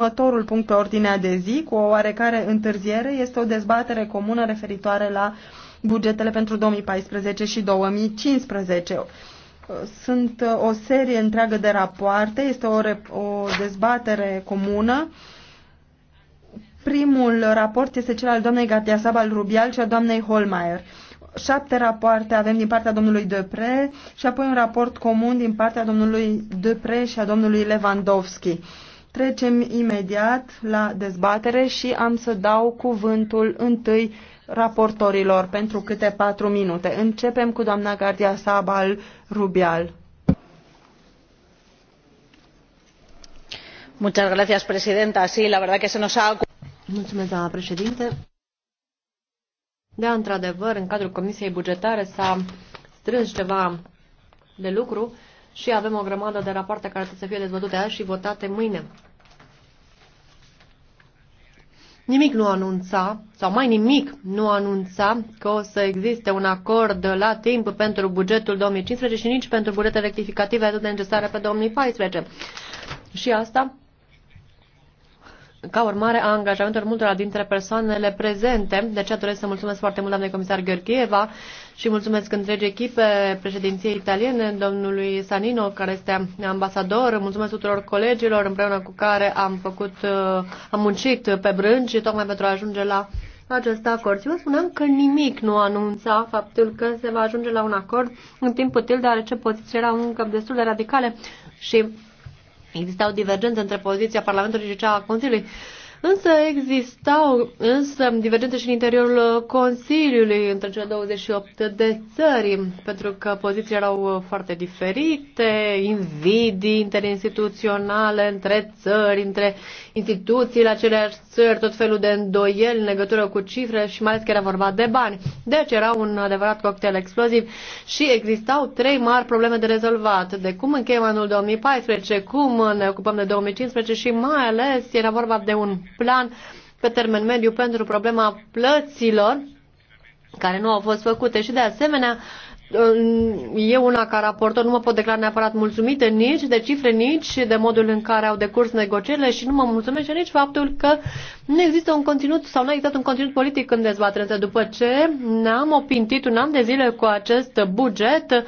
Următorul punct pe ordinea de zi, cu o oarecare întârziere, este o dezbatere comună referitoare la bugetele pentru 2014 și 2015. Sunt uh, o serie întreagă de rapoarte, este o, o dezbatere comună. Primul raport este cel al doamnei Gardia Sabal Rubial și al doamnei Holmeier șapte rapoarte avem din partea domnului Depre și apoi un raport comun din partea domnului Depre și a domnului Lewandowski. Trecem imediat la dezbatere și am să dau cuvântul întâi raportorilor pentru câte patru minute. Începem cu doamna Gardia Sabal Rubial. Muchas gracias, presidenta. Sí, la verdad que se nos ha... Mulțumesc, doamna președinte. Da, într-adevăr, în cadrul Comisiei Bugetare s-a strâns ceva de lucru și avem o grămadă de rapoarte care trebuie să fie dezbătute azi și votate mâine. Nimic nu anunța, sau mai nimic nu anunța că o să existe un acord la timp pentru bugetul 2015 și nici pentru bugetele rectificative atât de necesare pe 2014. Și asta ca urmare a angajamentelor multora dintre persoanele prezente. De aceea doresc să mulțumesc foarte mult, doamne comisar Gheorgheva, și mulțumesc întregi echipe președinției italiene, domnului Sanino, care este ambasador, mulțumesc tuturor colegilor împreună cu care am făcut, uh, am muncit pe brânci tocmai pentru a ajunge la acest acord. Și vă spuneam că nimic nu anunța faptul că se va ajunge la un acord în timp util, deoarece poziția era încă destul de radicale și existau divergențe între poziția Parlamentului și cea a Consiliului. Însă existau însă divergențe și în interiorul uh, Consiliului între cele 28 de țări, pentru că pozițiile erau uh, foarte diferite, invidii interinstituționale între țări, între instituțiile aceleași țări, tot felul de îndoieli în legătură cu cifre și mai ales că era vorba de bani. Deci era un adevărat cocktail exploziv și existau trei mari probleme de rezolvat. De cum încheiem anul 2014, cum ne ocupăm de 2015 și mai ales era vorba de un plan pe termen mediu pentru problema plăților care nu au fost făcute și de asemenea mm, eu una ca raportor nu mă pot declara neapărat mulțumită nici de cifre, nici de modul în care au decurs negocierile și nu mă mulțumesc nici faptul că nu există un conținut sau nu a existat un conținut politic în dezbatere. După ce ne-am opintit un an de zile cu acest buget,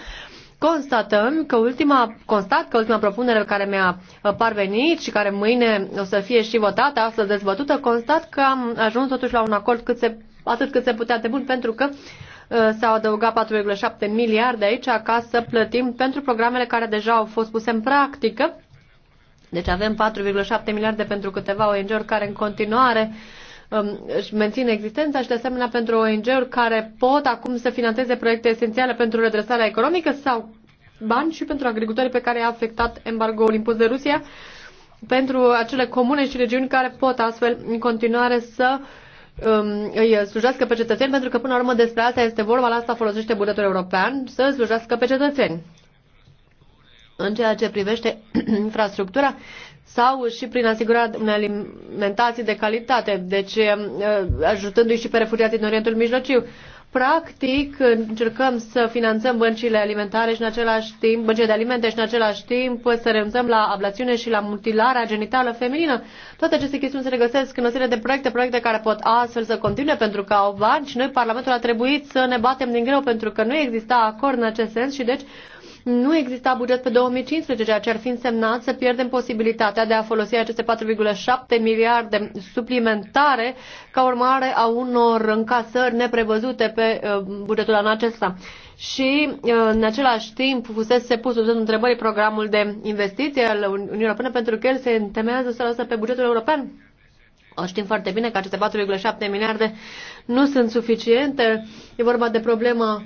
constatăm că ultima, constat că ultima propunere care mi-a uh, parvenit și care mâine o să fie și votată, astăzi dezbătută, constat că am ajuns totuși la un acord cât se, atât cât se putea de bun, pentru că uh, s-au adăugat 4,7 miliarde aici ca să plătim pentru programele care deja au fost puse în practică. Deci avem 4,7 miliarde pentru câteva ONG-uri care în continuare uh, Um, își menține existența și de asemenea pentru ONG-uri care pot acum să financeze proiecte esențiale pentru redresarea economică sau bani și pentru agricultorii pe care i-a afectat embargoul impus de Rusia, pentru acele comune și regiuni care pot astfel în continuare să um, îi slujească pe cetățeni, pentru că până la urmă despre asta este vorba, la asta folosește bugetul european, să slujească pe cetățeni. În ceea ce privește infrastructura, sau și prin asigurarea unei alimentații de calitate, deci eh, ajutându-i și pe refugiații din Orientul Mijlociu. Practic, încercăm să finanțăm băncile alimentare și în același timp, băncile de alimente și în același timp să renunțăm la ablațiune și la mutilarea genitală feminină. Toate aceste chestiuni se regăsesc în o serie de proiecte, proiecte care pot astfel să continue pentru că au bani și noi, Parlamentul, a trebuit să ne batem din greu pentru că nu exista acord în acest sens și deci nu exista buget pe 2015, ceea ce ar fi însemnat să pierdem posibilitatea de a folosi aceste 4,7 miliarde suplimentare ca urmare a unor încasări neprevăzute pe uh, bugetul anul acesta și uh, în același timp fusese pus sub semnul întrebării programul de investiție al Uniunii Europene pentru că el se întemeiază să lăsă pe bugetul european. O știm foarte bine că aceste 4,7 miliarde nu sunt suficiente. E vorba de problema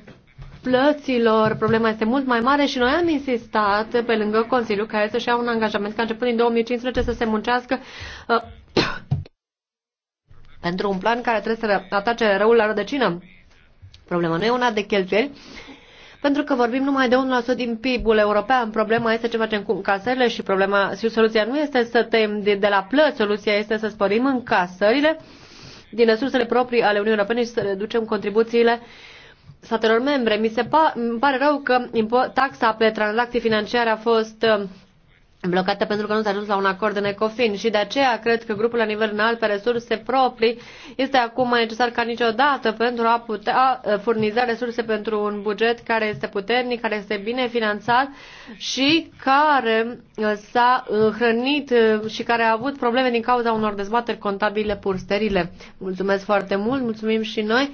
plăților problema este mult mai mare și noi am insistat pe lângă Consiliu care să-și ia un angajament ca începând din 2015 să se muncească uh, pentru un plan care trebuie să atace răul la rădăcină. Problema nu e una de cheltuieli, pentru că vorbim numai de 1% din PIB-ul european. Problema este ce facem cu casările și, problema, și soluția nu este să tăiem de, de la plăți, soluția este să sporim casările din resursele proprii ale Uniunii Europene și să reducem contribuțiile uh, statelor membre. Mi se pa, îmi pare rău că taxa pe tranzacții financiare a fost uh, blocată pentru că nu s-a ajuns la un acord în ECOFIN și de aceea cred că grupul la nivel înalt pe resurse proprii este acum mai necesar ca niciodată pentru a putea uh, furniza resurse pentru un buget care este puternic, care este bine finanțat și care uh, s-a hrănit și care a avut probleme din cauza unor dezbateri contabile pur sterile. Mulțumesc foarte mult, mulțumim și noi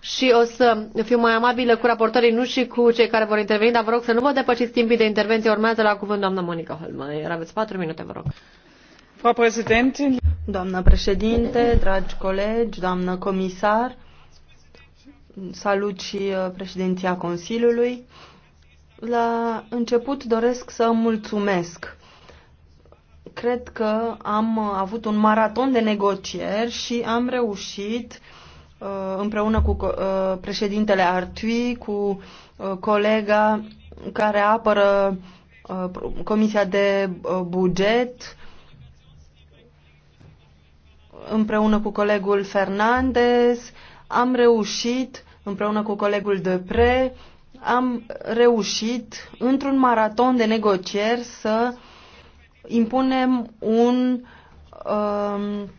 și o să fiu mai amabilă cu raportorii, nu și cu cei care vor interveni, dar vă rog să nu vă depășiți timpii de intervenție. Urmează la cuvânt doamna Monica Holmeier. Aveți patru minute, vă rog. Doamnă președinte, dragi colegi, doamnă comisar, salut și uh, președinția Consiliului. La început doresc să mulțumesc. Cred că am uh, avut un maraton de negocieri și am reușit Uh, împreună cu uh, președintele Artui, cu uh, colega care apără Comisia de Buget, împreună cu colegul Fernandez, am reușit, împreună cu colegul Depre, am reușit într-un maraton de negocieri să impunem un um,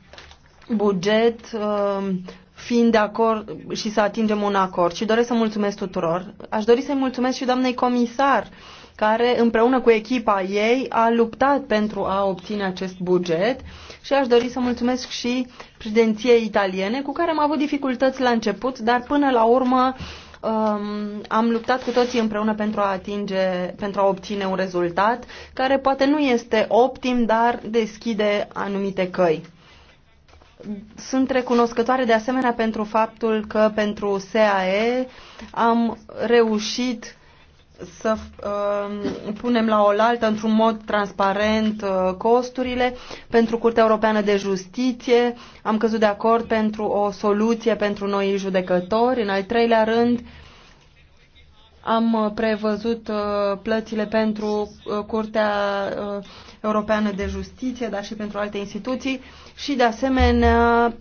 buget um, fiind de acord și să atingem un acord. Și doresc să mulțumesc tuturor. Aș dori să-i mulțumesc și doamnei comisar, care împreună cu echipa ei a luptat pentru a obține acest buget și aș dori să mulțumesc și președinției italiene, cu care am avut dificultăți la început, dar până la urmă um, am luptat cu toții împreună pentru a atinge, pentru a obține un rezultat care poate nu este optim, dar deschide anumite căi. Sunt recunoscătoare de asemenea pentru faptul că pentru SAE am reușit să uh, punem la oaltă într-un mod transparent uh, costurile. Pentru Curtea Europeană de Justiție am căzut de acord pentru o soluție pentru noi judecători. În al treilea rând am prevăzut uh, plățile pentru uh, Curtea uh, Europeană de Justiție, dar și pentru alte instituții și, de asemenea,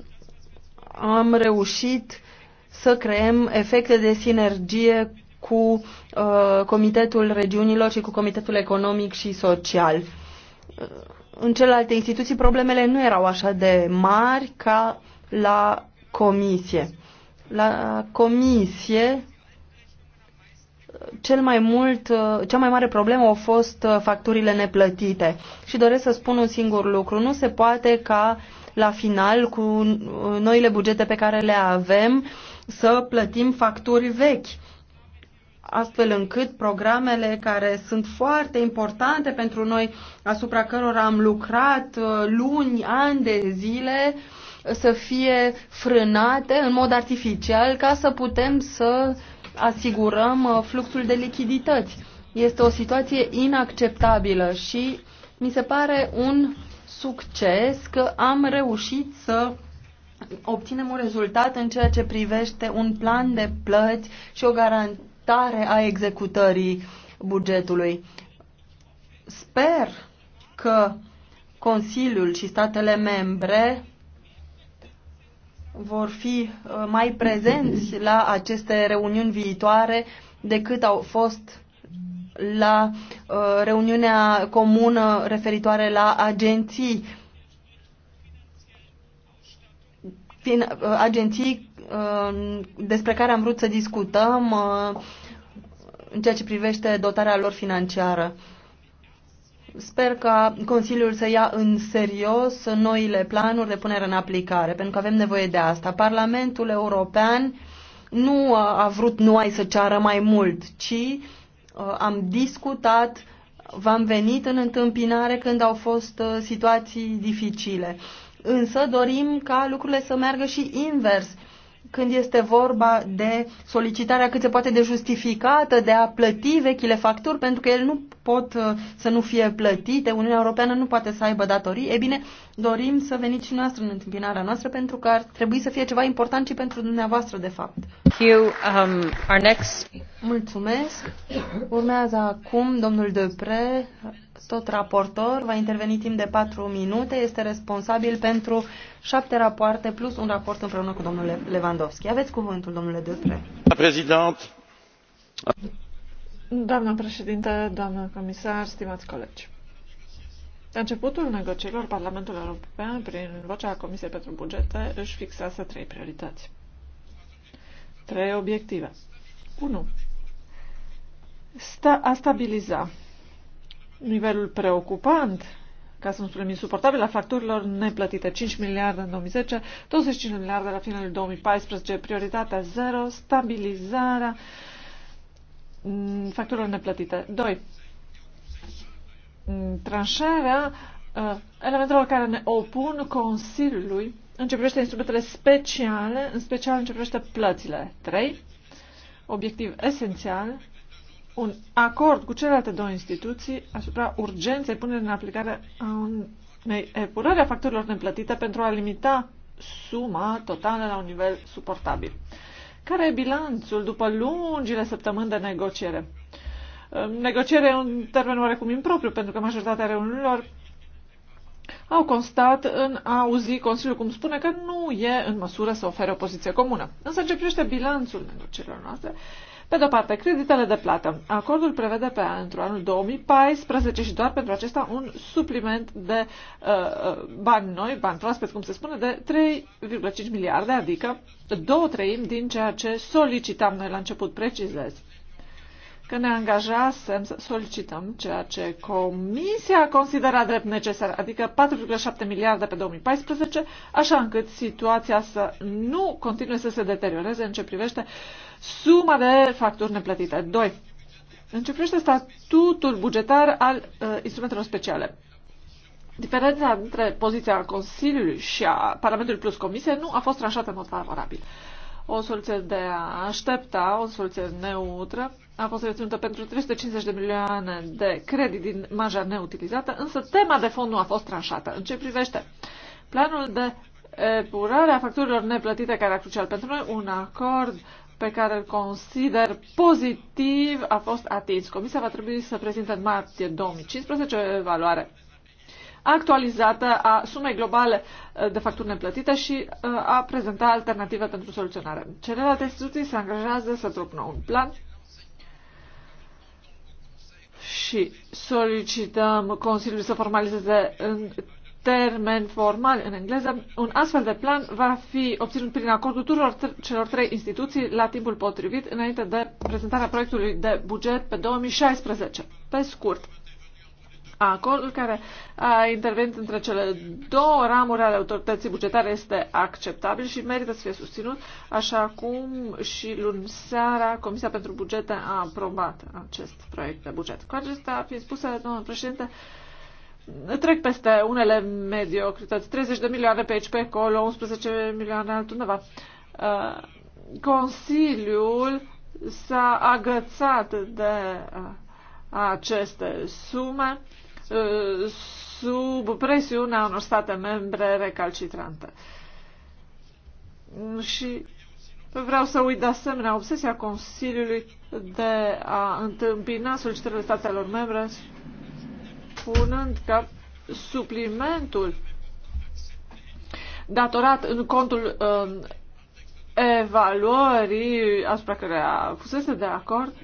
am reușit să creăm efecte de sinergie cu uh, Comitetul Regiunilor și cu Comitetul Economic și Social. Uh, în celelalte instituții problemele nu erau așa de mari ca la comisie. La comisie cel mai mult, uh, cea mai mare problemă au fost uh, facturile neplătite. Și doresc să spun un singur lucru. Nu se poate ca la final, cu uh, noile bugete pe care le avem, să plătim facturi vechi astfel încât programele care sunt foarte importante pentru noi, asupra cărora am lucrat luni, ani de zile, să fie frânate în mod artificial ca să putem să uh, asigurăm uh, fluxul de lichidități. Este o situație inacceptabilă și mi se pare un succes că am reușit să obținem un rezultat în ceea ce privește un plan de plăți și o garantare a executării bugetului. Sper că Consiliul și statele membre vor fi uh, mai prezenți la aceste reuniuni viitoare decât au fost la uh, reuniunea comună referitoare la agenții. Uh, agenții despre care am vrut să discutăm în ceea ce privește dotarea lor financiară. Sper ca Consiliul să ia în serios noile planuri de punere în aplicare, pentru că avem nevoie de asta. Parlamentul European nu a vrut noi să ceară mai mult, ci am discutat, v-am venit în întâmpinare când au fost situații dificile. Însă dorim ca lucrurile să meargă și invers când este vorba de solicitarea cât se poate de justificată de a plăti vechile facturi, pentru că ele nu pot uh, să nu fie plătite, Uniunea Europeană nu poate să aibă datorii, e bine, dorim să veniți și noastră în întâmpinarea noastră, pentru că ar trebui să fie ceva important și pentru dumneavoastră, de fapt. You, um, our next... Mulțumesc. Urmează acum domnul Depre, tot raportor, va interveni timp de 4 minute, este responsabil pentru 7 rapoarte plus un raport împreună cu domnul Lewandowski. Aveți cuvântul, domnule Dupre. Doamna președinte, doamna comisar, stimați colegi. La începutul negocierilor, Parlamentul European, prin vocea Comisiei pentru Bugete, își fixase trei priorități. Trei obiective. 1. Sta a stabiliza nivelul preocupant, ca să nu spunem insuportabil, a facturilor neplătite. 5 miliarde în 2010, 25 miliarde la finalul 2014, prioritatea 0, stabilizarea mm, facturilor neplătite. 2. Mm, tranșarea uh, elementelor care ne opun Consiliului în ce privește instrumentele speciale, în special în ce privește plățile. 3. Obiectiv esențial, un acord cu celelalte două instituții asupra urgenței punerii în aplicare a unei epurări a factorilor neplătite pentru a limita suma totală la un nivel suportabil. Care e bilanțul după lungile săptămâni de negociere? Ehm, negociere e un termen oarecum impropriu, pentru că majoritatea reuniunilor au constat în a auzi Consiliul cum spune că nu e în măsură să ofere o poziție comună. Însă ce privește bilanțul negocierilor noastre, pe de-o parte, creditele de plată. Acordul prevede pe pentru anul 2014 și doar pentru acesta un supliment de uh, uh, bani noi, bani proaspeți, cum se spune, de 3,5 miliarde, adică două treimi din ceea ce solicitam noi la început, precizez că ne angajasem să solicităm ceea ce Comisia considera drept necesar, adică 4,7 miliarde pe 2014, așa încât situația să nu continue să se deterioreze în ce privește uh, suma de facturi neplătite. 2. Începește statutul bugetar al uh, instrumentelor speciale. Diferența între poziția Consiliului și a Parlamentului plus Comisie nu a fost tranșată în mod favorabil. O soluție de a aștepta, o soluție neutră, a fost reținută pentru 350 de milioane de credit din marja neutilizată, însă tema de fond nu a fost tranșată. În ce privește planul de epurare a facturilor neplătite care era crucial pentru noi, un acord pe care îl consider pozitiv a fost atins. Comisia va trebui să prezinte în martie 2015 o evaluare actualizată a sumei globale eh, de facturi neplătite și eh, a prezenta alternative pentru soluționare. Celelalte instituții se angajează să propună un plan și solicităm Consiliul să formalizeze în termen formal în engleză, un astfel de plan va fi obținut prin acordul tuturor celor trei instituții la timpul potrivit înainte de prezentarea proiectului de buget pe 2016. Pe scurt, acordul care a intervenit între cele două ramuri ale autorității bugetare este acceptabil și merită să fie susținut, așa cum și luni seara Comisia pentru Bugete a aprobat acest proiect de buget. Cu acesta fiind spusă, domnul președinte, trec peste unele mediocrități. 30 de milioane pe aici, pe acolo, 11 milioane altundeva. Uh, Consiliul s-a agățat de uh, aceste sume uh, sub presiunea unor state membre recalcitrante. Și vreau să uit de asemenea obsesia Consiliului de a întâmpina solicitările statelor membre spunând că suplimentul datorat în contul um, evaluării asupra care a fusese de acord,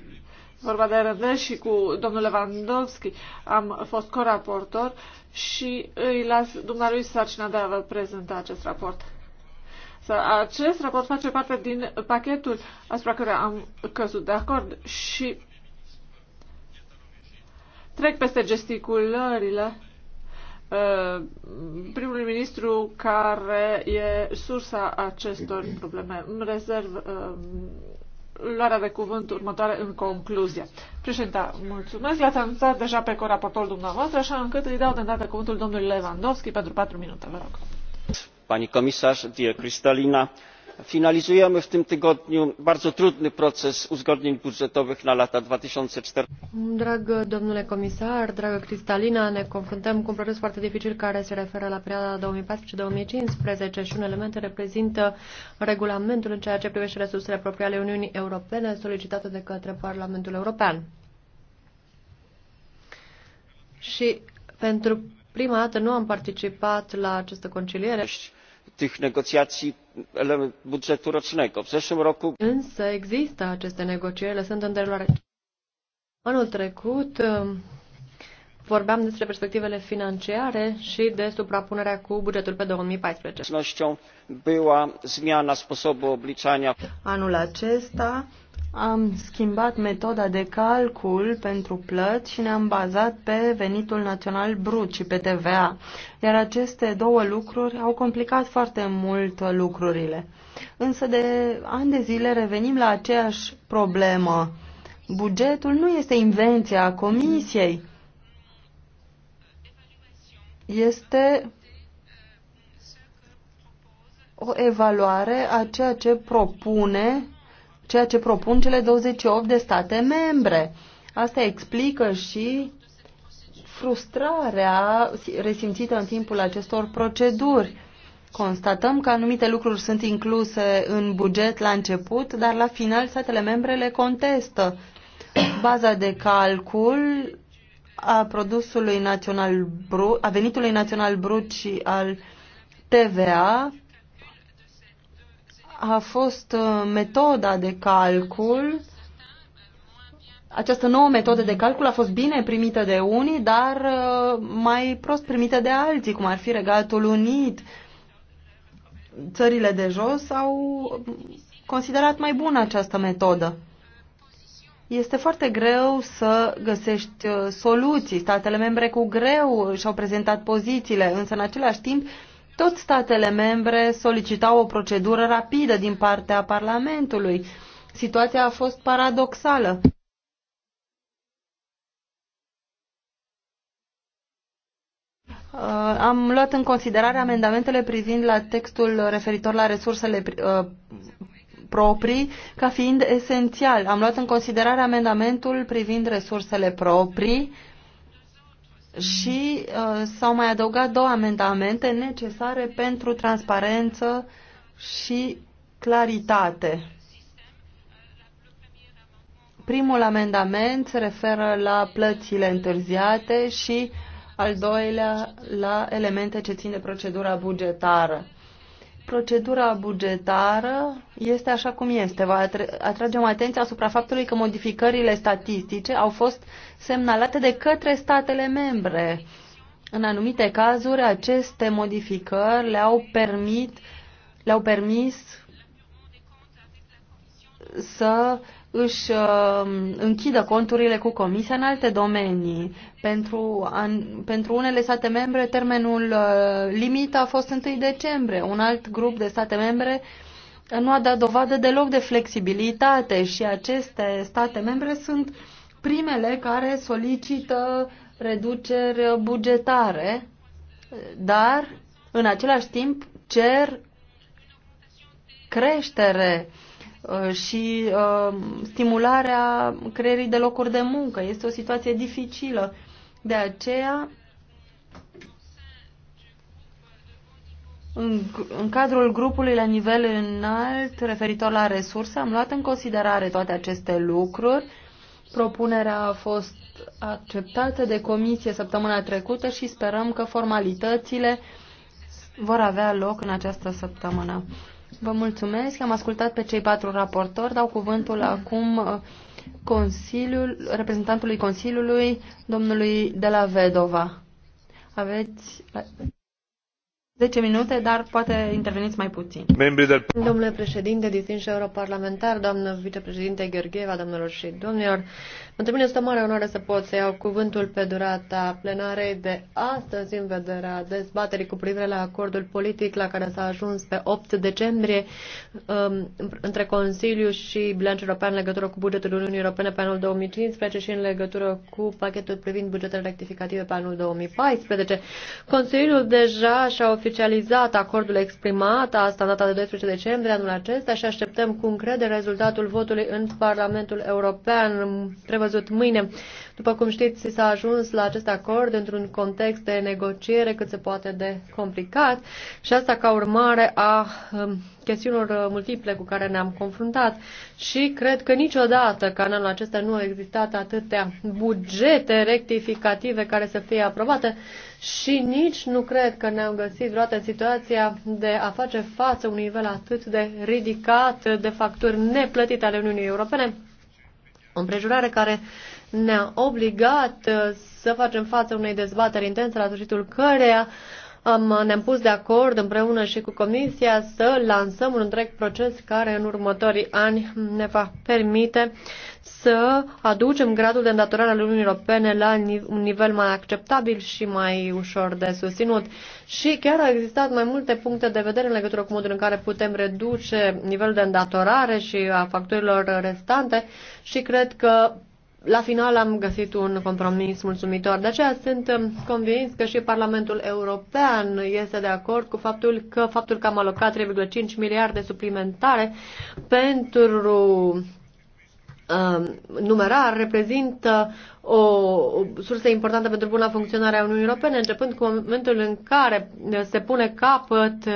vorba de RD și cu domnul Lewandowski, am fost coraportor și îi las dumnealui sarcina de a vă prezenta acest raport. Acest raport face parte din pachetul asupra care am căzut de acord și Trec peste gesticulările uh, primului ministru care e sursa acestor probleme. Îmi rezerv uh, luarea de cuvânt următoare în concluzie. Președinte, mulțumesc. L-ați anunțat deja pe coraportorul dumneavoastră, așa încât îi dau de îndată cuvântul domnului Lewandowski pentru patru minute, vă rog. Pani comisar, dear Cristalina, finalizujemy w tym tygodniu bardzo trudny proces uzgodnień budżetowych na lata. dwa tysiące dragă domnule comisar dragă cristalina ne confruntăm cu un proces foarte dificil care se referă la perioada două mii paisprezece două mii cincisprezece și un element reprezintă regulamentul în ceea ce privește resursele proprii ale uniunii europene solicitate de către parlamentul european. și pentru prima dată nu am participat la această conciliere și tych negocjacji budżetu rocznego. W zeszłym roku... Însă există aceste negocieri, le sunt în Anul trecut vorbeam despre perspectivele financiare și de suprapunerea cu bugetul pe 2014. Była zmiana sposobu obliczania. Anul acesta am schimbat metoda de calcul pentru plăți și ne-am bazat pe venitul național brut și pe TVA, iar aceste două lucruri au complicat foarte mult lucrurile. Însă de ani de zile revenim la aceeași problemă. Bugetul nu este invenția comisiei, este o evaluare a ceea ce propune ceea ce propun cele 28 de state membre. Asta explică și frustrarea resimțită în timpul acestor proceduri. Constatăm că anumite lucruri sunt incluse în buget la început, dar la final statele membre le contestă. Baza de calcul a produsului național brut, a venitului național brut și al TVA a fost uh, metoda de calcul. Această nouă metodă de calcul a fost bine primită de unii, dar uh, mai prost primită de alții, cum ar fi Regatul Unit. Țările de jos au considerat mai bună această metodă. Este foarte greu să găsești uh, soluții. Statele membre cu greu și-au prezentat pozițiile, însă în același timp tot statele membre solicitau o procedură rapidă din partea Parlamentului. Situația a fost paradoxală. Uh, am luat în considerare amendamentele privind la textul referitor la resursele uh, proprii ca fiind esențial. Am luat în considerare amendamentul privind resursele proprii și uh, s-au mai adăugat două amendamente necesare pentru transparență și claritate. Primul amendament se referă la plățile întârziate și al doilea la elemente ce țin de procedura bugetară. Procedura bugetară este așa cum este. Vă atragem atenția asupra faptului că modificările statistice au fost semnalate de către statele membre. În anumite cazuri, aceste modificări le-au permit le-au permis să își uh, închidă conturile cu Comisia în alte domenii. Pentru, an, pentru unele state membre, termenul uh, limit a fost 1 decembrie. Un alt grup de state membre nu a dat dovadă deloc de flexibilitate și aceste state membre sunt primele care solicită reduceri bugetare, dar în același timp cer creștere uh, Uh, și uh, stimularea creierii de locuri de muncă. Este o situație dificilă. De aceea, În, în cadrul grupului la nivel înalt referitor la resurse, am luat în considerare toate aceste lucruri. Propunerea a fost acceptată de comisie săptămâna trecută și sperăm că formalitățile vor avea loc în această săptămână. Vă mulțumesc. Am ascultat pe cei patru raportori. Dau cuvântul acum uh, Consiliul, reprezentantului Consiliului, domnului de la Vedova. Aveți 10 uh, minute, dar poate interveniți mai puțin. Domnule președinte, distinși europarlamentar, doamnă vicepreședinte Gheorgheva, domnilor și domnilor, pentru mine este o mare onoare să pot să iau cuvântul pe durata plenarei de astăzi în vederea dezbaterii cu privire la acordul politic la care s-a ajuns pe 8 decembrie um, între Consiliu și Bilanțul European în legătură cu bugetul Uniunii Europene pe anul 2015 și în legătură cu pachetul privind bugetele rectificative pe anul 2014. Consiliul deja și-a oficializat acordul exprimat, asta în data de 12 decembrie anul acesta și așteptăm cu încredere rezultatul votului în Parlamentul European. Trebuie văzut mâine. După cum știți, s-a ajuns la acest acord într-un context de negociere cât se poate de complicat și asta ca urmare a um, chestiunilor multiple cu care ne-am confruntat. Și cred că niciodată canalul acesta nu a existat atâtea bugete rectificative care să fie aprobate și nici nu cred că ne-am găsit vreodată în situația de a face față unui nivel atât de ridicat de facturi neplătite ale Uniunii Europene o împrejurare care ne-a obligat uh, să facem față unei dezbateri intense la sfârșitul căreia am, uh, ne-am pus de acord împreună și cu Comisia să lansăm un întreg proces care în următorii ani ne va permite să aducem gradul de îndatorare al Uniunii Europene la un nivel mai acceptabil și mai ușor de susținut. Și chiar au existat mai multe puncte de vedere în legătură cu modul în care putem reduce nivelul de îndatorare și a factorilor restante și cred că la final am găsit un compromis mulțumitor. De aceea sunt um, convins că și Parlamentul European este de acord cu faptul că faptul că am alocat 3,5 miliarde suplimentare pentru Um, numerar reprezintă o, o sursă importantă pentru buna funcționare a Uniunii Europene, începând cu momentul în care se pune capăt uh,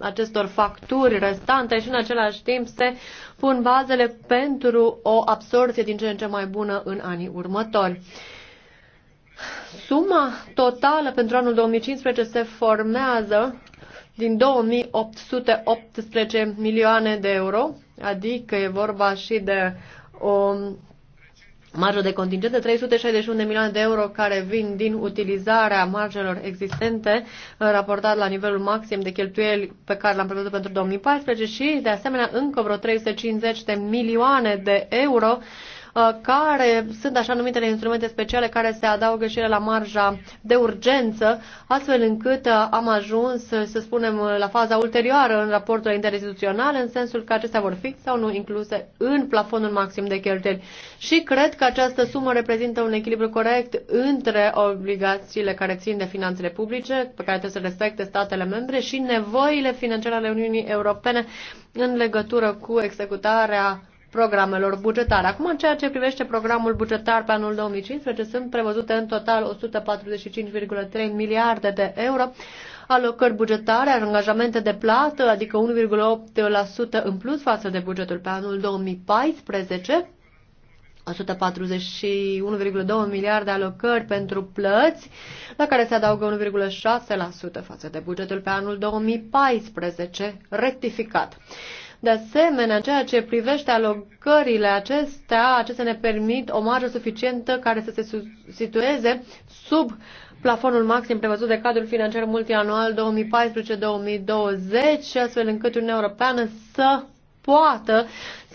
acestor facturi restante și în același timp se pun bazele pentru o absorție din ce în ce mai bună în anii următori. Suma totală pentru anul 2015 se formează din 2818 milioane de euro, adică e vorba și de o marjă de contingent de 361 de milioane de euro care vin din utilizarea marjelor existente, raportat la nivelul maxim de cheltuieli pe care l-am prevăzut pentru 2014 și, de asemenea, încă vreo 350 de milioane de euro Uh, care sunt așa numitele instrumente speciale care se adaugă și ele la marja de urgență, astfel încât uh, am ajuns, uh, să spunem, la faza ulterioară în raportul interinstituțional, în sensul că acestea vor fi sau nu incluse în plafonul maxim de cheltuieli. Și cred că această sumă reprezintă un echilibru corect între obligațiile care țin de finanțele publice, pe care trebuie să respecte statele membre, și nevoile financiare ale Uniunii Europene în legătură cu executarea programelor bugetare. Acum, în ceea ce privește programul bugetar pe anul 2015, sunt prevăzute în total 145,3 miliarde de euro alocări bugetare, angajamente de plată, adică 1,8% în plus față de bugetul pe anul 2014, 141,2 miliarde alocări pentru plăți, la care se adaugă 1,6% față de bugetul pe anul 2014, rectificat. De asemenea, în ceea ce privește alocările acestea, acestea ne permit o marjă suficientă care să se situeze sub plafonul maxim prevăzut de cadrul financiar multianual 2014-2020, astfel încât Uniunea Europeană să poată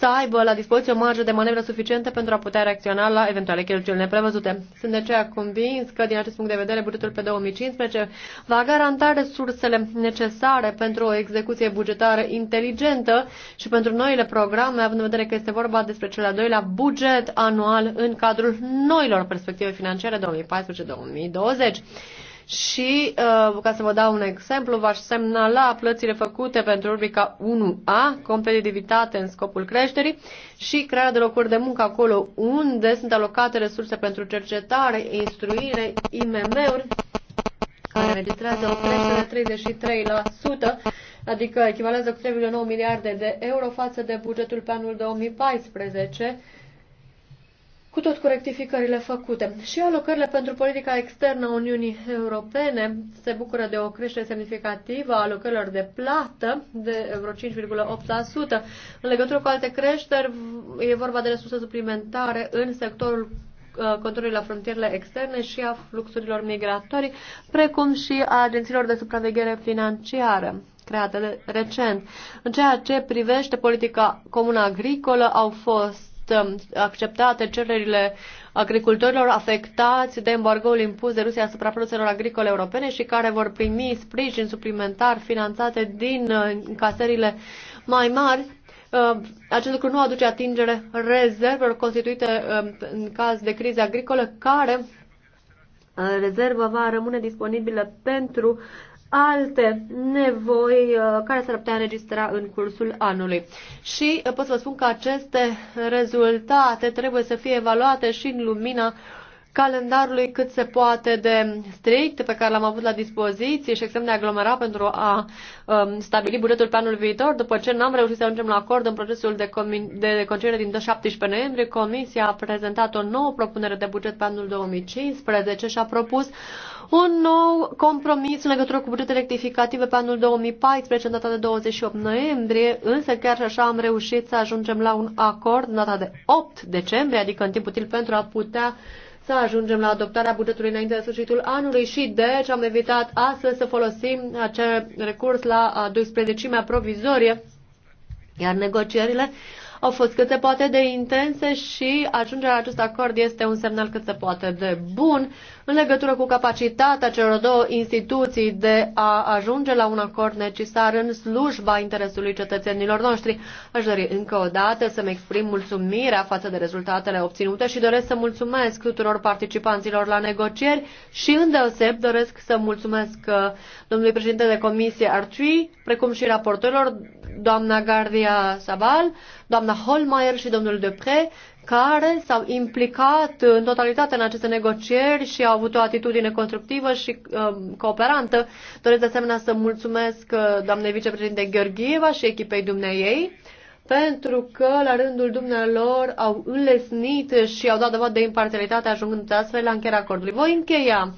să aibă la dispoziție o marjă de manevră suficientă pentru a putea reacționa la eventuale cheltuieli neprevăzute. Sunt de aceea convins că, din acest punct de vedere, bugetul pe 2015 va garanta resursele necesare pentru o execuție bugetară inteligentă și pentru noile programe, având în vedere că este vorba despre cel al doilea buget anual în cadrul noilor perspective financiare 2014-2020 și, uh, ca să vă dau un exemplu, v-aș semnala plățile făcute pentru rubrica 1A, competitivitate în scopul creșterii și crearea de locuri de muncă acolo unde sunt alocate resurse pentru cercetare, instruire, IMM-uri, care registrează o creștere de 33%, adică echivalează cu 3,9 miliarde de euro față de bugetul pe anul 2014, cu tot cu rectificările făcute. Și alocările pentru politica externă a Uniunii Europene se bucură de o creștere semnificativă a alocărilor de plată de vreo 5,8%. În legătură cu alte creșteri, e vorba de resurse suplimentare în sectorul uh, controlului la frontierele externe și a fluxurilor migratorii, precum și a agențiilor de supraveghere financiară create recent. În ceea ce privește politica comună agricolă, au fost fost um, acceptate cererile agricultorilor afectați de embargoul impus de Rusia asupra produselor agricole europene și care vor primi sprijin suplimentar finanțate din uh, încasările mai mari uh, acest lucru nu aduce atingere rezervelor constituite um, în caz de criză agricolă, care uh, rezervă va rămâne disponibilă pentru alte nevoi uh, care s-ar putea înregistra în cursul anului. Și uh, pot să vă spun că aceste rezultate trebuie să fie evaluate și în lumina calendarului cât se poate de strict pe care l-am avut la dispoziție și extrem de aglomerat pentru a um, stabili bugetul pe anul viitor. După ce n-am reușit să ajungem la acord în procesul de, de conciliere din 17 noiembrie, Comisia a prezentat o nouă propunere de buget pe anul 2015 și a propus un nou compromis în legătură cu bugetele rectificative pe anul 2014, în data de 28 noiembrie, însă chiar și așa am reușit să ajungem la un acord în data de 8 decembrie, adică în timp util pentru a putea să ajungem la adoptarea bugetului înainte de sfârșitul anului și deci am evitat astăzi să folosim acel recurs la 12-mea provizorie, iar negocierile au fost cât se poate de intense și ajungerea la acest acord este un semnal cât se poate de bun în legătură cu capacitatea celor două instituții de a ajunge la un acord necesar în slujba interesului cetățenilor noștri. Aș dori încă o dată să-mi exprim mulțumirea față de rezultatele obținute și doresc să mulțumesc tuturor participanților la negocieri și îndeoseb doresc să mulțumesc uh, domnului președinte de comisie Artui, precum și raportorilor, doamna Gardia Sabal, doamna Holmeier și domnul Depre, care s-au implicat în totalitate în aceste negocieri și au avut o atitudine constructivă și uh, cooperantă. Doresc de asemenea să mulțumesc uh, doamnei vicepreședinte Gheorgheva și echipei dumneiei pentru că la rândul dumnealor au înlesnit și au dat dovadă de imparțialitate ajungând astfel la încheierea acordului. Voi încheia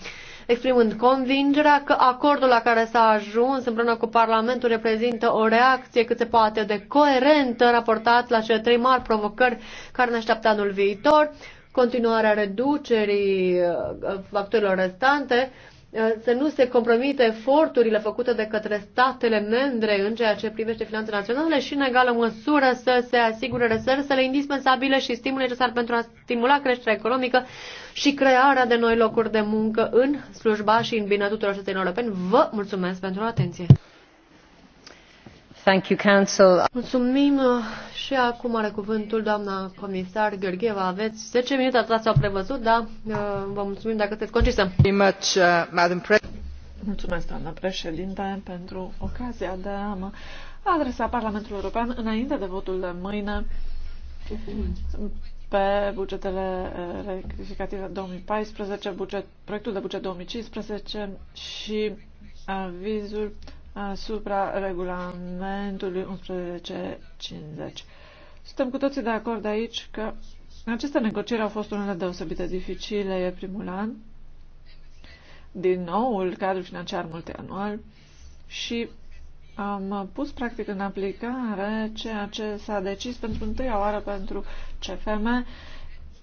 exprimând convingerea că acordul la care s-a ajuns împreună cu Parlamentul reprezintă o reacție cât se poate de coerentă raportat la cele trei mari provocări care ne așteaptă anul viitor, continuarea reducerii uh, factorilor restante, Eh, să nu se compromite eforturile făcute de către statele membre în ceea ce privește finanțele naționale și, în egală măsură, să se asigure resursele indispensabile și stimul necesar pentru a stimula creșterea economică și crearea de noi locuri de muncă în slujba și în bine tuturor cetățenilor europeni. Vă mulțumesc pentru atenție! Thank you, Council. Mulțumim uh, și acum are cuvântul doamna comisar Gheorgheva. Aveți 10 minute, atât s-au prevăzut, da? Uh, vă mulțumim dacă sunteți concisă. Uh, Mulțumesc, doamna președinte, pentru ocazia de a mă adresa Parlamentului European înainte de votul de mâine pe bugetele rectificative 2014, buget, proiectul de buget 2015 și avizul asupra regulamentului 1150. Suntem cu toții de acord aici că aceste negocieri au fost unele deosebite de dificile. E primul an din noul cadru financiar multianual și am pus practic în aplicare ceea ce s-a decis pentru întâia oară pentru CFM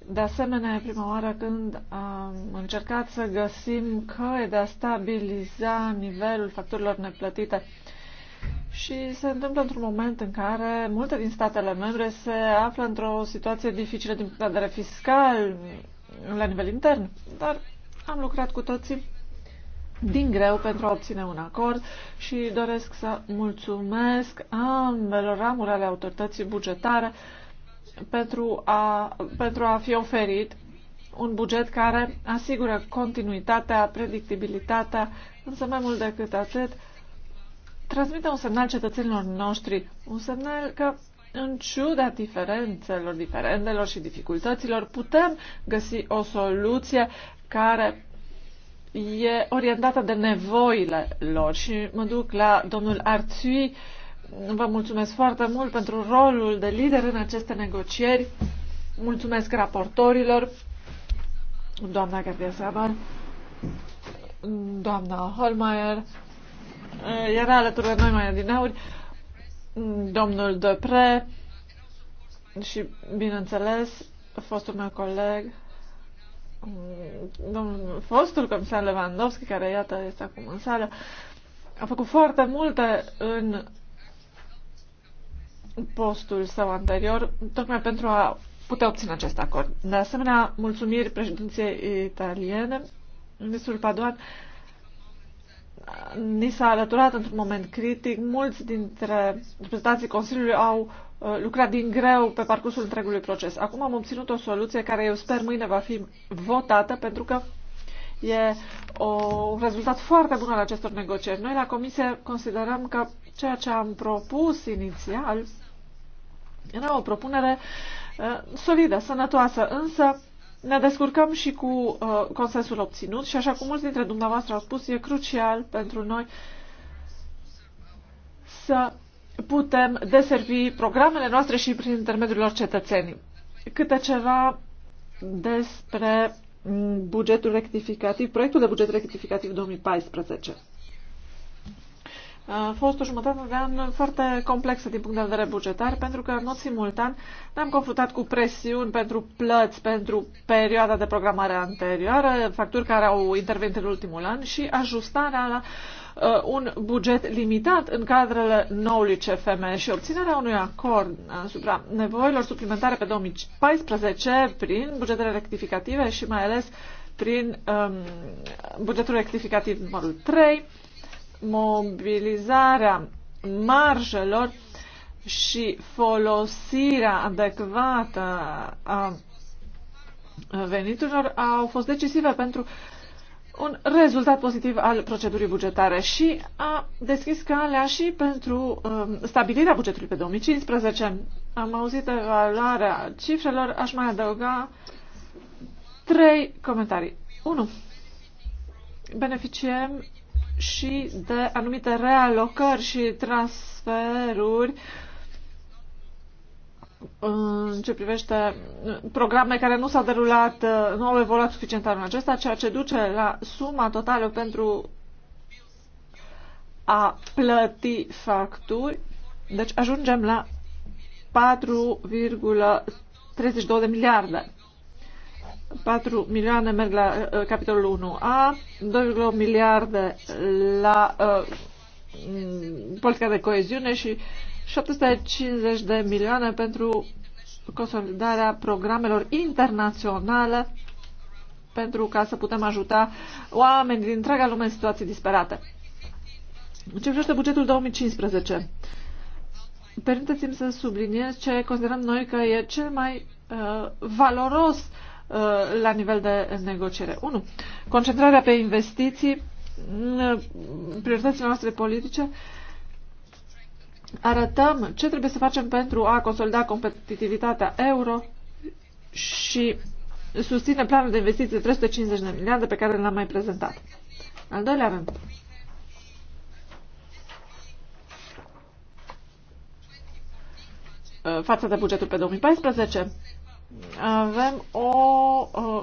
de asemenea, e prima oară când am încercat să găsim căi de a stabiliza nivelul facturilor neplătite. Și se întâmplă într-un moment în care multe din statele membre se află într-o situație dificilă din punct de vedere fiscal, la nivel intern, dar am lucrat cu toții din greu pentru a obține un acord și doresc să mulțumesc ambelor ramuri ale autorității bugetare pentru a, pentru a fi oferit un buget care asigură continuitatea, predictibilitatea, însă mai mult decât atât, transmite un semnal cetățenilor noștri, un semnal că, în ciuda diferențelor, diferendelor și dificultăților, putem găsi o soluție care e orientată de nevoile lor. Și mă duc la domnul Arțui, uh, Vă mulțumesc foarte mult pentru rolul de lider în aceste negocieri. Mulțumesc raportorilor, doamna Gardia Sabar, doamna Holmeier, eh, era alături de noi mai adineauri, domnul Depre și, bineînțeles, fostul meu coleg, domnul fostul comisar Lewandowski, care, iată, este acum în sală, a făcut foarte multe în postul său anterior, tocmai pentru a putea obține acest acord. De asemenea, mulțumiri președinției italiene, ministrul Paduan ni s-a alăturat într-un moment critic. Mulți dintre reprezentanții Consiliului au uh, lucrat din greu pe parcursul întregului proces. Acum am obținut o soluție care eu sper mâine va fi votată pentru că E o, un rezultat foarte bun al acestor negocieri. Noi la Comisie considerăm că ceea ce am propus inițial era o propunere uh, solidă, sănătoasă, însă ne descurcăm și cu uh, consensul obținut și așa cum mulți dintre dumneavoastră au spus, e crucial pentru noi să putem deservi programele noastre și prin intermediul lor cetățenii. Câte ceva despre bugetul rectificativ, proiectul de buget rectificativ 2014. A fost o jumătate de an foarte complexă din punct de vedere bugetar, pentru că în mod simultan ne-am confruntat cu presiuni pentru plăți pentru perioada de programare anterioară, facturi care au intervenit în ultimul an și ajustarea la Uh, un buget limitat în cadrele noului CFM și obținerea unui acord asupra nevoilor suplimentare pe 2014 prin bugetele rectificative și mai ales prin um, bugetul rectificativ numărul 3, mobilizarea marjelor și folosirea adecvată a veniturilor au fost decisive pentru uh, un rezultat pozitiv al procedurii bugetare și a deschis calea și pentru um, stabilirea bugetului pe 2015. Am auzit evaluarea cifrelor, aș mai adăuga trei comentarii. 1. Beneficiem și de anumite realocări și transferuri uh, în ce privește programe care nu s-au derulat, uh, nu au evoluat suficient anul acesta, ceea ce duce la suma totală pentru a plăti facturi. Deci ajungem la 4,32 de miliarde. 4 milioane merg la uh, capitolul 1A, 2,8 miliarde la uh, politica de coeziune și 750 de milioane pentru consolidarea programelor internaționale pentru ca să putem ajuta oameni din întreaga lume în situații disperate. În ce vrește bugetul 2015, permiteți-mi să subliniez ce considerăm noi că e cel mai uh, valoros uh, la nivel de negociere. 1. Concentrarea pe investiții, uh, prioritățile noastre politice, uh, arătăm ce trebuie să facem pentru a consolida competitivitatea euro și susține planul de investiții de 350 de miliarde pe care l-am mai prezentat. Al doilea avem. Față de bugetul pe 2014, avem o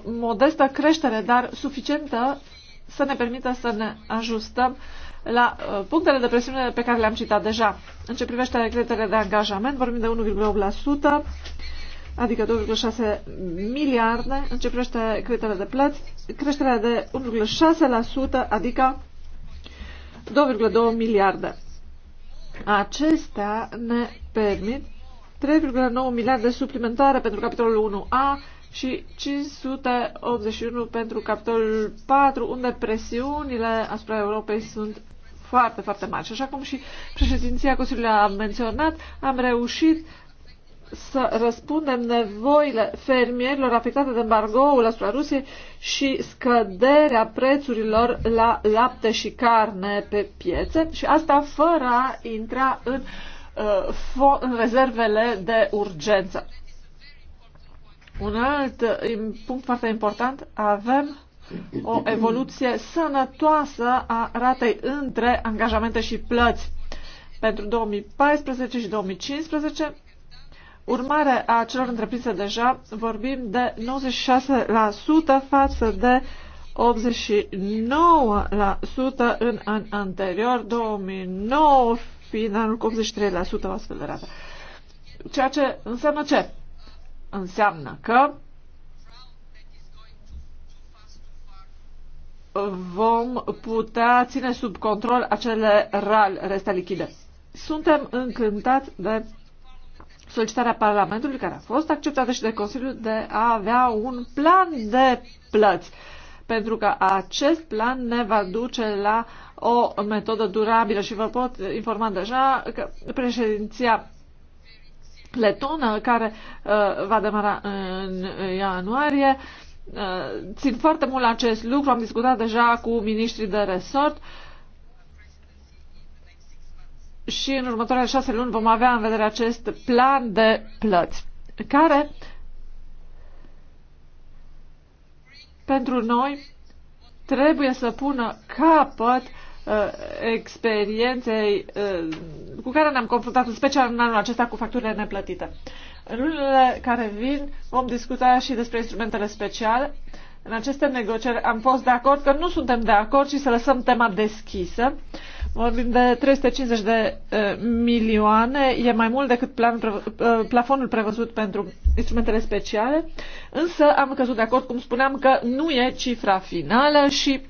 modestă creștere, dar suficientă să ne permită să ne ajustăm la uh, punctele de presiune pe care le-am citat deja. În ce privește regretele de angajament, vorbim de 1,8%, adică 2,6 miliarde. În ce privește creditele de plăți, creșterea de 1,6%, adică 2,2 miliarde. Acestea ne permit 3,9 miliarde suplimentare pentru capitolul 1A și 581 pentru capitolul 4, unde presiunile asupra Europei sunt foarte, foarte mari. Și așa cum și președinția Consiliului a menționat, am reușit să răspundem nevoile fermierilor afectate de embargoul asupra Rusiei și scăderea prețurilor la lapte și carne pe piețe și asta fără a intra în, uh, în rezervele de urgență. Un alt uh, punct foarte important, avem o evoluție sănătoasă a ratei între angajamente și plăți pentru 2014 și 2015. Urmare a celor întreprinse deja, vorbim de 96% față de 89% în an anterior, 2009 fiind anul cu 83% o astfel de rată. Ceea ce înseamnă ce? Înseamnă că vom putea ține sub control acele RAL, reste lichide. Suntem încântați de solicitarea Parlamentului, care a fost acceptată și de Consiliu, de a avea un plan de plăți pentru că acest plan ne va duce la o metodă durabilă și vă pot informa deja că președinția letonă care uh, va demara în ianuarie uh, Uh, țin foarte mult la acest lucru, am discutat deja cu ministrii de resort și în următoarele șase luni vom avea în vedere acest plan de plăți, care pentru noi trebuie să pună capăt uh, experienței uh, cu care ne-am confruntat, în special în anul acesta, cu facturile neplătite lunile care vin vom discuta și despre instrumentele speciale. În aceste negocieri am fost de acord că nu suntem de acord și să lăsăm tema deschisă. Vorbim de 350 de uh, milioane, e mai mult decât plan, uh, plafonul prevăzut pentru instrumentele speciale, însă am căzut de acord, cum spuneam, că nu e cifra finală și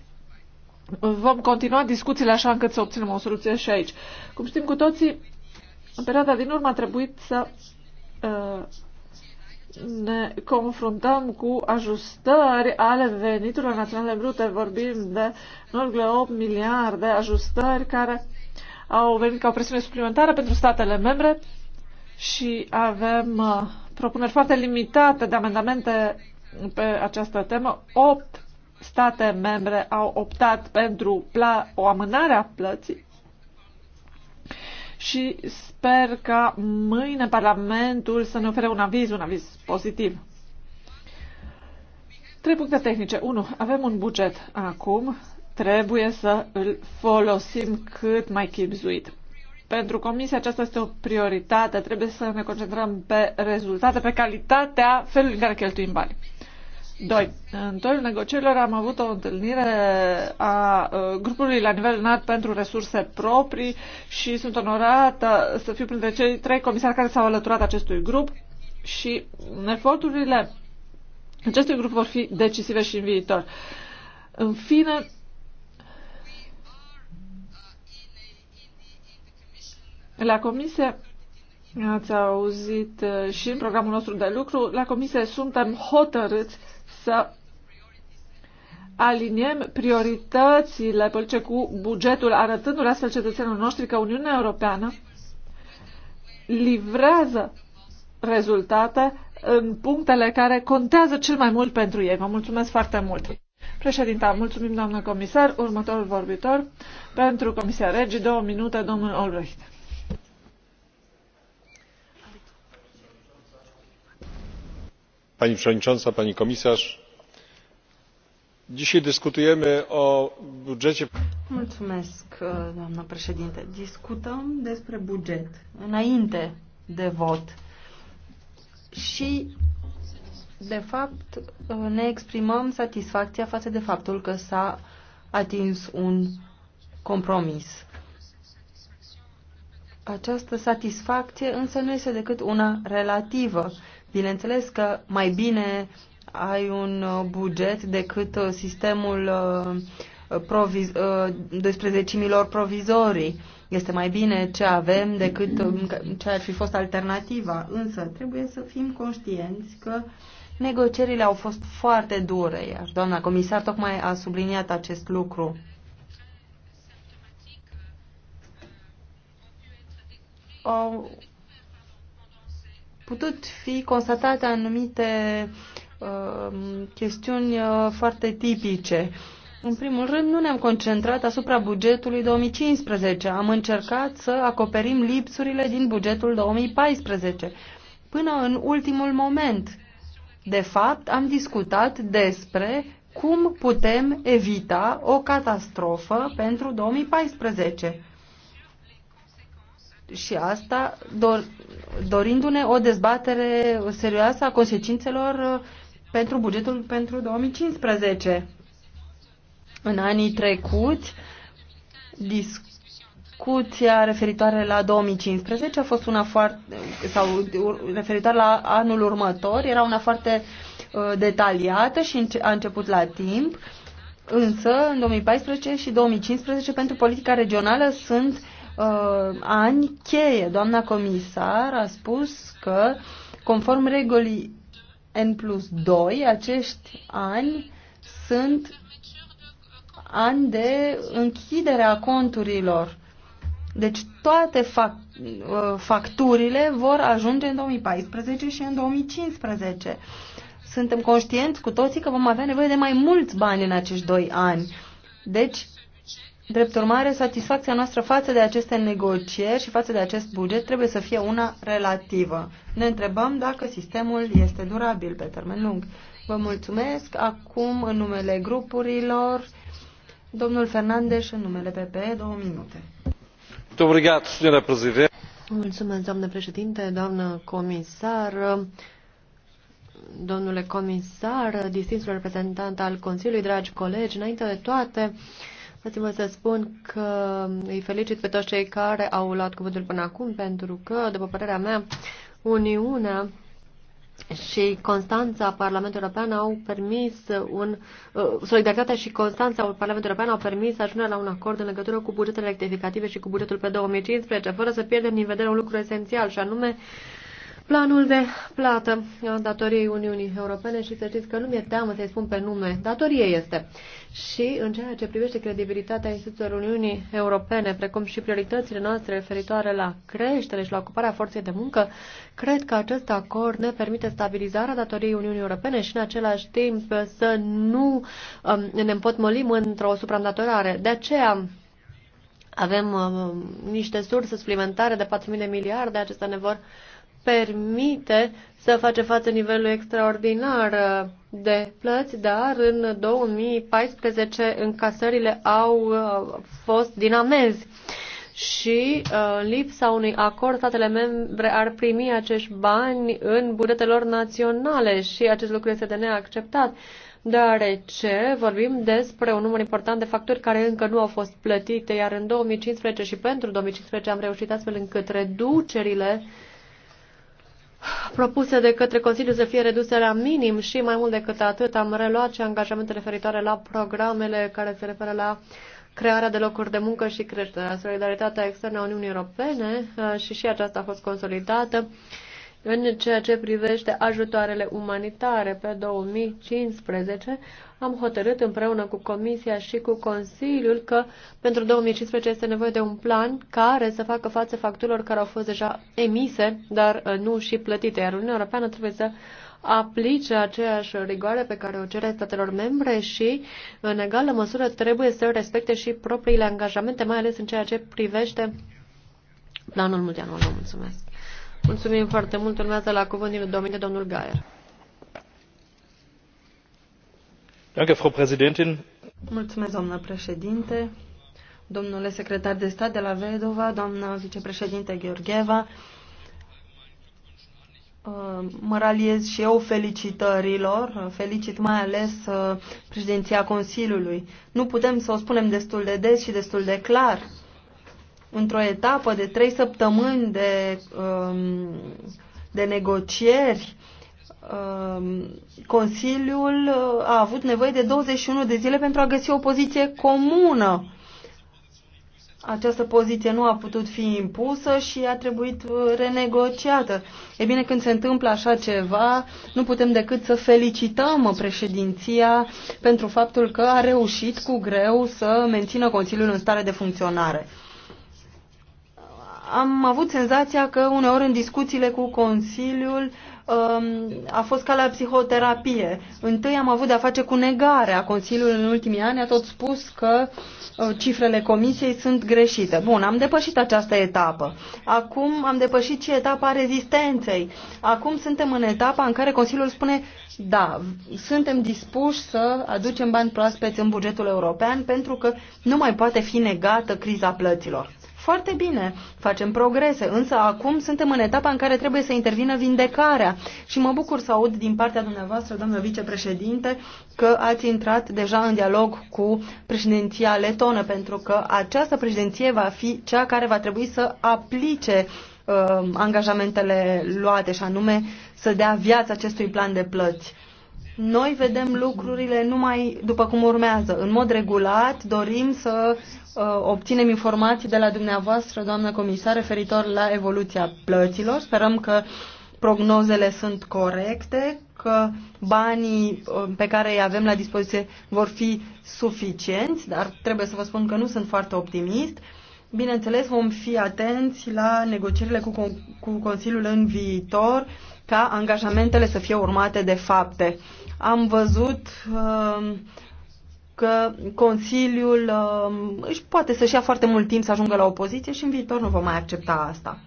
vom continua discuțiile așa încât să obținem o soluție și aici. Cum știm cu toții, în perioada din urmă a trebuit să Uh, ne confruntăm cu ajustări ale veniturilor naționale brute. Vorbim de 9,8 miliarde ajustări care au venit ca o presiune suplimentară pentru statele membre și avem uh, propuneri foarte limitate de amendamente pe această temă. Opt state membre au optat pentru o amânare a plății și sper ca mâine Parlamentul să ne ofere un aviz, un aviz pozitiv. Trei puncte tehnice. 1. Avem un buget acum. Trebuie să îl folosim cât mai chipzuit. Pentru comisie aceasta este o prioritate. Trebuie să ne concentrăm pe rezultate, pe calitatea felului în care cheltuim bani. Doi. În toiul negocierilor am avut o întâlnire a uh, grupului la nivel înalt pentru resurse proprii și sunt onorată să fiu printre cei trei comisari care s-au alăturat acestui grup și eforturile acestui grup vor fi decisive și în viitor. În fine, la comisie Ați auzit uh, și în programul nostru de lucru, la comisie suntem hotărâți să aliniem prioritățile politice cu bugetul, arătându l astfel cetățenilor noștri că Uniunea Europeană livrează rezultate în punctele care contează cel mai mult pentru ei. Vă mulțumesc foarte mult! Președinta, mulțumim, doamnă comisar. Următorul vorbitor pentru Comisia Regii, două minute, domnul Olbricht. pani przewodnicząca! pani komisarz! dzisiaj dyskutujemy o budżecie. discutăm despre buget de vot și de fapt ne exprimăm față de faptul că s-a atins un compromis. Această satisfacție însă nu este decât una relativă Bineînțeles că mai bine ai un uh, buget decât uh, sistemul uh, proviz- 12 milor provizorii. Este mai bine ce avem decât ce ar fi fost alternativa. Însă trebuie să fim conștienți că negocierile au fost foarte dure, iar doamna comisar tocmai a subliniat acest lucru. Au putut fi constatate anumite uh, chestiuni uh, foarte tipice. În primul rând, nu ne-am concentrat asupra bugetului 2015. Am încercat să acoperim lipsurile din bugetul 2014, până în ultimul moment. De fapt, am discutat despre cum putem evita o catastrofă pentru 2014 și asta dor, dorindu-ne o dezbatere serioasă a consecințelor uh, pentru bugetul pentru 2015. În anii trecuți, discuția referitoare la 2015 a fost una foarte, sau referitoare la anul următor, era una foarte uh, detaliată și a început la timp, însă în 2014 și 2015 pentru politica regională sunt uh, uh, ani cheie. Doamna comisar a spus că, conform regulii N plus 2, acești ani sunt ani de închidere a conturilor. Deci toate fac, uh, facturile vor ajunge în 2014 și în 2015. Suntem conștienți cu toții că vom avea nevoie de mai mulți bani în acești doi ani. Deci Drept urmare, satisfacția noastră față de aceste negocieri și față de acest buget trebuie să fie una relativă. Ne întrebăm dacă sistemul este durabil pe termen lung. Vă mulțumesc. Acum, în numele grupurilor, domnul Fernandez, în numele PPE, două minute. Mulțumesc, doamnă președinte, doamnă comisar. Domnule comisar, distinsul reprezentant al Consiliului, dragi colegi, înainte de toate, uh, Dați-mă să spun că îi felicit pe toți cei care au luat cuvântul până acum, pentru că, după părerea mea, Uniunea și Constanța Parlamentului European au permis un uh, solidaritatea și Constanța Parlamentului European au permis să ajungă la un acord în legătură cu bugetele rectificative și cu bugetul pe 2015, fără să pierdem din vedere un lucru esențial și anume planul de plată a datoriei Uniunii Europene și să știți că nu mi-e teamă să-i spun pe nume, datorie este. Și în ceea ce privește credibilitatea instituțiilor Uniunii Europene, precum și prioritățile noastre referitoare la creștere și la ocuparea forței de muncă, cred că acest acord ne permite stabilizarea datoriei Uniunii Europene și în același timp să nu um, ne împotmolim într-o supradatorare. De aceea, avem um, niște surse suplimentare de 4.000 de miliarde, acestea ne vor uh, permite să face față nivelului extraordinar de plăți, dar în 2014 încasările au uh, fost din amenzi și în uh, lipsa unui acord statele membre ar primi acești bani în bugetele lor naționale și acest lucru este de neacceptat deoarece vorbim despre un număr important de facturi care încă nu au fost plătite, iar în 2015 și pentru 2015 am reușit astfel încât reducerile uh, propuse de către Consiliu să fie reduse la minim și mai mult decât atât am reluat și angajamente referitoare la programele care se referă la crearea de locuri de muncă și creșterea, solidaritatea externă a Uniunii Europene uh, și și aceasta a fost consolidată în ceea ce privește ajutoarele umanitare pe 2015 am hotărât împreună cu Comisia și cu Consiliul că pentru 2015 este nevoie de un plan care să facă față facturilor care au fost deja emise, dar uh, nu și plătite, iar Uniunea Europeană trebuie să aplice aceeași rigoare pe care o cere statelor membre și, în egală măsură, trebuie să respecte și propriile angajamente, mai ales în ceea ce privește planul multianual. Mulțumesc! Mulțumim foarte mult. Urmează la cuvântul domnului domnul Gaier. Mulțumesc, doamnă președinte, domnule secretar de stat de la Vedova, doamnă vicepreședinte Gheorgheva. Uh, mă raliez și eu felicitărilor, felicit mai ales uh, președinția Consiliului. Nu putem să o spunem destul de des și destul de clar. Într-o etapă de trei săptămâni de, um, de negocieri, Um, Consiliul uh, a avut nevoie de 21 de zile pentru a găsi o poziție comună. Această poziție nu a putut fi impusă și a trebuit uh, renegociată. E bine, când se întâmplă așa ceva, nu putem decât să felicităm președinția pentru faptul că a reușit cu greu să mențină Consiliul în stare de funcționare am avut senzația că uneori în discuțiile cu Consiliul Um, a fost ca la psihoterapie. Întâi am avut de-a face cu negarea. Consiliului în ultimii ani a tot spus că uh, cifrele comisiei sunt greșite. Bun, am depășit această etapă. Acum am depășit și etapa rezistenței. Acum suntem în etapa în care Consiliul spune da, suntem dispuși să aducem bani proaspeți în bugetul european pentru că nu mai poate fi negată criza plăților. Foarte bine, facem progrese, însă acum suntem în etapa în care trebuie să intervină vindecarea. Și mă bucur să aud din partea dumneavoastră, doamnă vicepreședinte, că ați intrat deja în dialog cu președinția letonă, pentru că această președinție va fi cea care va trebui să aplice uh, angajamentele luate și anume să dea viață acestui plan de plăți. Noi vedem lucrurile numai după cum urmează. În mod regulat dorim să Uh, obținem informații de la dumneavoastră, doamnă comisar, referitor la evoluția plăților. Sperăm că prognozele sunt corecte, că banii uh, pe care îi avem la dispoziție vor fi suficienți, dar trebuie să vă spun că nu sunt foarte optimist. Bineînțeles, vom fi atenți la negocierile cu, cu Consiliul în viitor ca angajamentele să fie urmate de fapte. Am văzut uh, că Consiliul um, își poate să-și ia foarte mult timp să ajungă la opoziție și în viitor nu vom mai accepta asta.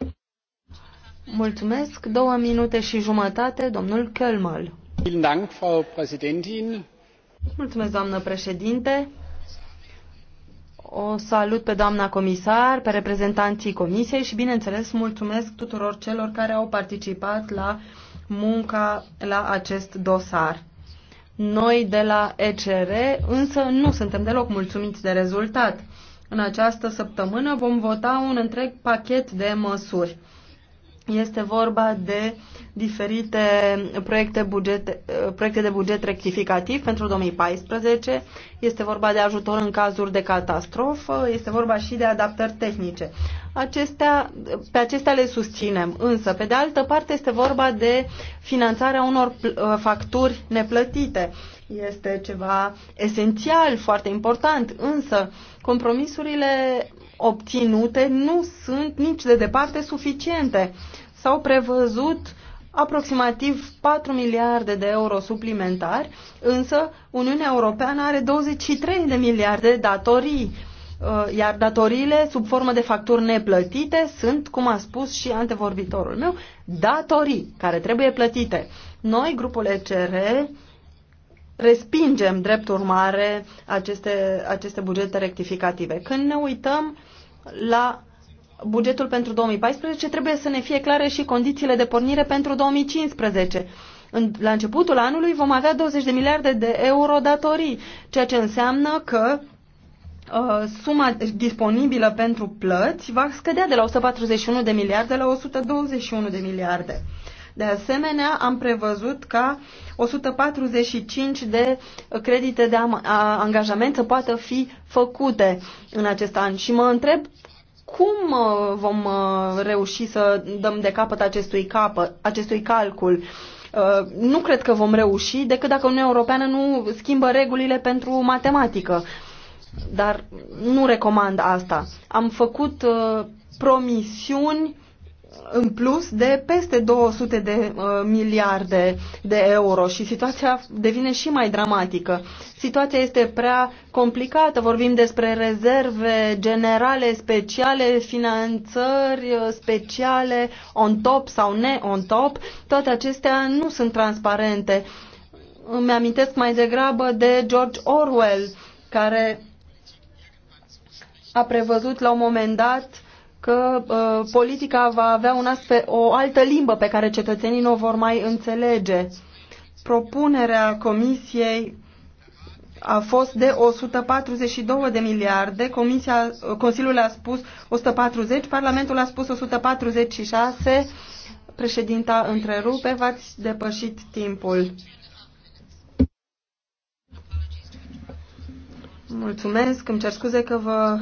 Mulțumesc. Două minute și jumătate, domnul Kölmel. Mulțumesc, doamnă președinte. O salut pe doamna comisar, pe reprezentanții comisiei și, bineînțeles, mulțumesc tuturor celor care au participat la munca la acest dosar. Noi de la ECR însă nu suntem deloc mulțumiți de rezultat. În această săptămână vom vota un întreg pachet de măsuri. Este vorba de diferite proiecte, buget, proiecte de buget rectificativ pentru 2014. Este vorba de ajutor în cazuri de catastrofă, este vorba și de adaptări tehnice. Acestea, pe acestea le susținem, însă, pe de altă parte, este vorba de finanțarea unor uh, facturi neplătite. Este ceva esențial, foarte important, însă compromisurile obținute nu sunt nici de departe suficiente. S-au prevăzut aproximativ 4 miliarde de euro suplimentari, însă Uniunea Europeană are 23 de miliarde de datorii, uh, iar datoriile sub formă de facturi neplătite sunt, cum a spus și antevorbitorul meu, datorii care trebuie plătite. Noi, grupul ECR, respingem drept urmare aceste, aceste bugete rectificative. Când ne uităm la bugetul pentru 2014, trebuie să ne fie clare și condițiile de pornire pentru 2015. În, la începutul anului vom avea 20 de miliarde de euro datorii, ceea ce înseamnă că uh, suma disponibilă pentru plăți va scădea de la 141 de miliarde la 121 de miliarde. De asemenea, am prevăzut ca 145 de credite de angajament să poată fi făcute în acest an. Și mă întreb cum uh, vom uh, reuși să dăm de capăt acestui, capăt, acestui calcul? Uh, nu cred că vom reuși decât dacă Uniunea Europeană nu schimbă regulile pentru matematică. Dar nu recomand asta. Am făcut promisiuni în plus de peste 200 de uh, miliarde de euro și situația devine și mai dramatică. Situația este prea complicată, vorbim despre rezerve generale, speciale, finanțări uh, speciale, on top sau ne on top, toate acestea nu sunt transparente. Îmi amintesc mai degrabă de George Orwell, care a prevăzut la un moment dat uh, că uh, politica va avea un astfel, o altă limbă pe care cetățenii nu o vor mai înțelege. Propunerea Comisiei a fost de 142 de miliarde, Comisia, uh, Consiliul a spus 140, Parlamentul a spus 146, președinta întrerupe, v-ați depășit timpul. Mulțumesc, îmi cer scuze că vă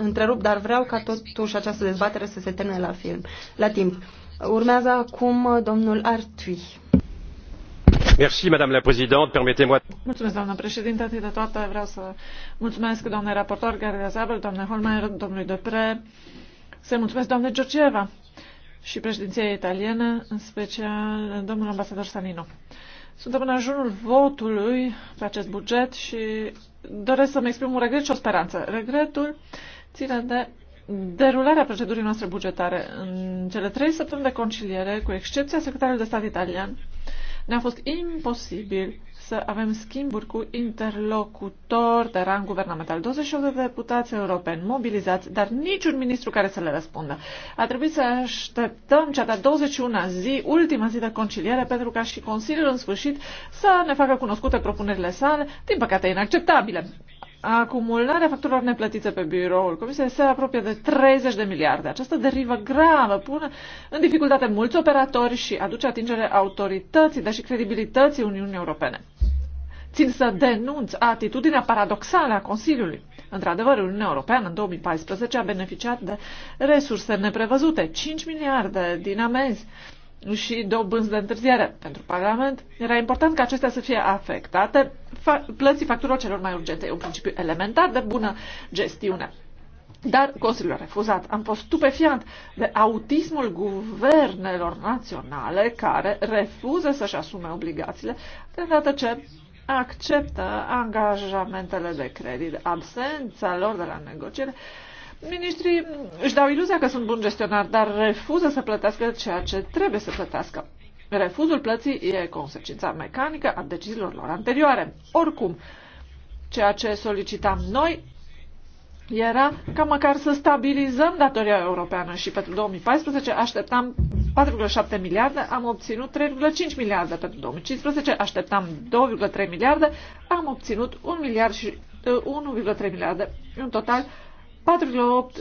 întrerup, dar vreau ca totuși această dezbatere să se termine la film, la timp. Urmează acum domnul Artui. Merci, Madame la Présidente. Permettez-moi. Mulțumesc, doamnă președinte. Atât de toate vreau să mulțumesc doamnei raportor Gardia Zabel, doamne Holmeier, domnului Depre. să mulțumesc doamnei Georgieva și președinției italiene, în special domnul ambasador Salino. Suntem în ajunul votului pe acest buget și doresc să-mi exprim un regret și o speranță. Regretul ține de derularea procedurii noastre bugetare. În cele trei săptămâni de conciliere, cu excepția secretarului de stat italian, ne-a fost imposibil să avem schimburi cu interlocutori de rang guvernamental. 28 de deputați europeni mobilizați, dar niciun ministru care să le răspundă. A trebuit să așteptăm cea de-a 21-a zi, ultima zi de conciliere, pentru ca și Consiliul în sfârșit să ne facă cunoscute propunerile sale, din păcate inacceptabile. Acumularea facturilor neplătite pe biroul Comisiei se apropie de 30 de miliarde. Această derivă gravă pune în dificultate mulți operatori și aduce atingere autorității, dar și credibilității Uniunii Europene. Țin să denunț atitudinea paradoxală a Consiliului. Într-adevăr, Uniunea Europeană în 2014 a beneficiat de resurse neprevăzute, 5 miliarde din amenzi și dobânzi de întârziere pentru Parlament, era important ca acestea să fie afectate fa- plății facturilor celor mai urgente. E un principiu elementar de bună gestiune. Dar Consiliul a refuzat. Am fost stupefiant de autismul guvernelor naționale care refuză să-și asume obligațiile de dată ce acceptă angajamentele de credit. Absența lor de la negociere uh, Ministrii își dau iluzia că sunt bun gestionar, dar refuză să plătească ceea ce trebuie să plătească. Refuzul plății e consecința mecanică a deciziilor lor anterioare. Oricum, ceea ce solicitam noi era ca măcar să stabilizăm datoria europeană și pentru 2014 așteptam 4,7 miliarde, am obținut 3,5 miliarde pentru 2015, așteptam 2,3 miliarde, am obținut 1 miliard și 1,3 uh, miliarde, în total 4,8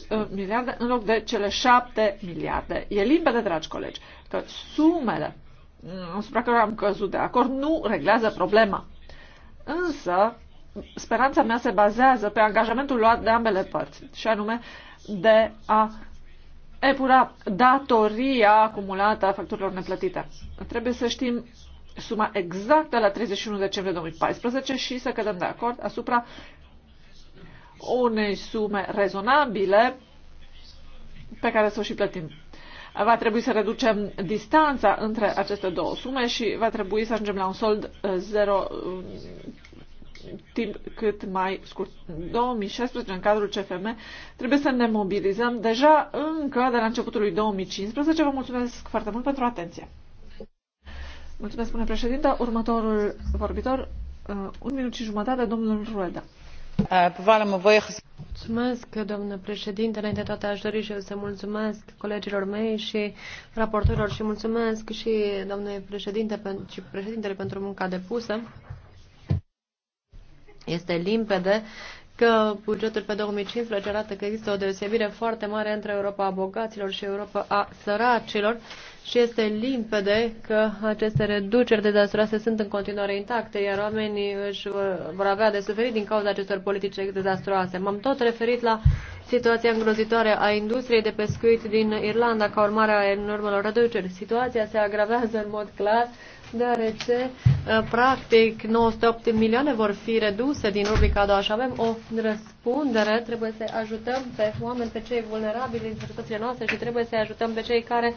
uh, miliarde în loc de cele 7 miliarde. E limpede, dragi colegi, că sumele mm, asupra care am căzut de acord nu reglează problema. Însă, speranța mea se bazează pe angajamentul luat de ambele părți, și anume de a epura datoria acumulată a facturilor neplătite. Trebuie să știm suma exactă la 31 decembrie 2014 și să cădem de acord asupra unei sume rezonabile pe care să o și plătim. Va trebui să reducem distanța între aceste două sume și va trebui să ajungem la un sold uh, zero timp cât mai scurt. 2016, în cadrul CFM, trebuie să ne mobilizăm deja încă de la începutul lui 2015. Vă mulțumesc foarte mult pentru atenție. Mulțumesc, spune președinte. Următorul vorbitor, uh, un minut și jumătate, domnul Rueda. Mulțumesc, domnule președinte. Înainte toate aș dori și eu să mulțumesc colegilor mei și raportorilor și mulțumesc și domnului președinte și președintele pentru munca depusă. Este limpede că bugetul pe 2015 arată că există o deosebire foarte mare între Europa a bogaților și Europa a săracilor și este limpede că aceste reduceri dezastroase sunt în continuare intacte, iar oamenii își vor avea de suferit din cauza acestor politici dezastroase. M-am tot referit la situația îngrozitoare a industriei de pescuit din Irlanda ca urmare a enormelor reduceri. Situația se agravează în mod clar deoarece ă, practic 908 milioane vor fi reduse din rubrica a doua și avem o răspundere, trebuie să ajutăm pe oameni, pe cei vulnerabili din societățile noastre și trebuie să ajutăm pe cei care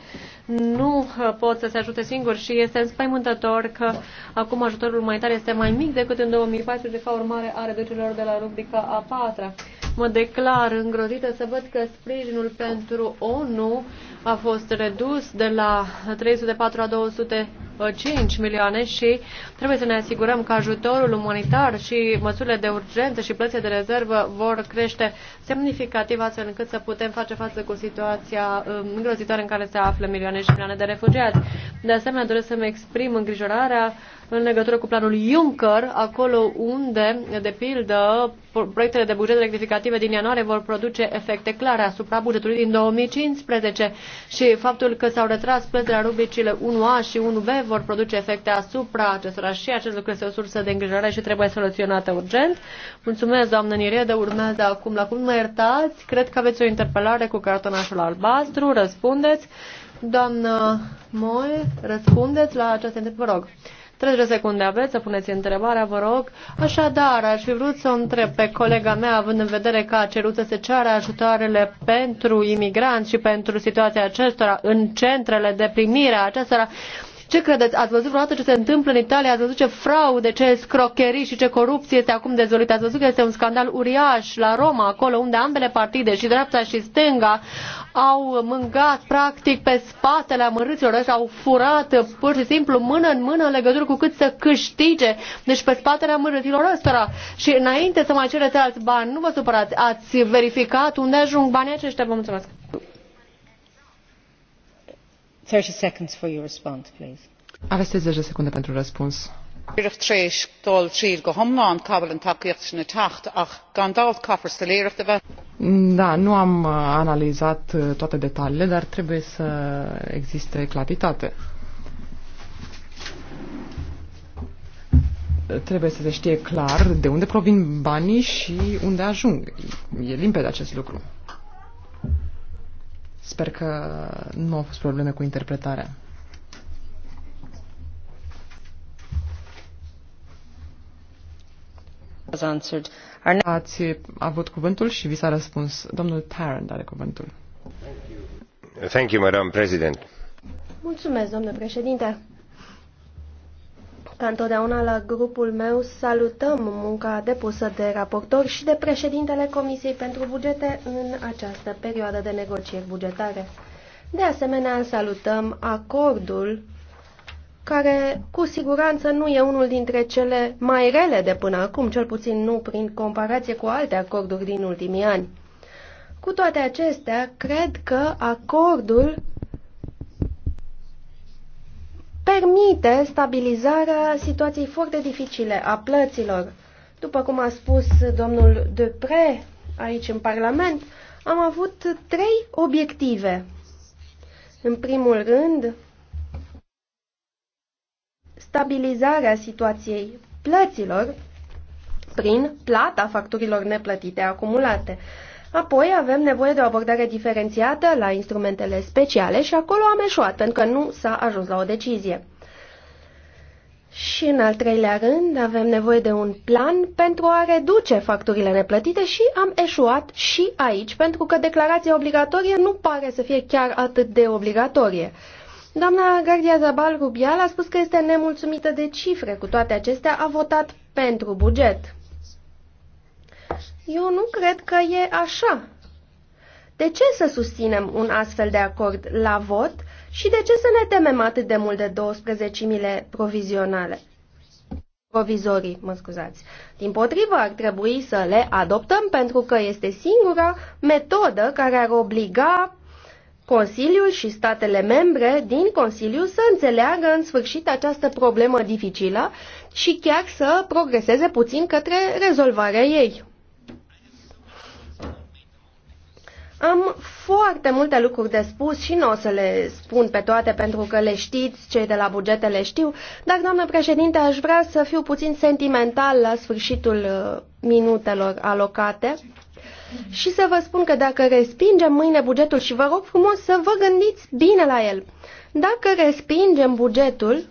nu ă, pot să se ajute singuri și este înspăimântător că acum ajutorul umanitar este mai mic decât în 2014 ca urmare a reducerilor de la rubrica a patra. Mă declar îngrozită să văd că sprijinul pentru ONU a fost redus de la 304 la 200 5 milioane și trebuie să ne asigurăm că ajutorul umanitar și măsurile de urgență și plățile de rezervă vor crește semnificativ astfel încât să putem face față cu situația um, îngrozitoare în care se află milioane și milioane de refugiați. De asemenea, doresc să-mi exprim îngrijorarea în legătură cu planul Juncker, acolo unde, de pildă, proiectele de buget rectificative din ianuarie vor produce efecte clare asupra bugetului din 2015 și faptul că s-au retras plățile la rubricile 1A și 1B vor produce efecte asupra acestora și acest lucru este o sursă de îngrijorare și trebuie soluționată urgent. Mulțumesc, doamnă de Urmează acum la cum mă iertați. Cred că aveți o interpelare cu cartonașul albastru. Răspundeți. Doamnă Moe, răspundeți la această întrebare. Vă rog. 30 secunde aveți să puneți întrebarea, vă rog. Așadar, aș fi vrut să o întreb pe colega mea, având în vedere că a cerut să se ceară ajutoarele pentru imigranți și pentru situația acestora în centrele de primire a acestora, ce credeți? Ați văzut vreodată ce se întâmplă în Italia? Ați văzut ce fraude, ce scrocherii și ce corupție este acum dezvăluită? Ați văzut că este un scandal uriaș la Roma, acolo unde ambele partide, și dreapta și stânga, au mâncat practic pe spatele amărâților și au furat pur și simplu mână în mână în legătură cu cât să câștige, deci pe spatele amărâților ăstora. Și înainte să mai cereți alți bani, nu vă supărați, ați verificat unde ajung banii aceștia? Vă mulțumesc! Aveți 30 secunde pentru răspuns. Da, nu am uh, analizat uh, toate detaliile, dar trebuie să existe claritate. Trebuie să se știe clar de unde provin banii și unde ajung. E limpede acest lucru. Sper că nu au fost probleme cu interpretarea. Ați avut cuvântul și vi s-a răspuns. Domnul Tarrant are cuvântul. Thank you, Madam President. Mulțumesc, domnule președinte. Ca întotdeauna la grupul meu salutăm munca depusă de raportor și de președintele Comisiei pentru Bugete în această perioadă de negocieri bugetare. De asemenea, salutăm acordul care cu siguranță nu e unul dintre cele mai rele de până acum, cel puțin nu prin comparație cu alte acorduri din ultimii ani. Cu toate acestea, cred că acordul permite stabilizarea situației foarte dificile a plăților. După cum a spus domnul Depre aici în Parlament, am avut trei obiective. În primul rând, stabilizarea situației plăților prin plata facturilor neplătite acumulate. Apoi avem nevoie de o abordare diferențiată la instrumentele speciale și acolo am eșuat, pentru că nu s-a ajuns la o decizie. Și în al treilea rând, avem nevoie de un plan pentru a reduce facturile neplătite și am eșuat și aici, pentru că declarația obligatorie nu pare să fie chiar atât de obligatorie. Doamna Gardia Zabal Rubial a spus că este nemulțumită de cifre. Cu toate acestea, a votat pentru buget. Eu nu cred că e așa. De ce să susținem un astfel de acord la vot și de ce să ne temem atât de mult de 12.000 provizionale? Provizorii, mă scuzați. Din potrivă, ar trebui să le adoptăm pentru că este singura metodă care ar obliga Consiliul și statele membre din Consiliu să înțeleagă în sfârșit această problemă dificilă și chiar să progreseze puțin către rezolvarea ei. Am foarte multe lucruri de spus și nu o să le spun pe toate pentru că le știți, cei de la bugete le știu, dar, doamnă președinte, aș vrea să fiu puțin sentimental la sfârșitul uh, minutelor alocate și să vă spun că dacă respingem mâine bugetul și vă rog frumos să vă gândiți bine la el, dacă respingem bugetul,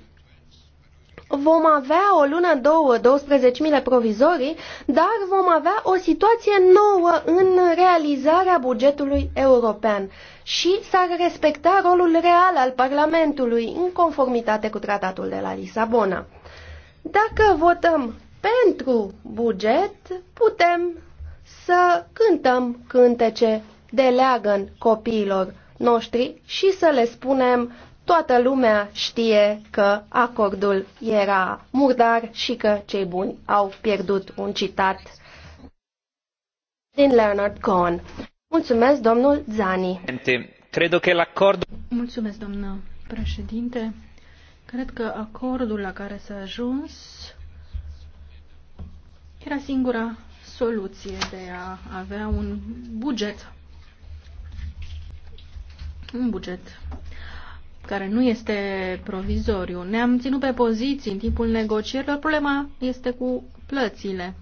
vom avea o lună, două, 12.000 provizorii, dar vom avea o situație nouă în realizarea bugetului european și s-ar respecta rolul real al Parlamentului în conformitate cu tratatul de la Lisabona. Dacă votăm pentru buget, putem să cântăm cântece de leagăn copiilor noștri și să le spunem Toată lumea știe că acordul era murdar și că cei buni au pierdut un citat din Leonard Cohen. Mulțumesc, domnul Zani. Cred că acordul. Mulțumesc, doamnă președinte. Cred că acordul la care s-a ajuns era singura soluție de a avea un buget. Un buget care nu este provizoriu. Ne-am ținut pe poziții în timpul negocierilor. Problema este cu plățile.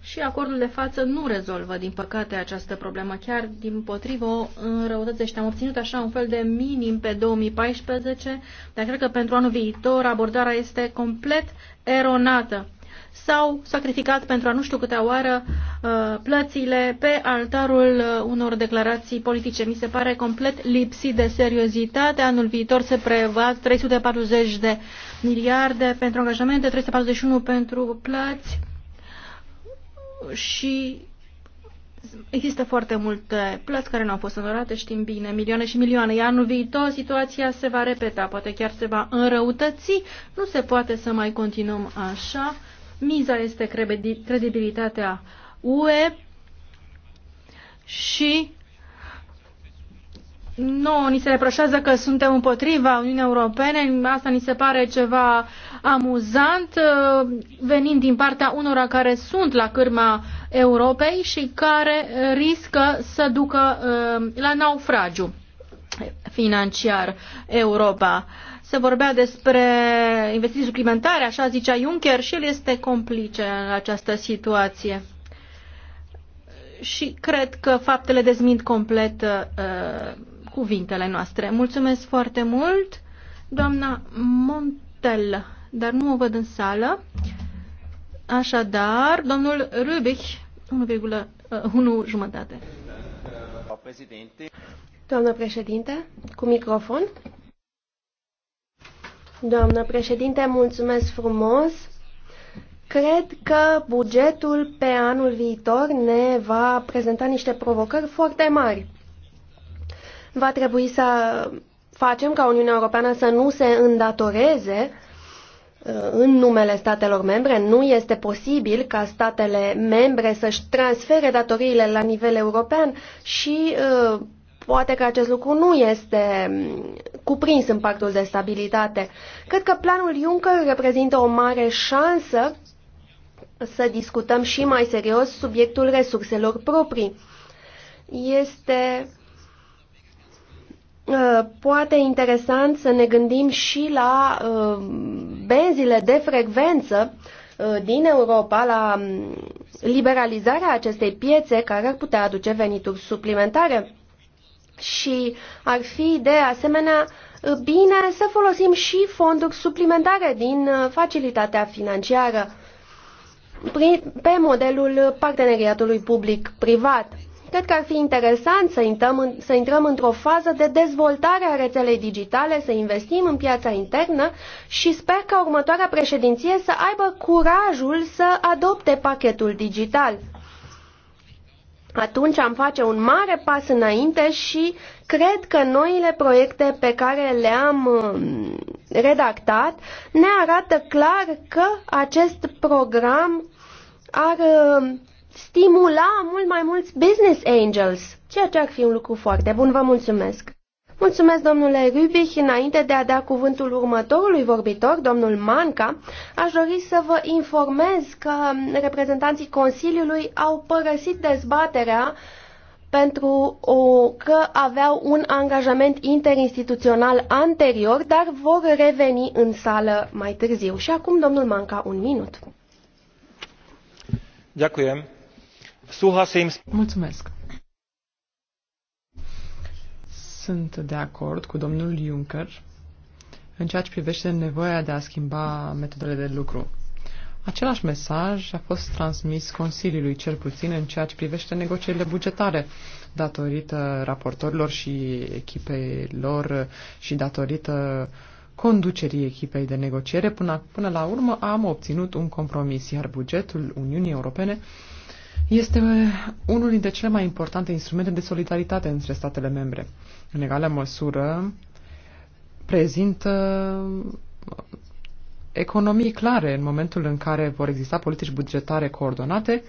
Și acordul de față nu rezolvă, din păcate, această problemă. Chiar, din potrivă, o răutățește, Am obținut așa un fel de minim pe 2014, dar cred că pentru anul viitor abordarea este complet eronată s-au sacrificat pentru a nu știu câte oară uh, plățile pe altarul uh, unor declarații politice. Mi se pare complet lipsit de seriozitate. Anul viitor se prevăd 340 de miliarde pentru angajamente, 341 pentru plăți și Există foarte multe plăți care nu au fost înorate, știm bine, milioane și milioane. Iar anul viitor situația se va repeta, poate chiar se va înrăutăți. Nu se poate să mai continuăm așa. Miza este credibilitatea UE și nu, ni se reproșează că suntem împotriva Uniunii Europene, asta ni se pare ceva amuzant, uh, venind din partea unora care sunt la cârma Europei și care riscă să ducă uh, la naufragiu financiar Europa se vorbea despre investiții suplimentare, așa zicea Juncker, și el este complice în această situație. Și cred că faptele dezmint complet uh, cuvintele noastre. Mulțumesc foarte mult, doamna Montel, dar nu o văd în sală. Așadar, domnul Rubich, 1,1 uh, jumătate. Doamnă președinte, cu microfon. Doamnă președinte, mulțumesc frumos. Cred că bugetul pe anul viitor ne va prezenta niște provocări foarte mari. Va trebui să facem ca Uniunea Europeană să nu se îndatoreze uh, în numele statelor membre. Nu este posibil ca statele membre să-și transfere datoriile la nivel european și uh, poate că acest lucru nu este cuprins în pactul de stabilitate. Cred că planul Juncker reprezintă o mare șansă să discutăm și mai serios subiectul resurselor proprii. Este uh, poate interesant să ne gândim și la uh, benzile de frecvență uh, din Europa, la um, liberalizarea acestei piețe care ar putea aduce venituri suplimentare. Și ar fi, de asemenea, bine să folosim și fonduri suplimentare din uh, facilitatea financiară pe modelul parteneriatului public-privat. Cred că ar fi interesant să intrăm, în, să intrăm într-o fază de dezvoltare a rețelei digitale, să investim în piața internă și sper că următoarea președinție să aibă curajul să adopte pachetul digital atunci am face un mare pas înainte și cred că noile proiecte pe care le-am um, redactat ne arată clar că acest program ar um, stimula mult mai mulți business angels, ceea ce ar fi un lucru foarte bun. Vă mulțumesc! Mulțumesc, domnule Rubich. Înainte de a da cuvântul următorului vorbitor, domnul Manca, aș dori să vă informez că reprezentanții Consiliului au părăsit dezbaterea pentru o, că aveau un angajament interinstituțional anterior, dar vor reveni în sală mai târziu. Și acum, domnul Manca, un minut. Mulțumesc. Sunt de acord cu domnul Juncker în ceea ce privește nevoia de a schimba metodele de lucru. Același mesaj a fost transmis Consiliului, cel puțin în ceea ce privește negocierile bugetare, datorită raportorilor și echipei lor și datorită conducerii echipei de negociere. Până, până la urmă am obținut un compromis, iar bugetul Uniunii Europene este unul dintre cele mai importante instrumente de solidaritate între statele membre în egală măsură, prezintă economii clare în momentul în care vor exista politici bugetare coordonate,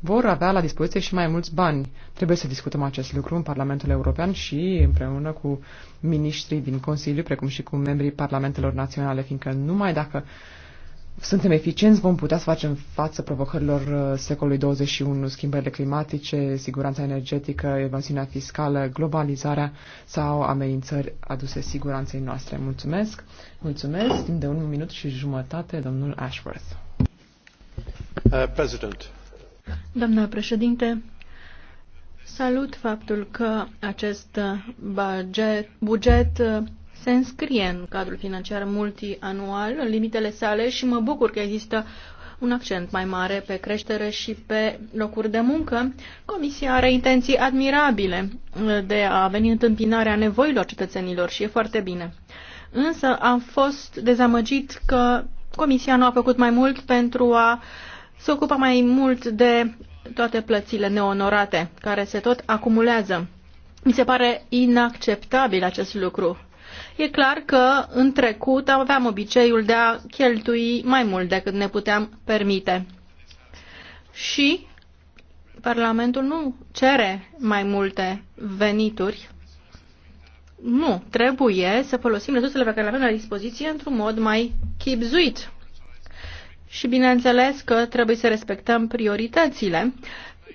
vor avea la dispoziție și mai mulți bani. Trebuie să discutăm acest lucru în Parlamentul European și împreună cu miniștrii din Consiliu, precum și cu membrii Parlamentelor Naționale, fiindcă numai dacă uh, suntem eficienți, vom putea să facem față provocărilor uh, secolului 21, schimbările climatice, siguranța energetică, evaziunea fiscală, globalizarea sau amenințări aduse siguranței noastre. Mulțumesc! Mulțumesc! Timp de un minut și jumătate, domnul Ashworth. Uh, President. Doamna președinte, salut faptul că acest uh, buget, buget uh, se înscrie în cadrul financiar multianual, în limitele sale și mă bucur că există un accent mai mare pe creștere și pe locuri de muncă. Comisia are intenții admirabile uh, de a veni întâmpinarea nevoilor cetățenilor și e foarte bine. Însă am fost dezamăgit că Comisia nu a făcut mai mult pentru a se ocupa mai mult de toate plățile neonorate care se tot acumulează. Mi se pare inacceptabil acest lucru. E clar că în trecut aveam obiceiul de a cheltui mai mult decât ne puteam permite. Și Parlamentul nu cere mai multe venituri. Nu, trebuie să folosim resursele pe care le avem la dispoziție într-un mod mai chipzuit. Și bineînțeles că trebuie să respectăm prioritățile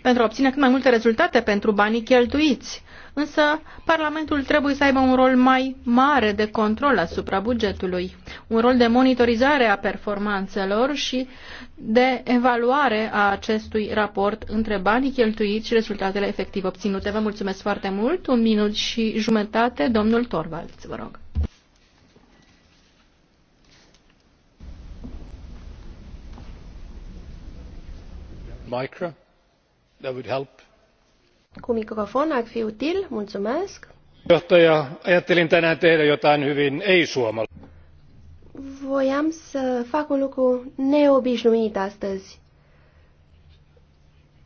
pentru a obține cât mai multe rezultate pentru banii cheltuiți însă Parlamentul trebuie să aibă un rol mai mare de control asupra bugetului, un rol de monitorizare a performanțelor și de evaluare a acestui raport între banii cheltuiți și rezultatele efectiv obținute. Vă mulțumesc foarte mult. Un minut și jumătate, domnul Torvalds, vă rog. Micro? That would help. Cu microfon ar fi util. Mulțumesc. Johtaja, ajattelin tänään tehdä jotain hyvin ei-suomalaista. Voiam să fac un lucru neobișnuit astăzi.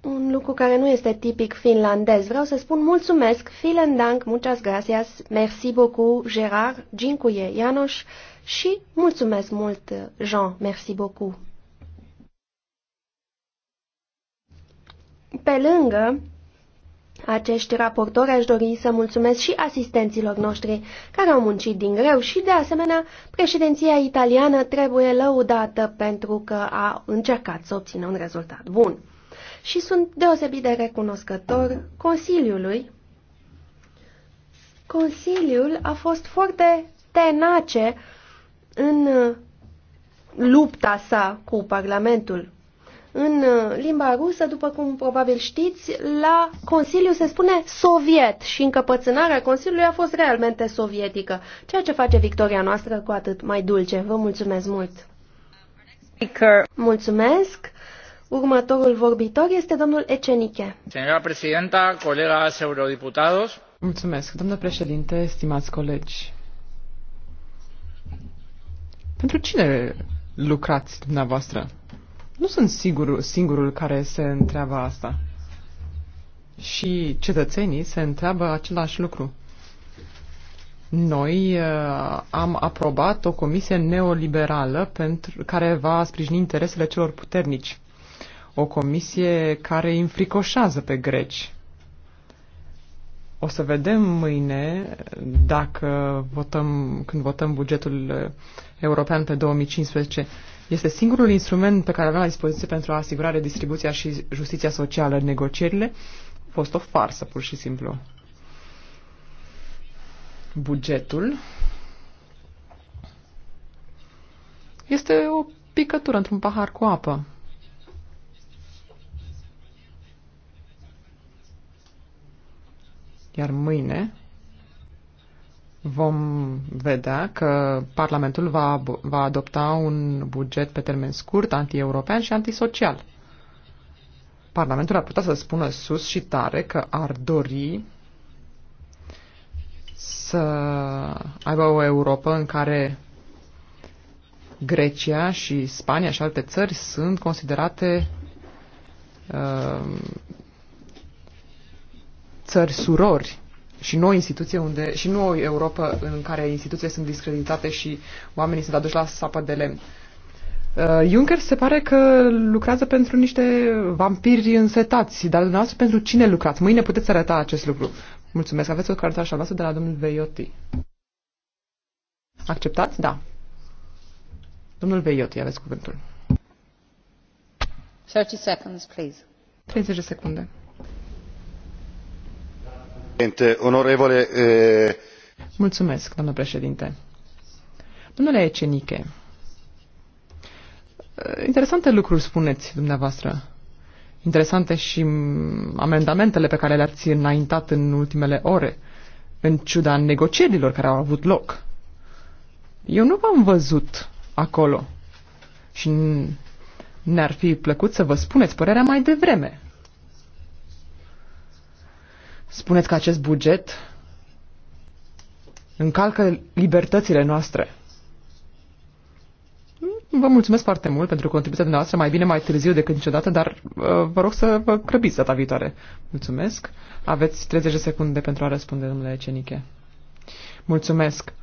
Un lucru care nu este tipic finlandez. Vreau să spun mulțumesc, vielen dank, muchas gracias, merci beaucoup, Gerard, Gincuie, Janos și mulțumesc mult, Jean, merci beaucoup. Pe lângă acești raportori aș dori să mulțumesc și asistenților noștri care au muncit din greu și, de asemenea, președinția italiană trebuie lăudată pentru că a încercat să obțină un rezultat bun. Și sunt deosebit de recunoscător Consiliului. Consiliul a fost foarte tenace în lupta sa cu Parlamentul în uh, limba rusă, după cum probabil știți, la Consiliu se spune soviet și încăpățânarea Consiliului a fost realmente sovietică, ceea ce face victoria noastră cu atât mai dulce. Vă mulțumesc mult! Mulțumesc! Următorul vorbitor este domnul Eceniche. Senora presidenta, colegas eurodiputados. Mulțumesc, domnule președinte, stimați colegi. Pentru cine lucrați dumneavoastră? Nu sunt sigur, singurul care se întreabă asta. Și cetățenii se întreabă același lucru. Noi uh, am aprobat o comisie neoliberală pentru, care va sprijini interesele celor puternici. O comisie care înfricoșează pe greci. O să vedem mâine dacă votăm, când votăm bugetul european pe 2015 este singurul instrument pe care avea la dispoziție pentru a asigura redistribuția și justiția socială. Negocierile a fost o farsă, pur și simplu. Bugetul este o picătură într-un pahar cu apă. Iar mâine vom vedea că Parlamentul va, va adopta un buget pe termen scurt, anti-european și antisocial. Parlamentul ar putea să spună sus și tare că ar dori să aibă o Europa în care Grecia și Spania și alte țări sunt considerate uh, țări surori și nu o instituție unde, și nu o Europa în care instituțiile sunt discreditate și oamenii sunt aduși la sapă de lemn. Uh, Juncker se pare că lucrează pentru niște vampiri însetați, dar dumneavoastră pentru cine lucrați? Mâine puteți arăta acest lucru. Mulțumesc. Aveți o așa, noastră de la domnul Veioti. Acceptați? Da. Domnul Veioti, aveți cuvântul. 30 seconds, please. 30 de secunde. Mulțumesc, domnule președinte. Domnule Eceniche, interesante lucruri spuneți dumneavoastră. Interesante și amendamentele pe care le-ați înaintat în ultimele ore, în ciuda negocierilor care au avut loc. Eu nu v-am văzut acolo și ne-ar fi plăcut să vă spuneți părerea mai devreme. Spuneți că acest buget încalcă libertățile noastre. Vă mulțumesc foarte mult pentru contribuția dumneavoastră, mai bine mai târziu decât niciodată, dar uh, vă rog să vă crăbiți data viitoare. Mulțumesc. Aveți 30 de secunde pentru a răspunde, domnule Ceniche. Mulțumesc.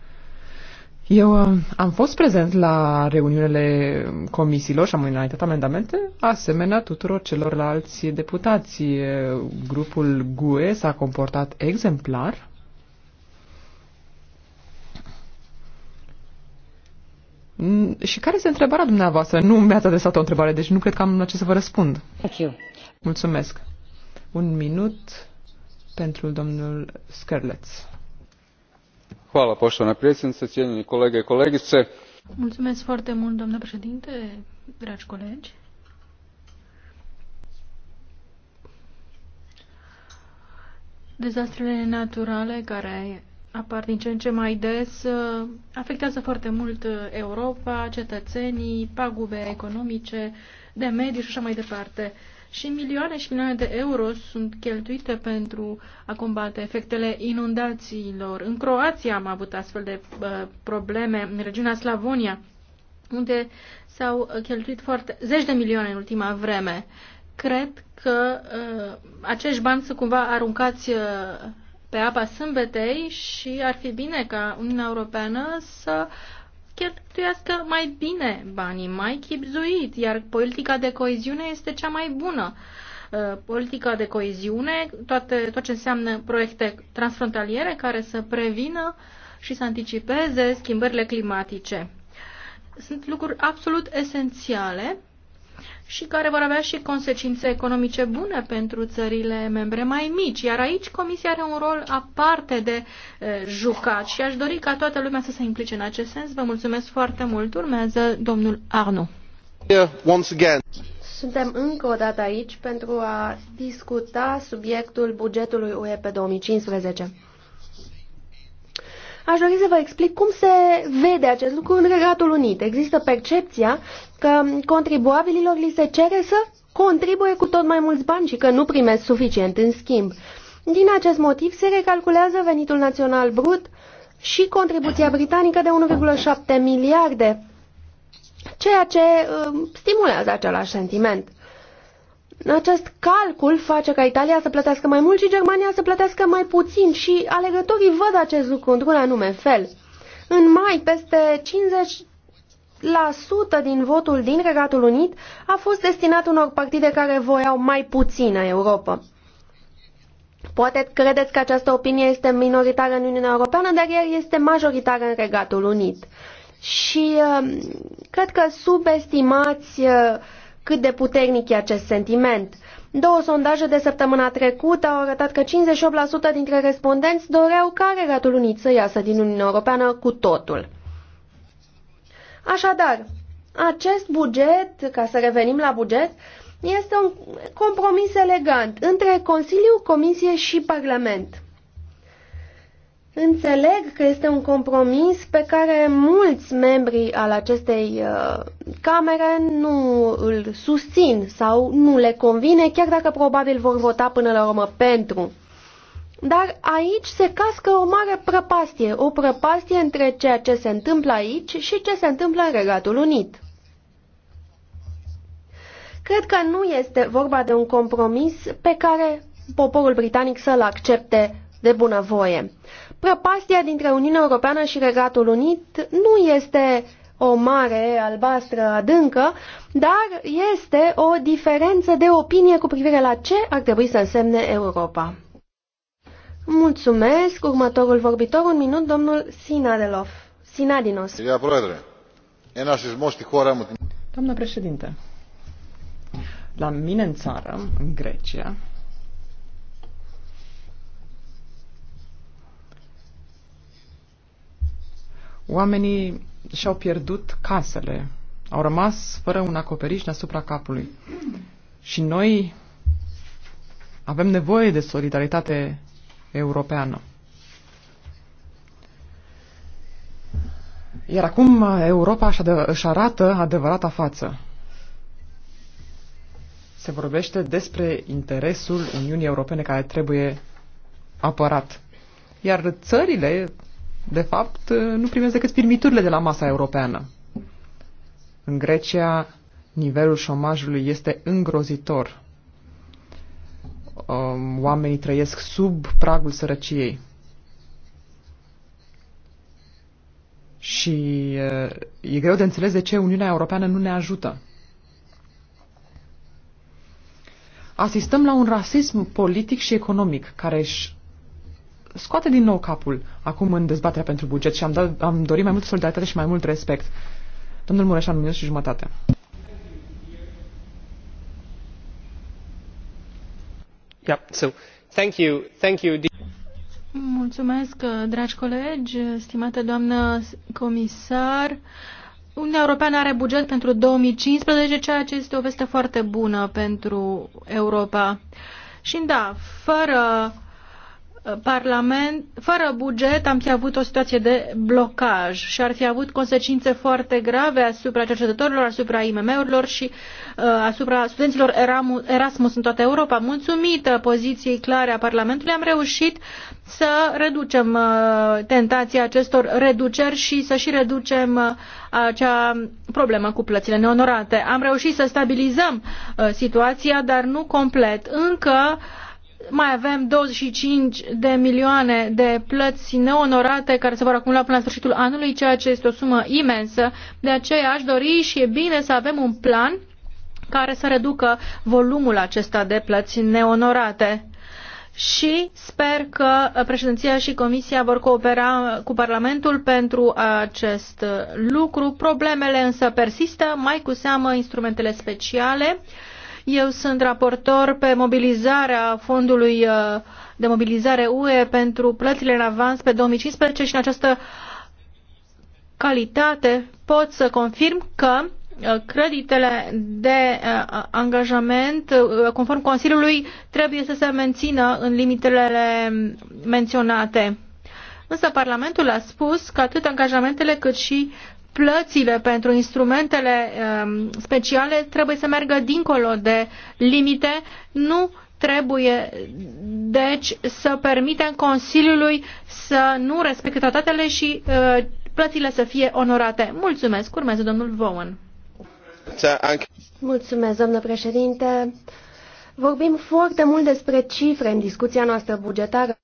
Eu uh, am fost prezent la reuniunile comisiilor și am înaintat amendamente, asemenea tuturor celorlalți deputați. Uh, grupul GUE s-a comportat exemplar. Și care este întrebarea dumneavoastră? Nu mi-ați adresat o întrebare, deci nu cred că am la ce să vă răspund. Thank you. Mulțumesc. Un minut pentru domnul Scarlett poštovana predsjednice cijenjeni kolege i kolegice Mulțumesc foarte mult, doamnă președinte, dragi colegi. Dezastrele naturale care apar din ce în ce mai des uh, afectează foarte mult uh, Europa, cetățenii, pagube economice, de mediu și așa mai departe și milioane și milioane de euro sunt cheltuite pentru a combate efectele inundațiilor. În Croația am avut astfel de uh, probleme, în regiunea Slavonia, unde s-au uh, cheltuit foarte zeci de milioane în ultima vreme. Cred că uh, acești bani sunt cumva aruncați uh, pe apa sâmbetei și ar fi bine ca Uniunea Europeană să cheltuiască mai bine banii, mai chipzuit, iar politica de coeziune este cea mai bună. Uh, politica de coeziune, toate, tot ce înseamnă proiecte transfrontaliere care să prevină și să anticipeze schimbările climatice. Sunt lucruri absolut esențiale și care vor avea și consecințe economice bune pentru țările membre mai mici. Iar aici Comisia are un rol aparte de e, jucat și aș dori ca toată lumea să se implice în acest sens. Vă mulțumesc foarte mult. Urmează domnul Arnu. Suntem încă o dată aici pentru a discuta subiectul bugetului UE pe 2015. Aș dori să vă explic cum se vede acest lucru în Regatul Unit. Există percepția că contribuabililor li se cere să contribuie cu tot mai mulți bani și că nu primesc suficient în schimb. Din acest motiv se recalculează venitul național brut și contribuția britanică de 1,7 miliarde, ceea ce uh, stimulează același sentiment. Acest calcul face ca Italia să plătească mai mult și Germania să plătească mai puțin și alegătorii văd acest lucru într-un anume fel. În mai, peste 50 la sută din votul din Regatul Unit a fost destinat unor partide care voiau mai puțină Europa. Poate credeți că această opinie este minoritară în Uniunea Europeană, dar ea este majoritară în Regatul Unit. Și uh, cred că subestimați uh, cât de puternic e acest sentiment. Două sondaje de săptămâna trecută au arătat că 58% dintre respondenți doreau ca Regatul Unit să iasă din Uniunea Europeană cu totul. Așadar, acest buget, ca să revenim la buget, este un compromis elegant între Consiliu, Comisie și Parlament. Înțeleg că este un compromis pe care mulți membri al acestei uh, camere nu îl susțin sau nu le convine, chiar dacă probabil vor vota până la urmă pentru. Dar aici se cască o mare prăpastie, o prăpastie între ceea ce se întâmplă aici și ce se întâmplă în Regatul Unit. Cred că nu este vorba de un compromis pe care poporul britanic să-l accepte de bunăvoie. Prăpastia dintre Uniunea Europeană și Regatul Unit nu este o mare albastră adâncă, dar este o diferență de opinie cu privire la ce ar trebui să însemne Europa. Mulțumesc. Următorul vorbitor, un minut, domnul Sinadelov. Sinadinos. Doamnă președinte, la mine în țară, în Grecia, Oamenii și-au pierdut casele, au rămas fără un acoperiș deasupra capului. Și noi avem nevoie de solidaritate europeană. Iar acum Europa își arată adevărata față. Se vorbește despre interesul Uniunii Europene care trebuie apărat. Iar țările de fapt, nu primesc decât firmiturile de la masa europeană. În Grecia, nivelul șomajului este îngrozitor. Um, oamenii trăiesc sub pragul sărăciei. Și uh, e greu de înțeles de ce Uniunea Europeană nu ne ajută. Asistăm la un rasism politic și economic care își scoate din nou capul acum în dezbaterea pentru buget și am, dat, am dorit mai mult solidaritate și mai mult respect. Domnul Mureșan, minut și jumătate. Yeah, so, thank you, thank you. Mulțumesc, dragi colegi, stimată doamnă comisar. Uniunea Europeană are buget pentru 2015, ceea ce este o veste foarte bună pentru Europa. Și da, fără uh, Uh, Parlament, fără buget, am fi avut o situație de blocaj și ar fi avut consecințe foarte grave asupra cercetătorilor, asupra IMM-urilor și uh, asupra studenților Erasmus în toată Europa. Mulțumită poziției clare a Parlamentului, am reușit să reducem uh, tentația acestor reduceri și să și reducem uh, acea problemă cu plățile neonorate. Am reușit să stabilizăm uh, situația, dar nu complet. Încă mai avem 25 de milioane de plăți neonorate care se vor acumula până la sfârșitul anului, ceea ce este o sumă imensă. De aceea aș dori și e bine să avem un plan care să reducă volumul acesta de plăți neonorate. Și sper că președinția și Comisia vor coopera cu Parlamentul pentru acest lucru. Problemele însă persistă, mai cu seamă instrumentele speciale. Uh, eu sunt raportor pe mobilizarea fondului uh, de mobilizare UE pentru plățile în avans pe 2015 și în această calitate pot să confirm că uh, creditele de uh, angajament, conform Consiliului, trebuie să se mențină în limitele menționate. Însă Parlamentul a spus că atât angajamentele cât și plățile pentru instrumentele um, speciale trebuie să meargă dincolo de limite, nu trebuie deci să permitem Consiliului să nu respecte tratatele și uh, plățile să fie onorate. Mulțumesc. Urmează domnul Vaughan. Mulțumesc, domnule președinte. Vorbim foarte mult despre cifre în discuția noastră bugetară.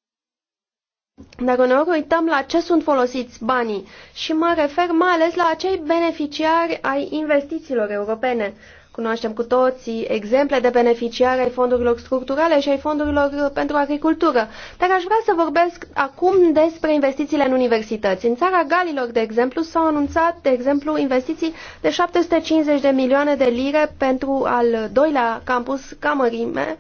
Dacă ne uităm la ce sunt folosiți banii și mă refer mai ales la acei beneficiari ai investițiilor europene, cunoaștem cu toții exemple de beneficiari ai fondurilor structurale și ai fondurilor pentru agricultură, dar aș vrea să vorbesc acum despre investițiile în universități. În țara Galilor, de exemplu, s-au anunțat, de exemplu, investiții de 750 de milioane de lire pentru al doilea campus Camărime,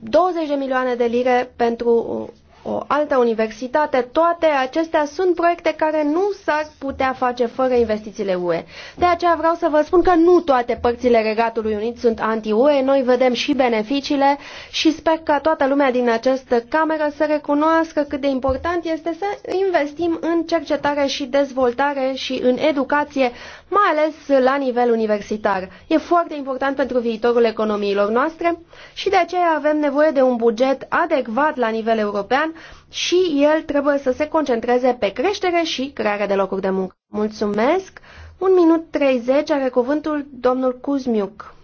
20 de milioane de lire pentru o altă universitate, toate acestea sunt proiecte care nu s-ar putea face fără investițiile UE. De aceea vreau să vă spun că nu toate părțile Regatului Unit sunt anti-UE, noi vedem și beneficiile și sper ca toată lumea din această cameră să recunoască cât de important este să investim în cercetare și dezvoltare și în educație, mai ales la nivel universitar. E foarte important pentru viitorul economiilor noastre și de aceea avem nevoie de un buget adecvat la nivel european și el trebuie să se concentreze pe creștere și crearea de locuri de muncă. Mulțumesc! Un minut 30 are cuvântul domnul Kuzmiuk.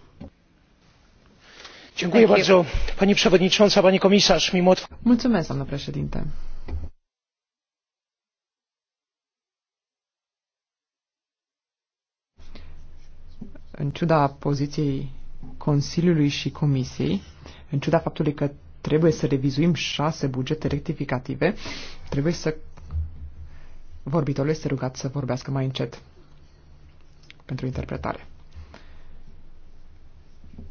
Dziękuję bardzo, pani przewodnicząca, pani komisarz. Mimo... Mulțumesc, doamnă președinte. în ciuda poziției Consiliului și Comisiei, în ciuda faptului că trebuie să revizuim șase bugete rectificative, trebuie să... Vorbitorul este rugat să vorbească mai încet pentru interpretare.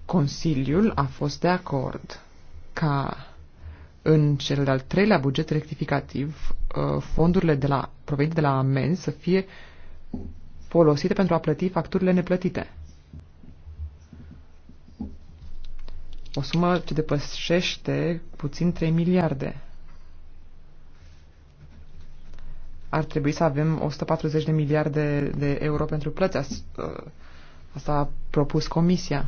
Consiliul a fost de acord ca în cel de-al treilea buget rectificativ uh, fondurile de la, provenite de la amenzi să fie folosite pentru a plăti facturile neplătite. o sumă ce depășește puțin 3 miliarde. Ar trebui să avem 140 de miliarde de euro pentru plăți. Ă, asta a propus Comisia.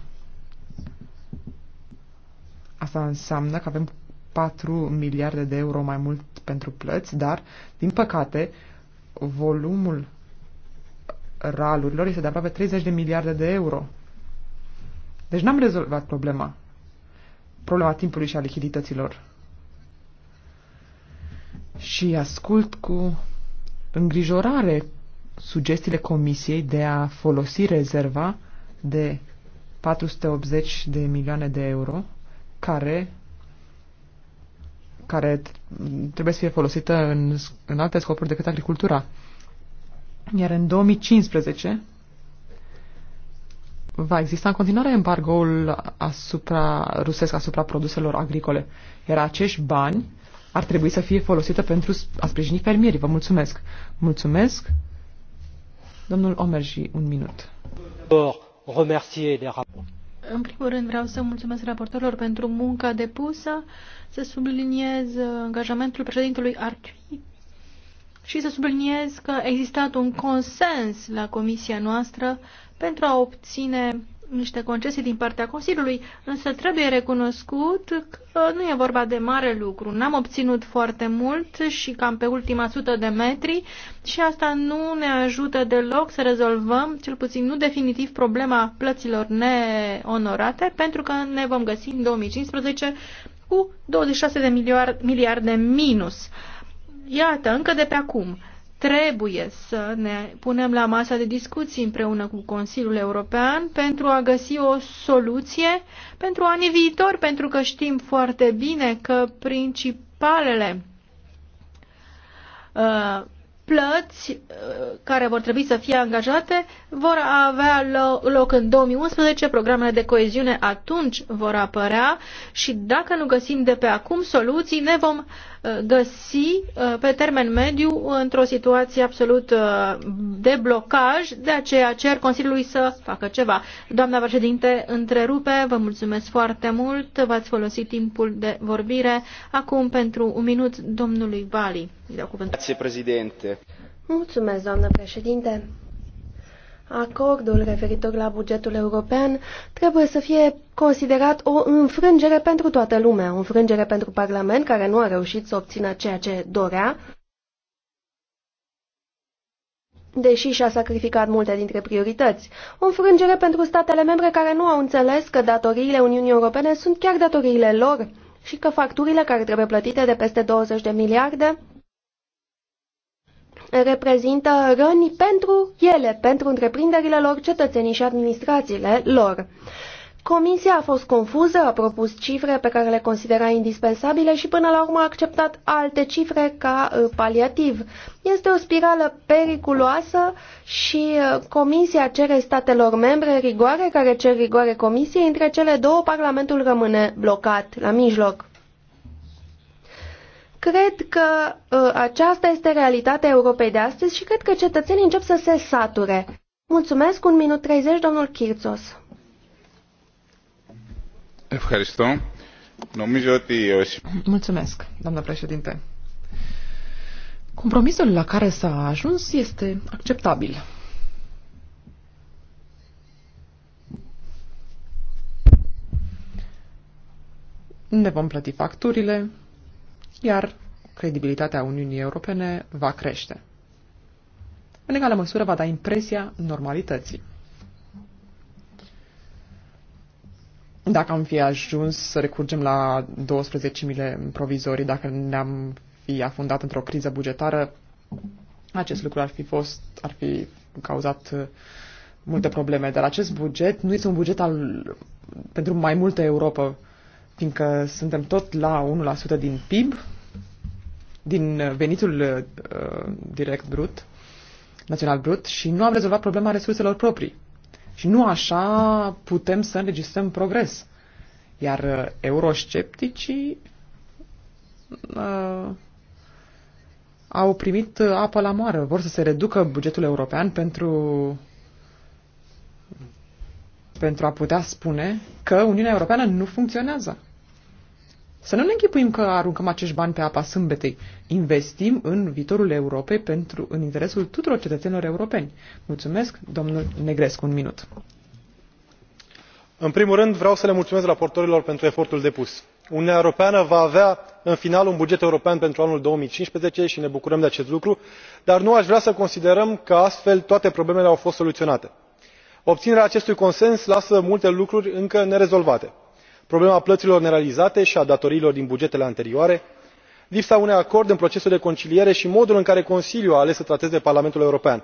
Asta înseamnă că avem 4 miliarde de euro mai mult pentru plăți, dar, din păcate, volumul ralurilor este de aproape 30 de miliarde de euro. Deci n-am rezolvat problema problema timpului și a lichidităților. Și ascult cu îngrijorare sugestiile Comisiei de a folosi rezerva de 480 de milioane de euro care care trebuie să fie folosită în, în alte scopuri decât agricultura. Iar în 2015 va exista în continuare embargoul asupra, rusesc asupra produselor agricole, iar acești bani ar trebui să fie folosită pentru a sprijini fermierii. Vă mulțumesc. Mulțumesc. Domnul Omerji, un minut. În primul rând vreau să mulțumesc raportorilor pentru munca depusă, să subliniez angajamentul președintelui Arcui și să subliniez că a existat un consens la comisia noastră pentru a obține niște concesii din partea Consiliului, însă trebuie recunoscut că nu e vorba de mare lucru. N-am obținut foarte mult și cam pe ultima sută de metri și asta nu ne ajută deloc să rezolvăm, cel puțin nu definitiv, problema plăților neonorate, pentru că ne vom găsi în 2015 cu 26 de miliarde minus. Iată, încă de pe acum Trebuie să ne punem la masa de discuții împreună cu Consiliul European pentru a găsi o soluție pentru anii viitor, pentru că știm foarte bine că principalele uh, plăți uh, care vor trebui să fie angajate vor avea loc în 2011, programele de coeziune atunci vor apărea și dacă nu găsim de pe acum soluții, ne vom uh, găsi uh, pe termen mediu într-o situație absolut de blocaj, de aceea cer Consiliului să facă ceva. Doamna președinte, întrerupe, vă mulțumesc foarte mult, v-ați folosit timpul de vorbire. Acum pentru un minut domnului Vali. Grazie, Mulțumesc, doamnă președinte. Acordul referitor la bugetul european trebuie să fie considerat o înfrângere pentru toată lumea, o înfrângere pentru Parlament care nu a reușit să obțină ceea ce dorea, deși și-a sacrificat multe dintre priorități. O înfrângere pentru statele membre care nu au înțeles că datoriile Uniunii Europene sunt chiar datoriile lor și că facturile care trebuie plătite de peste 20 de miliarde reprezintă răni pentru ele, pentru întreprinderile lor, cetățenii și administrațiile lor. Comisia a fost confuză, a propus cifre pe care le considera indispensabile și până la urmă a acceptat alte cifre ca uh, paliativ. Este o spirală periculoasă și uh, Comisia cere statelor membre rigoare, care cer rigoare Comisiei, între cele două Parlamentul rămâne blocat la mijloc. Cred că uh, aceasta este realitatea Europei de astăzi și cred că cetățenii încep să se sature. Mulțumesc, un minut 30, domnul Kirțos. Mulțumesc, doamnă președinte. Compromisul la care s-a ajuns este acceptabil. Ne vom plăti facturile, iar credibilitatea Uniunii Europene va crește. În egală măsură va da impresia normalității. Dacă am fi ajuns să recurgem la 12.000 provizorii, dacă ne-am fi afundat într-o criză bugetară, acest lucru ar fi fost, ar fi cauzat uh, multe probleme. Dar acest buget nu este un buget al, pentru mai multă Europa, fiindcă suntem tot la 1% din PIB, din venitul uh, direct brut, național brut, și nu am rezolvat problema resurselor proprii. Și nu așa putem să înregistrăm progres. Iar uh, euroscepticii uh, au primit apă la moară. Vor să se reducă bugetul european pentru pentru a putea spune că Uniunea Europeană nu funcționează. Să nu ne închipuim că aruncăm acești bani pe apa sâmbetei. Investim în viitorul Europei pentru, în interesul tuturor cetățenilor europeni. Mulțumesc, domnul Negrescu, un minut. În primul rând, vreau să le mulțumesc raportorilor pentru efortul depus. Uniunea Europeană va avea în final un buget european pentru anul 2015 și ne bucurăm de acest lucru, dar nu aș vrea să considerăm că astfel toate problemele au fost soluționate. Obținerea acestui consens lasă multe lucruri încă nerezolvate problema plăților nerealizate și a datoriilor din bugetele anterioare lipsa unui acord în procesul de conciliere și modul în care consiliul a ales să trateze parlamentul european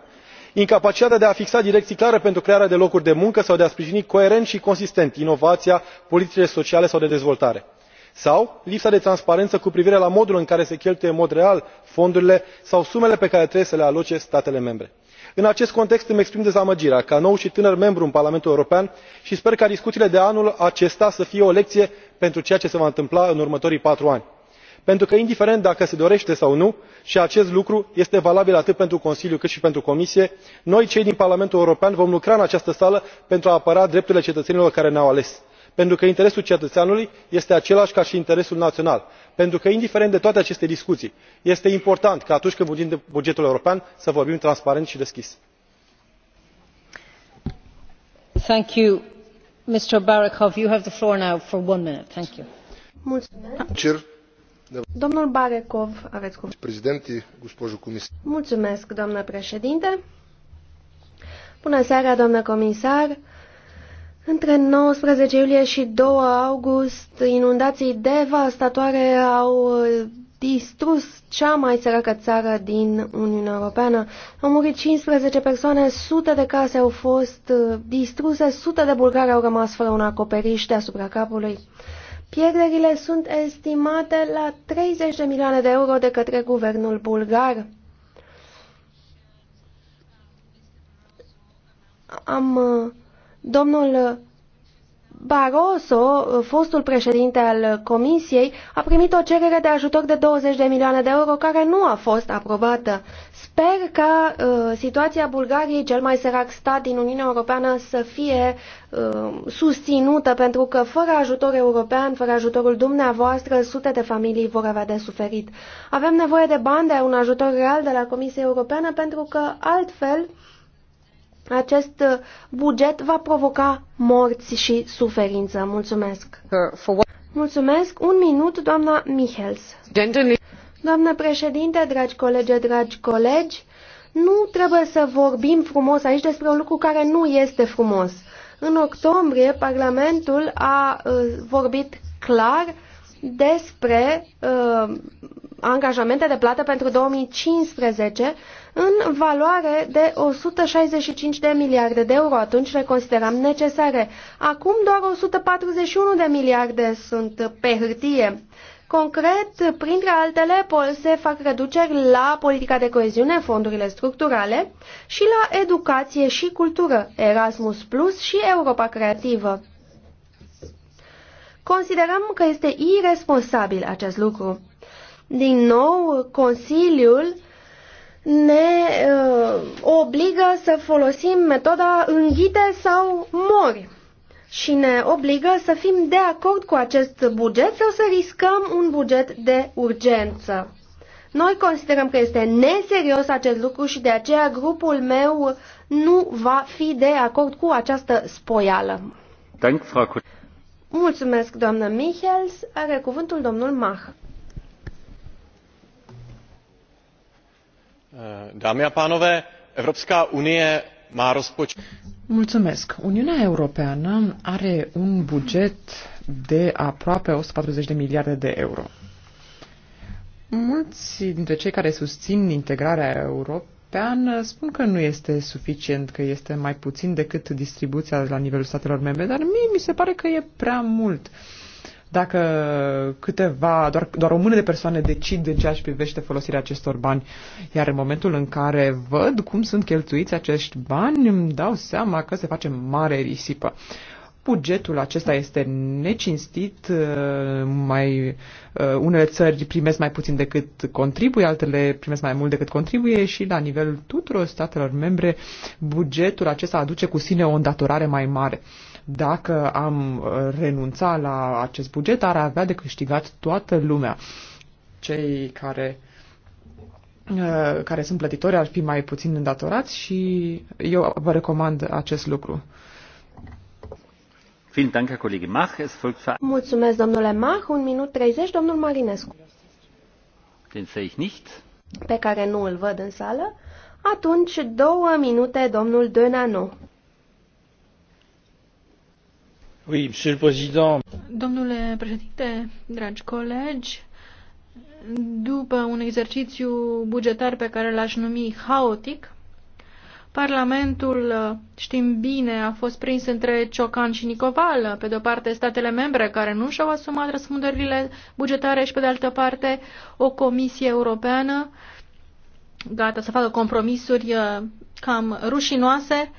incapacitatea de a fixa direcții clare pentru crearea de locuri de muncă sau de a sprijini coerent și consistent inovația politicile sociale sau de dezvoltare sau lipsa de transparență cu privire la modul în care se cheltuie în mod real fondurile sau sumele pe care trebuie să le aloce statele membre în acest context îmi exprim dezamăgirea ca nou și tânăr membru în parlamentul european și sper ca discuțiile de anul acesta să fie o lecție pentru ceea ce se va întâmpla în următorii patru ani pentru că indiferent dacă se dorește sau nu și acest lucru este valabil atât pentru consiliu cât și pentru comisie noi cei din parlamentul european vom lucra în această sală pentru a apăra drepturile cetățenilor care ne au ales pentru că interesul cetățeanului este același ca și interesul național pentru că indiferent de toate aceste discuții este important ca atunci când vorbim de bugetul european să vorbim transparent și deschis. doamnă președinte bună seara domnule comisar între 19 iulie și 2 august, inundații devastatoare au uh, distrus cea mai săracă țară din Uniunea Europeană. Au murit 15 persoane, sute de case au fost uh, distruse, sute de bulgari au rămas fără un acoperiș deasupra capului. Pierderile sunt estimate la 30 de milioane de euro de către guvernul bulgar. Am uh, Domnul Barroso, fostul președinte al Comisiei, a primit o cerere de ajutor de 20 de milioane de euro care nu a fost aprobată. Sper ca uh, situația Bulgariei, cel mai sărac stat din Uniunea Europeană, să fie uh, susținută, pentru că fără ajutor european, fără ajutorul dumneavoastră, sute de familii vor avea de suferit. Avem nevoie de bani, de un ajutor real de la Comisia Europeană, pentru că altfel uh, acest uh, buget va provoca morți și suferință. Mulțumesc! Mulțumesc! Un minut, doamna Michels. Doamnă președinte, dragi colegi, dragi colegi, nu trebuie să vorbim frumos aici despre un lucru care nu este frumos. În octombrie, Parlamentul a uh, vorbit clar despre uh, angajamente de plată pentru 2015 în valoare de 165 de miliarde de euro. Atunci le consideram necesare. Acum doar 141 de miliarde sunt pe hârtie. Concret, printre altele, se fac reduceri la politica de coeziune, fondurile structurale și la educație și cultură, Erasmus Plus și Europa Creativă. Considerăm că este irresponsabil acest lucru. Din nou, Consiliul ne uh, obligă să folosim metoda înghite sau mori și ne obligă să fim de acord cu acest buget sau să riscăm un buget de urgență. Noi considerăm că este neserios acest lucru și de aceea grupul meu nu va fi de acord cu această spoială. Mulțumesc, doamnă Michels. Are cuvântul domnul Mach. Eh, dámy a pánové, Evropská unie má rozpočet. Mulțumesc. Uniunea Europeană are un buget de aproape patruzeci de miliarde de euro. Mulți dintre cei care susțin integrarea europeană spun că nu este suficient, că este mai puțin decât distribuția la nivelul statelor membre, dar mie mi se pare că e prea mult dacă câteva, doar, doar o mână de persoane decid în ceea ce privește folosirea acestor bani, iar în momentul în care văd cum sunt cheltuiți acești bani, îmi dau seama că se face mare risipă. Bugetul acesta este necinstit, uh, mai, uh, unele țări primesc mai puțin decât contribuie, altele primesc mai mult decât contribuie și la nivelul tuturor statelor membre bugetul acesta aduce cu sine o îndatorare mai mare. Dacă am uh, renunța la acest buget, ar avea de câștigat toată lumea. Cei care uh, care sunt plătitori ar fi mai puțin îndatorați și eu vă recomand acest lucru. Mulțumesc, domnule Mach. Un minut 30, domnul Marinescu. Pe care nu îl văd în sală. Atunci, două minute, domnul Dönanu. Domnule președinte, dragi colegi, după un exercițiu bugetar pe care l-aș numi haotic, Parlamentul, știm bine, a fost prins între ciocan și nicoval. Pe de o parte, statele membre care nu și-au asumat răspunderile bugetare și, pe de altă parte, o comisie europeană gata să facă compromisuri eh, cam rușinoase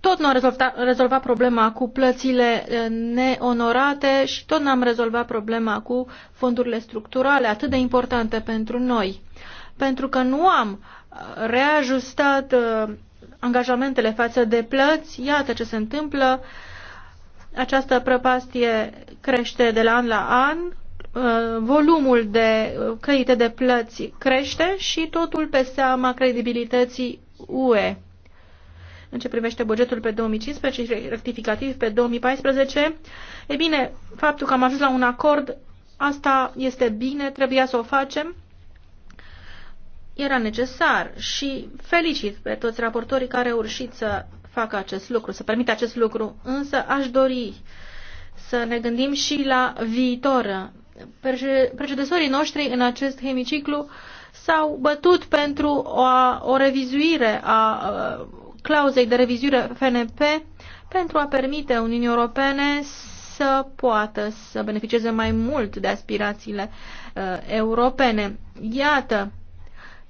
tot nu am rezolvat, rezolvat problema cu plățile neonorate și tot n-am rezolvat problema cu fondurile structurale, atât de importante pentru noi. Pentru că nu am reajustat angajamentele față de plăți, iată ce se întâmplă. Această prăpastie crește de la an la an, volumul de credite de plăți crește și totul pe seama credibilității UE în ce privește bugetul pe 2015 și rectificativ pe 2014. E bine, faptul că am ajuns la un acord, asta este bine, trebuia să o facem, era necesar și felicit pe toți raportorii care au reușit să facă acest lucru, să permită acest lucru, însă aș dori să ne gândim și la viitor. Precedesorii noștri în acest hemiciclu s-au bătut pentru o, o revizuire a clauzei de revizuire FNP pentru a permite Uniunii Europene să poată să beneficieze mai mult de aspirațiile uh, europene. Iată,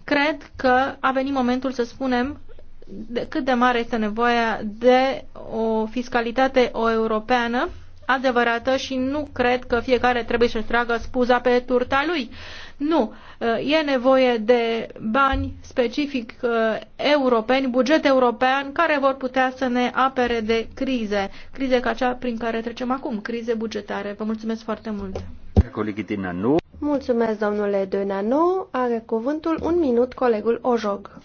cred că a venit momentul să spunem de cât de mare este nevoia de o fiscalitate o europeană adevărată și nu cred că fiecare trebuie să-și tragă spuza pe turta lui. Nu, uh, e nevoie de bani specific uh, europeni, buget european, care vor putea să ne apere de crize, crize ca cea prin care trecem acum, crize bugetare. Vă mulțumesc foarte mult! Mulțumesc, domnule Dönanu. Are cuvântul un minut colegul Ojog.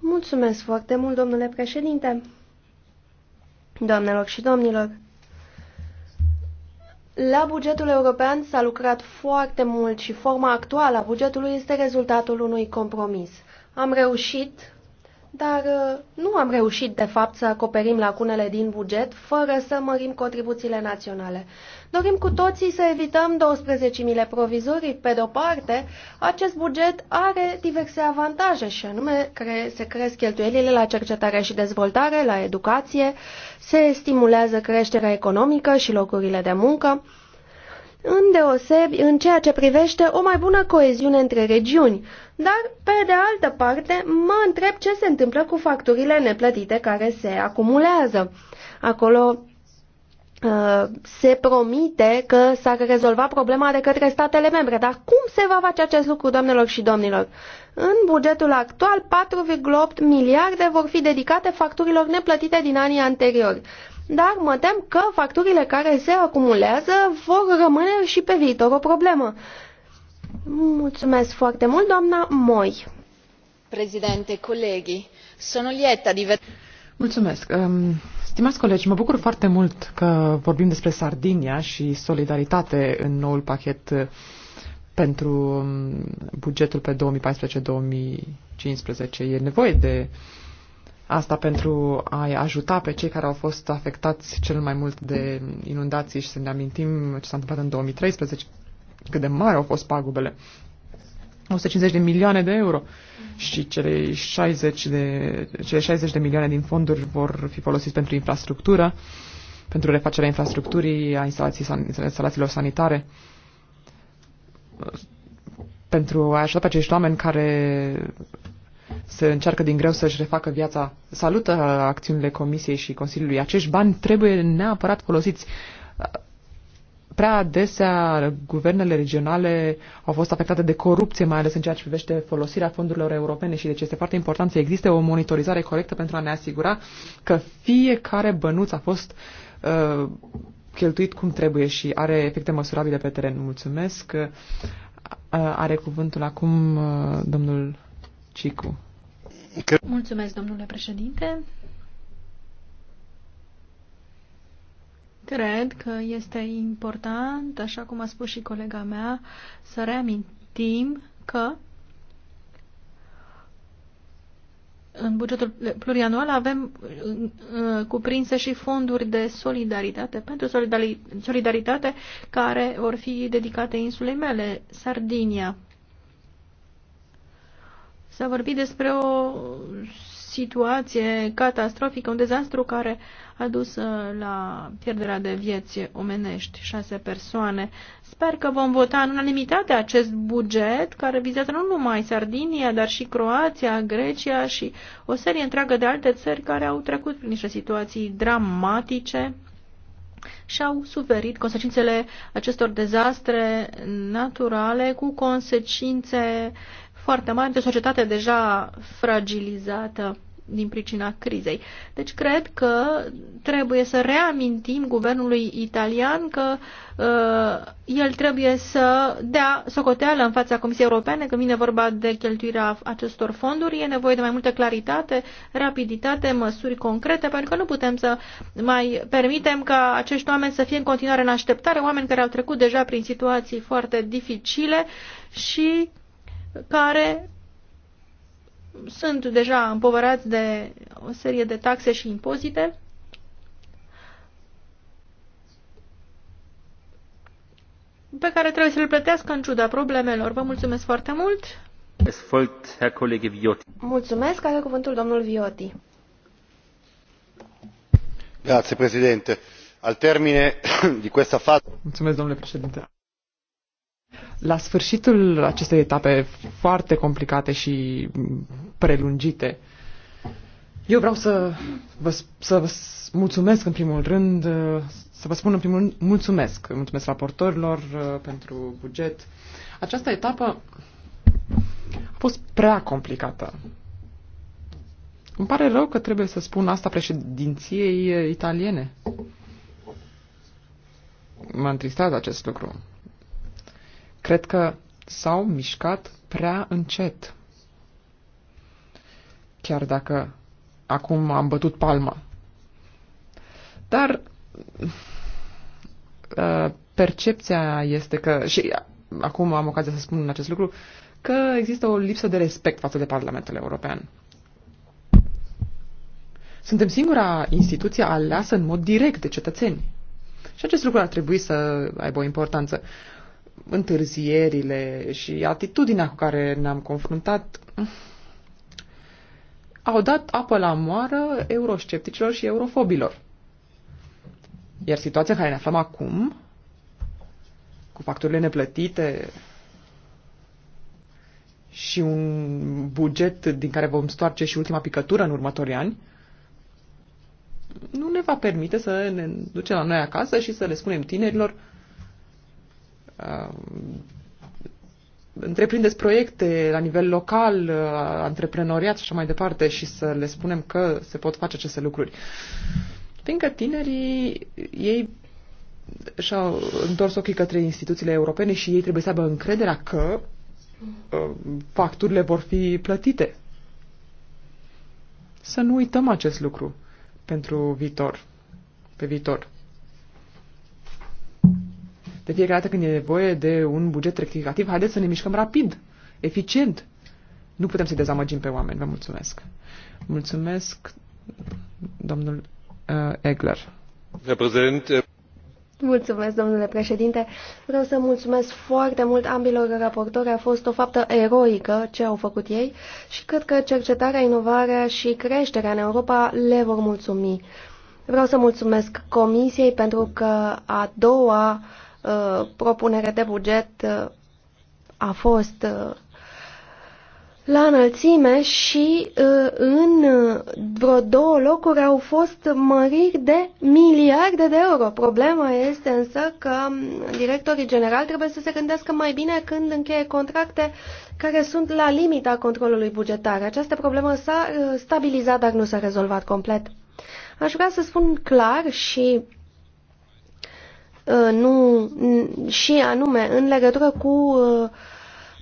Mulțumesc foarte mult, domnule președinte. Doamnelor și domnilor, la bugetul european s-a lucrat foarte mult și forma actuală a bugetului este rezultatul unui compromis. Am reușit, dar uh, nu am reușit de fapt să acoperim lacunele din buget fără să mărim contribuțiile naționale. Dorim cu toții să evităm 12.000 provizorii. Pe de-o parte, acest buget are diverse avantaje și anume cre se cresc cheltuielile la cercetare și dezvoltare, la educație, se stimulează creșterea economică și locurile de muncă, îndeosebi în ceea ce privește o mai bună coeziune între regiuni. Dar, pe de altă parte, mă întreb ce se întâmplă cu facturile neplătite care se acumulează. Acolo Uh, se promite că s-ar rezolva problema de către statele membre. Dar cum se va face acest lucru, doamnelor și domnilor? În bugetul actual, 4,8 miliarde vor fi dedicate facturilor neplătite din anii anteriori. Dar mă tem că facturile care se acumulează vor rămâne și pe viitor o problemă. Mulțumesc foarte mult, doamna Moi. Președinte, colegi, sunt lieta de... Mulțumesc. Um... Stimați colegi, mă bucur foarte mult că vorbim despre Sardinia și solidaritate în noul pachet uh, pentru um, bugetul pe 2014-2015. E nevoie de asta pentru a ajuta pe cei care au fost afectați cel mai mult de inundații și să ne amintim ce s-a întâmplat în 2013, cât de mari au fost pagubele. 150 de milioane de euro și cele 60 de, cele 60 de milioane din fonduri vor fi folosite pentru infrastructură, pentru refacerea infrastructurii, a instalații, instalațiilor sanitare, pentru a ajuta pe acești oameni care se încearcă din greu să-și refacă viața. Salută acțiunile Comisiei și Consiliului. Acești bani trebuie neapărat folosiți prea adesea guvernele regionale au fost afectate de corupție, mai ales în ceea ce privește folosirea fondurilor europene și deci este foarte important să existe o monitorizare corectă pentru a ne asigura că fiecare bănuț a fost uh, cheltuit cum trebuie și are efecte măsurabile pe teren. Mulțumesc. Uh, are cuvântul acum uh, domnul Cicu. Mulțumesc, domnule președinte. Cred că este important, așa cum a spus și colega mea, să reamintim că în bugetul plurianual avem cuprinse și fonduri de solidaritate, pentru solidaritate care vor fi dedicate insulei mele, Sardinia. S-a vorbit despre o situație catastrofică, un dezastru care a dus la pierderea de vieți omenești, șase persoane. Sper că vom vota în unanimitate acest buget care vizează nu numai Sardinia, dar și Croația, Grecia și o serie întreagă de alte țări care au trecut prin niște situații dramatice și au suferit consecințele acestor dezastre naturale cu consecințe foarte mari de societate deja fragilizată din pricina crizei. Deci cred că trebuie să reamintim guvernului italian că uh, el trebuie să dea socoteală în fața Comisiei Europene când vine vorba de cheltuirea acestor fonduri. E nevoie de mai multă claritate, rapiditate, măsuri concrete, pentru că nu putem să mai permitem ca acești oameni să fie în continuare în așteptare, oameni care au trecut deja prin situații foarte dificile și care sunt deja împovărați de o serie de taxe și impozite. pe care trebuie să le plătească în ciuda problemelor. Vă mulțumesc foarte mult! Mulțumesc, are cuvântul domnul Vioti. Grazie, președinte. Al termine di questa fase... Mulțumesc, domnule președinte la sfârșitul acestei etape foarte complicate și prelungite, eu vreau să vă, să vă mulțumesc în primul rând, să vă spun în primul rând mulțumesc. Mulțumesc raportorilor uh, pentru buget. Această etapă a fost prea complicată. Îmi pare rău că trebuie să spun asta președinției italiene. M-a întristat acest lucru. Cred că s-au mișcat prea încet. Chiar dacă acum am bătut palma. Dar uh, percepția este că, și acum am ocazia să spun acest lucru, că există o lipsă de respect față de Parlamentul European. Suntem singura instituție aleasă în mod direct de cetățeni. Și acest lucru ar trebui să aibă o importanță întârzierile și atitudinea cu care ne-am confruntat au dat apă la moară euroscepticilor și eurofobilor. Iar situația în care ne aflăm acum, cu facturile neplătite și un buget din care vom stoarce și ultima picătură în următorii ani, nu ne va permite să ne ducem la noi acasă și să le spunem tinerilor, Um, întreprindeți proiecte la nivel local, uh, antreprenoriat și așa mai departe și să le spunem că se pot face aceste lucruri. Fiindcă tinerii, ei și-au întors ochii către instituțiile europene și ei trebuie să aibă încrederea că uh, facturile vor fi plătite. Să nu uităm acest lucru pentru viitor, pe viitor. De fiecare dată când e nevoie de un buget rectificativ, haideți să ne mișcăm rapid, eficient. Nu putem să dezamăgim pe oameni. Vă mulțumesc. Mulțumesc, domnul uh, Egler. Reprezent. Äh, mulțumesc, domnule președinte. Vreau să mulțumesc foarte mult ambilor raportori. A fost o faptă eroică ce au făcut ei și cred că cercetarea, inovarea și creșterea în Europa le vor mulțumi. Vreau să mulțumesc Comisiei pentru că a doua uh, Uh, propunere de buget uh, a fost uh, la înălțime și în vreo două locuri au fost măriri de miliarde de euro. Problema este însă că um, directorii generali trebuie să se gândească mai bine când încheie contracte care sunt la limita controlului bugetar. Această problemă s-a stabilizat, dar nu s-a rezolvat complet. Aș vrea să spun clar și Uh, nu, și anume în legătură cu uh,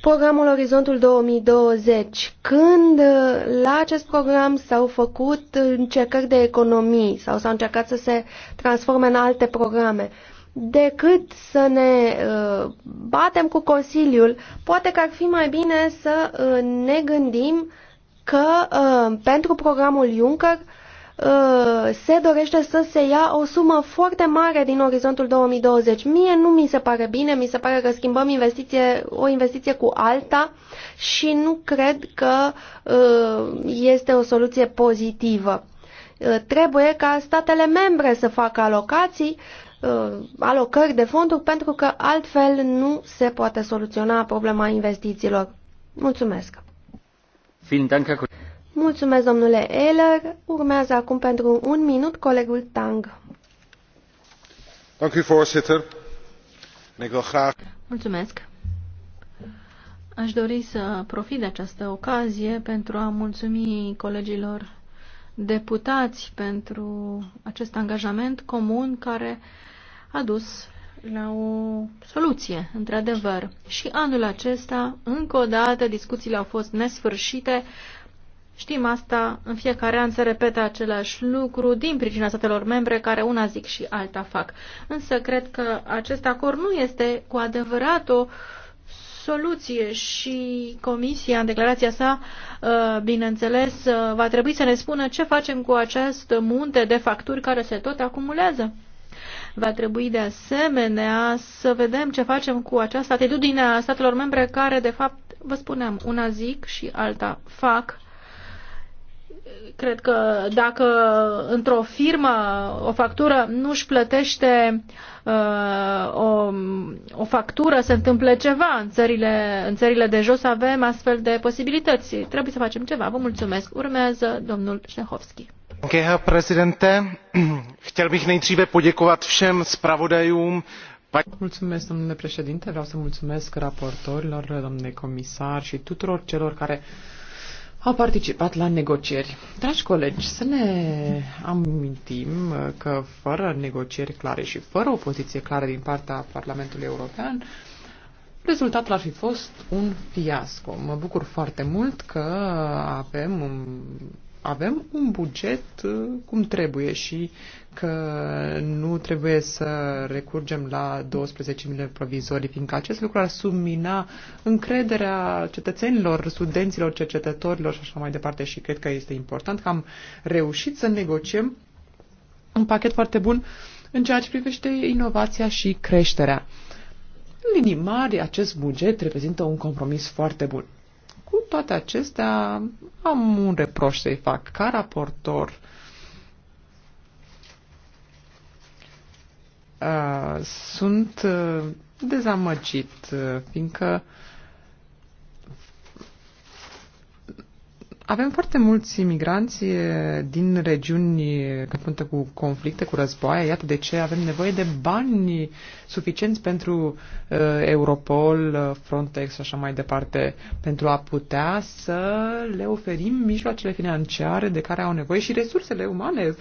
programul Orizontul 2020, când uh, la acest program s-au făcut încercări de economii sau s-au încercat să se transforme în alte programe decât să ne batem cu Consiliul, poate că ar fi mai bine să ne gândim că pentru programul Juncker Uh, se dorește să se ia o sumă foarte mare din orizontul 2020. Mie nu mi se pare bine, mi se pare că schimbăm investiție, o investiție cu alta și nu cred că uh, este o soluție pozitivă. Uh, trebuie ca statele membre să facă alocații, alocări de fonduri, pentru că altfel nu se poate soluționa problema investițiilor. Mulțumesc! Mulțumesc, domnule Eller. Urmează acum pentru un minut colegul Tang. Mulțumesc. Aș dori să profit de această ocazie pentru a mulțumi colegilor deputați pentru acest angajament comun care a dus la o soluție, într-adevăr. Și anul acesta, încă o dată, discuțiile au fost nesfârșite Știm asta, în fiecare an se repetă același lucru din pricina statelor membre care una zic și alta fac. Însă cred că acest acord nu este cu adevărat o soluție și Comisia, în declarația sa, uh, bineînțeles, uh, va trebui să ne spună ce facem cu acest munte de facturi care se tot acumulează. Va trebui de asemenea să vedem ce facem cu această atitudine a statelor membre care, de fapt, vă spuneam, una zic și alta fac cred că dacă într-o firmă o factură nu își plătește uh, o, o factură, se întâmplă ceva. În țările, în țările de jos avem astfel de posibilități. Trebuie să facem ceva. Vă mulțumesc. Urmează domnul Șnehovski. Herr prezidente, chtěl bych nejdříve poděkovat všem zpravodajům. Mulțumesc, domnule președinte. Vreau să mulțumesc raportorilor, domnule comisar și tuturor celor care au participat la negocieri. Dragi colegi, să ne amintim că fără negocieri clare și fără o poziție clară din partea Parlamentului European, rezultatul ar fi fost un fiasco. Mă bucur foarte mult că avem un, avem un buget uh, cum trebuie și că nu trebuie să recurgem la 12 milioane provizorii, fiindcă acest lucru ar submina încrederea cetățenilor, studenților, cercetătorilor și așa mai departe și cred că este important că am reușit să negociem un pachet foarte bun în ceea ce privește inovația și creșterea. În linii mari, acest buget reprezintă un compromis foarte bun. Cu toate acestea, am un reproș să-i fac ca raportor uh, sunt dezamăgit, fiindcă avem foarte mulți imigranți din regiuni confruntate cu conflicte, cu războaie. Iată de ce avem nevoie de bani suficienți pentru uh, Europol, Frontex și așa mai departe, pentru a putea să le oferim mijloacele financiare de care au nevoie și resursele umane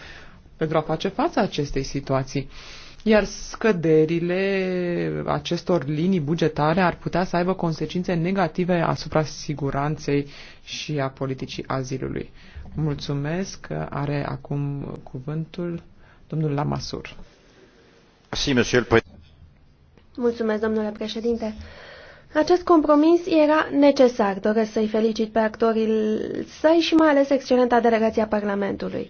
pentru a face față acestei situații. Uh, iar scăderile acestor linii bugetare ar putea să aibă consecințe negative asupra siguranței și a politicii azilului. Mulțumesc. Are acum cuvântul domnul Lamasur. Mulțumesc, domnule președinte. Acest compromis era necesar. Doresc să-i felicit pe actorii săi și mai ales excelenta delegația Parlamentului.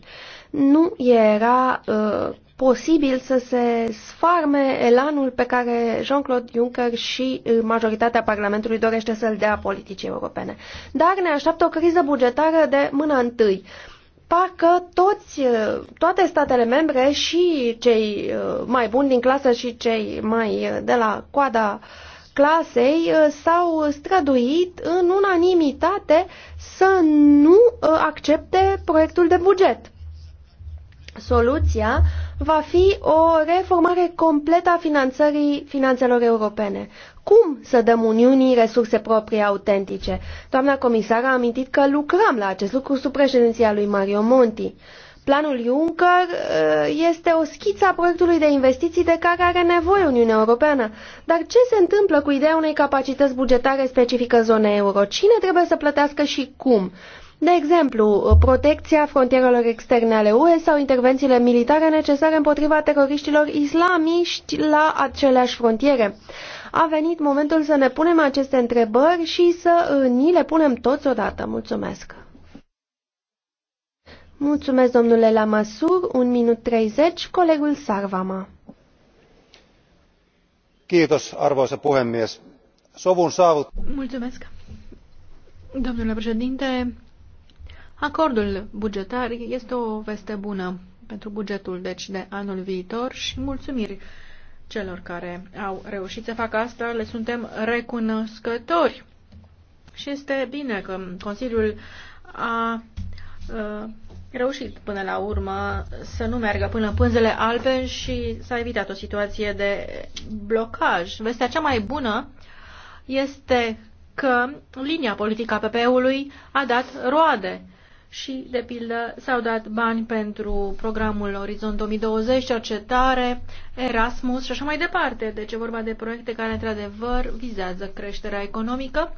Nu era uh, posibil să se sfarme elanul pe care Jean-Claude Juncker și uh, majoritatea Parlamentului dorește să-l dea politicii europene. Dar ne așteaptă o criză bugetară de mână întâi. Parcă toți, uh, toate statele membre și cei uh, mai buni din clasă și cei mai de la coada clasei s-au străduit în unanimitate să nu accepte proiectul de buget. Soluția uh, va fi o reformare completă a finanțării finanțelor europene. Cum să dăm Uniunii resurse proprii autentice? Doamna comisar a amintit că lucrăm la acest lucru sub președinția lui Mario Monti. Planul Juncker uh, este o schiță a proiectului de investiții de care are nevoie Uniunea Europeană. Dar ce se întâmplă cu ideea unei capacități bugetare specifică zonei euro? Cine trebuie să plătească și cum? De exemplu, protecția frontierelor externe ale UE sau intervențiile militare necesare împotriva teroriștilor islamiști la aceleași frontiere. A venit momentul să ne punem aceste întrebări și să uh, ni le punem toți odată. Mulțumesc! Mulțumesc, domnule Lamasur. Un minut 30, colegul Sarvama. Kiitos, arvoisa puhemies. Sovun saavut... Mulțumesc. Domnule președinte, Acordul bugetar este o veste bună pentru bugetul deci de anul viitor și mulțumiri celor care au reușit să facă asta, le suntem recunoscători. Și este bine că Consiliul a, a ă, reușit până la urmă să nu meargă până pânzele albe și s-a evitat o situație de blocaj. Vestea cea mai bună este că linia politică a PP-ului a dat roade și, de pildă, s-au dat bani pentru programul Orizont 2020, cercetare, Erasmus și așa mai departe. Deci e vorba de proiecte care, într-adevăr, vizează creșterea economică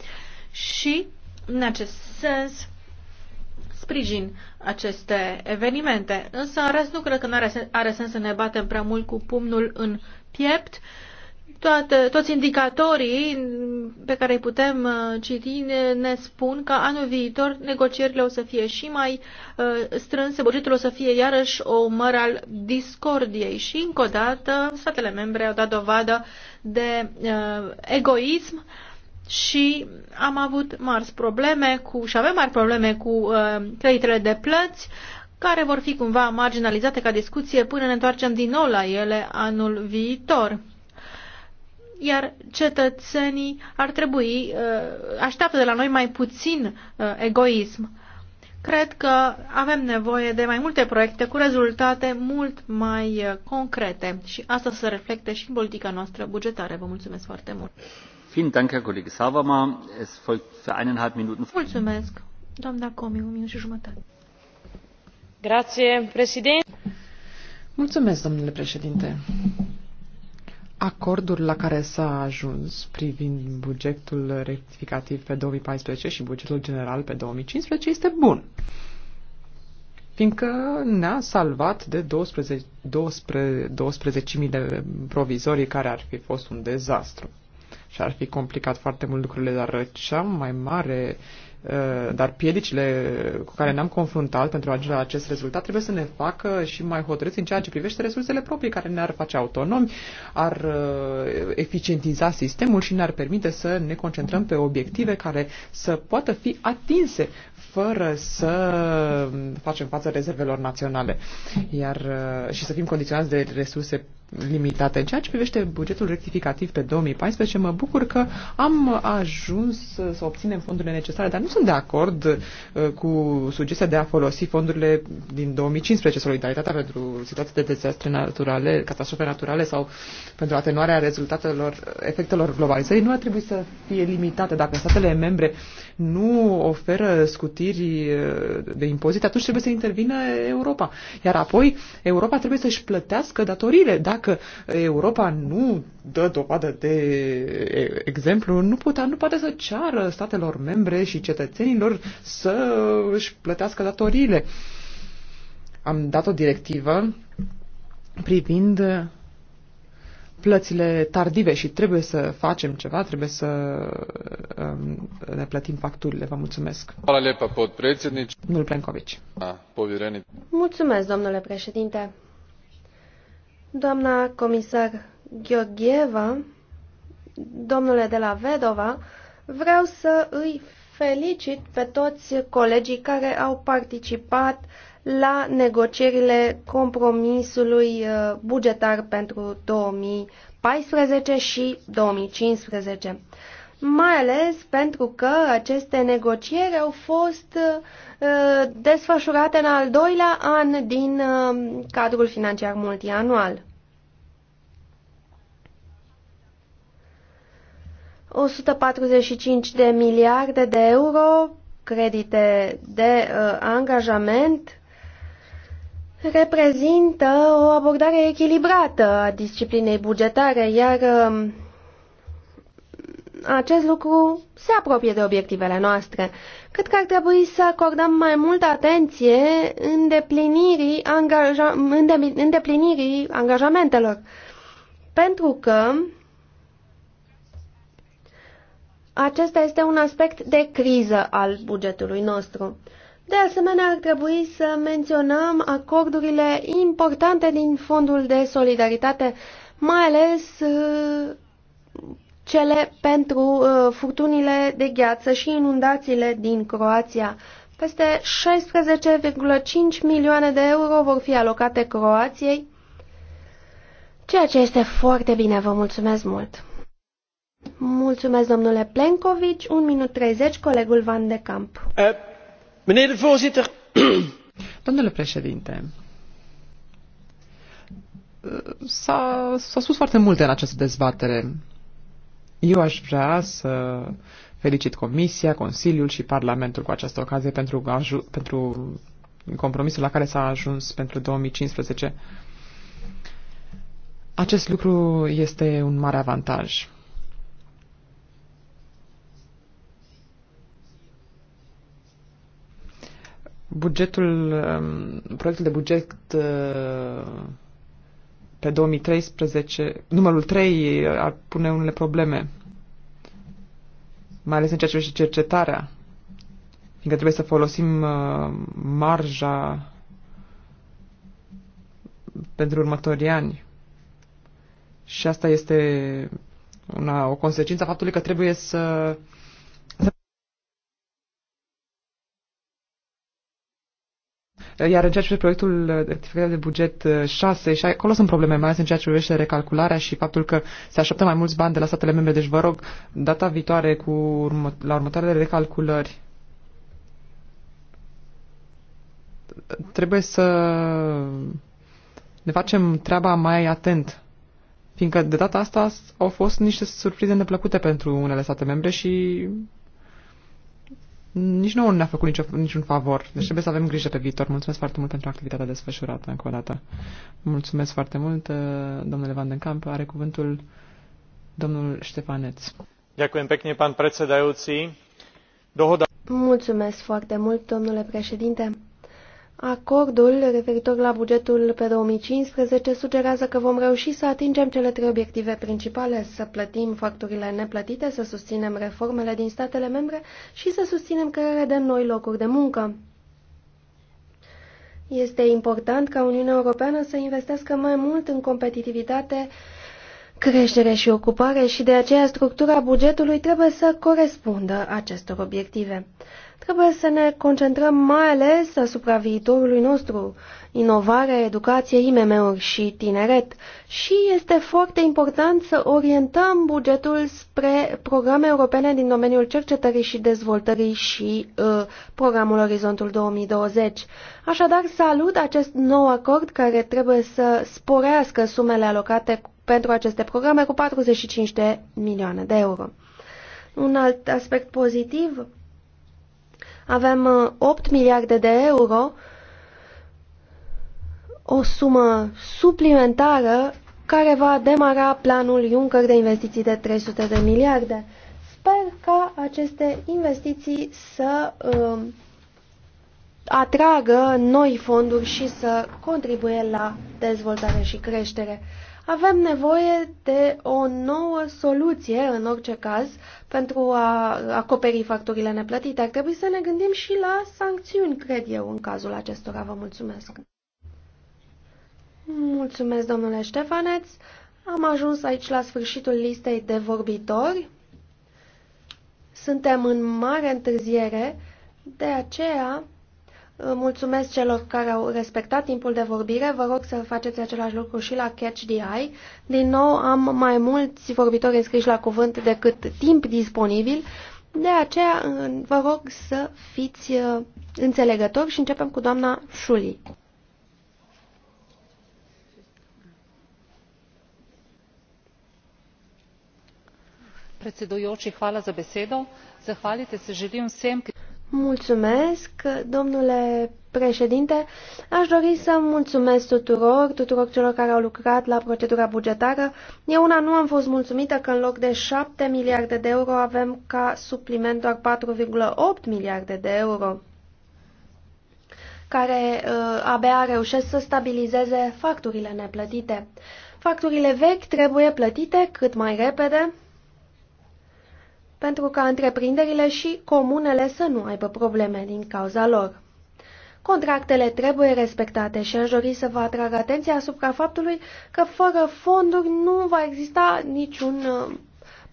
și, în acest sens, sprijin aceste evenimente. Însă, în rest, nu cred că are, are sens să ne batem prea mult cu pumnul în piept toate, toți indicatorii pe care îi putem uh, citi ne, ne spun că anul viitor negocierile o să fie și mai uh, strânse, bugetul o să fie iarăși o măr al discordiei și încă o dată statele membre au dat dovadă de uh, egoism și am avut mari probleme cu, și avem mari probleme cu uh, creditele de plăți, care vor fi cumva marginalizate ca discuție până ne întoarcem din nou la ele anul viitor iar cetățenii ar trebui, uh, așteaptă de la noi mai puțin uh, egoism. Cred că avem nevoie de mai multe proiecte cu rezultate mult mai uh, concrete și asta se reflecte și în politica noastră bugetară. Vă mulțumesc foarte mult. Mulțumesc, doamna Comi, un minut și jumătate. Grazie, președinte. Mulțumesc, domnule președinte. Acordul la care s-a ajuns privind bugetul rectificativ pe 2014 și bugetul general pe 2015 este bun, fiindcă ne-a salvat de 12.000 12, 12 de provizorii care ar fi fost un dezastru și ar fi complicat foarte mult lucrurile, dar cea mai mare uh, Eh, dar piedicile cu care ne-am confruntat pentru a ajunge la acest rezultat trebuie să ne facă și mai hotărâți în ceea ce privește resursele proprii care ne-ar face autonomi, ar eh, eficientiza sistemul și ne-ar permite să ne concentrăm pe obiective care să poată fi atinse fără să facem față rezervelor naționale iar, eh, și să fim condiționați de resurse limitate. În ceea ce privește bugetul rectificativ pe 2014, mă bucur că am ajuns să obținem fondurile necesare, dar nu sunt de acord uh, cu sugestia de a folosi fondurile din 2015, solidaritatea pentru situații de dezastre naturale, catastrofe naturale sau pentru atenuarea rezultatelor, efectelor globalizării, nu ar trebui să fie limitate. Dacă statele membre nu oferă scutiri uh, de impozit, atunci trebuie să intervină Europa. Iar apoi Europa trebuie să-și plătească datoriile. Dacă dacă Europa nu dă dovadă de exemplu, nu, putea, nu poate să ceară statelor membre și cetățenilor să își plătească datoriile. Am dat o directivă privind plățile tardive și trebuie să facem ceva, trebuie să um, ne plătim facturile. Vă mulțumesc. Domnul Plenković. Mulțumesc, domnule președinte. Doamna comisar Gheorgheva, domnule de la Vedova, vreau să îi felicit pe toți colegii care au participat la negocierile compromisului uh, bugetar pentru 2014 și 2015 mai ales pentru că aceste negocieri au fost uh, desfășurate în al doilea an din uh, cadrul financiar multianual. 145 de miliarde de euro credite de uh, angajament reprezintă o abordare echilibrată a disciplinei bugetare, iar uh, acest lucru se apropie de obiectivele noastre. Cred că ar trebui să acordăm mai multă atenție îndeplinirii, angaja, îndeplinirii angajamentelor, pentru că acesta este un aspect de criză al bugetului nostru. De asemenea, ar trebui să menționăm acordurile importante din Fondul de Solidaritate, mai ales uh, cele pentru uh, furtunile de gheață și inundațiile din Croația. Peste 16,5 milioane de euro vor fi alocate Croației, ceea ce este foarte bine. Vă mulțumesc mult! Mulțumesc, domnule Plenković. Un minut 30, colegul Van de Camp. Eh, domnule președinte, s-a, spus foarte multe în această dezbatere. Eu aș vrea să felicit Comisia, Consiliul și Parlamentul cu această ocazie pentru, pentru compromisul la care s-a ajuns pentru 2015. Acest lucru este un mare avantaj. bugetul, um, proiectul de buget uh, pe 2013, numărul 3 uh, ar pune unele probleme, mai ales în ceea ce privește cercetarea, fiindcă trebuie să folosim uh, marja pentru următorii ani. Și asta este una, o consecință a faptului că trebuie să Iar în ceea ce privește proiectul rectificativ de buget 6, uh, și acolo sunt probleme, mai ales în ceea ce privește recalcularea și faptul că se așteaptă mai mulți bani de la statele membre. Deci vă rog, data viitoare cu urmă, la următoarele recalculări, trebuie să ne facem treaba mai atent. Fiindcă de data asta au fost niște surprize neplăcute pentru unele state membre și nici nouă nu ne-a făcut nicio, niciun favor. Deci trebuie să avem grijă pe viitor. Mulțumesc foarte mult pentru activitatea desfășurată încă o dată. Mulțumesc foarte mult, uh, domnule Van den Camp. Are cuvântul domnul Ștefaneț. Ďakujem pekne, pán predsedajúci. Dohoda... Mulțumesc foarte mult, domnule președinte. Acordul referitor la bugetul pe 2015 sugerează că vom reuși să atingem cele trei obiective principale, să plătim facturile neplătite, să susținem reformele din statele membre și să susținem crearea de noi locuri de muncă. Este important ca Uniunea Europeană să investească mai mult în competitivitate, creștere și ocupare și de aceea structura bugetului trebuie să corespundă acestor obiective. Trebuie să ne concentrăm mai ales asupra viitorului nostru, inovare, educație, IMM-uri și tineret. Și este foarte important să orientăm bugetul spre programe europene din domeniul cercetării și dezvoltării și uh, programul Orizontul 2020. Așadar, salut acest nou acord care trebuie să sporească sumele alocate pentru aceste programe cu 45 de milioane de euro. Un alt aspect pozitiv avem 8 uh, miliarde de euro, o sumă suplimentară care va demara planul Juncker de investiții de 300 de miliarde. Sper ca aceste investiții să uh, atragă noi fonduri și să contribuie la dezvoltare și creștere. Avem nevoie de o nouă soluție, în orice caz, pentru a acoperi facturile neplătite. Ar trebui să ne gândim și la sancțiuni, cred eu, în cazul acestora. Vă mulțumesc! Mulțumesc, domnule Ștefaneț! Am ajuns aici la sfârșitul listei de vorbitori. Suntem în mare întârziere, de aceea Mulțumesc celor care au respectat timpul de vorbire. Vă rog să faceți același lucru și la Catch the Eye. Din nou, am mai mulți vorbitori înscriși la cuvânt decât timp disponibil. De aceea, vă rog să fiți uh, înțelegători și începem cu doamna Șuli. Predsedujoči, hvala za besedo. Zahvalite se želim vsem, ki... Mulțumesc, domnule președinte. Aș dori să mulțumesc tuturor, tuturor celor care au lucrat la procedura bugetară. Eu una nu am fost mulțumită că în loc de 7 miliarde de euro avem ca supliment doar 4,8 miliarde de euro care uh, abia reușesc să stabilizeze facturile neplătite. Facturile vechi trebuie plătite cât mai repede, pentru ca întreprinderile și comunele să nu aibă probleme din cauza lor. Contractele trebuie respectate și aș dori să vă atrag atenția asupra faptului că fără fonduri nu va exista niciun uh,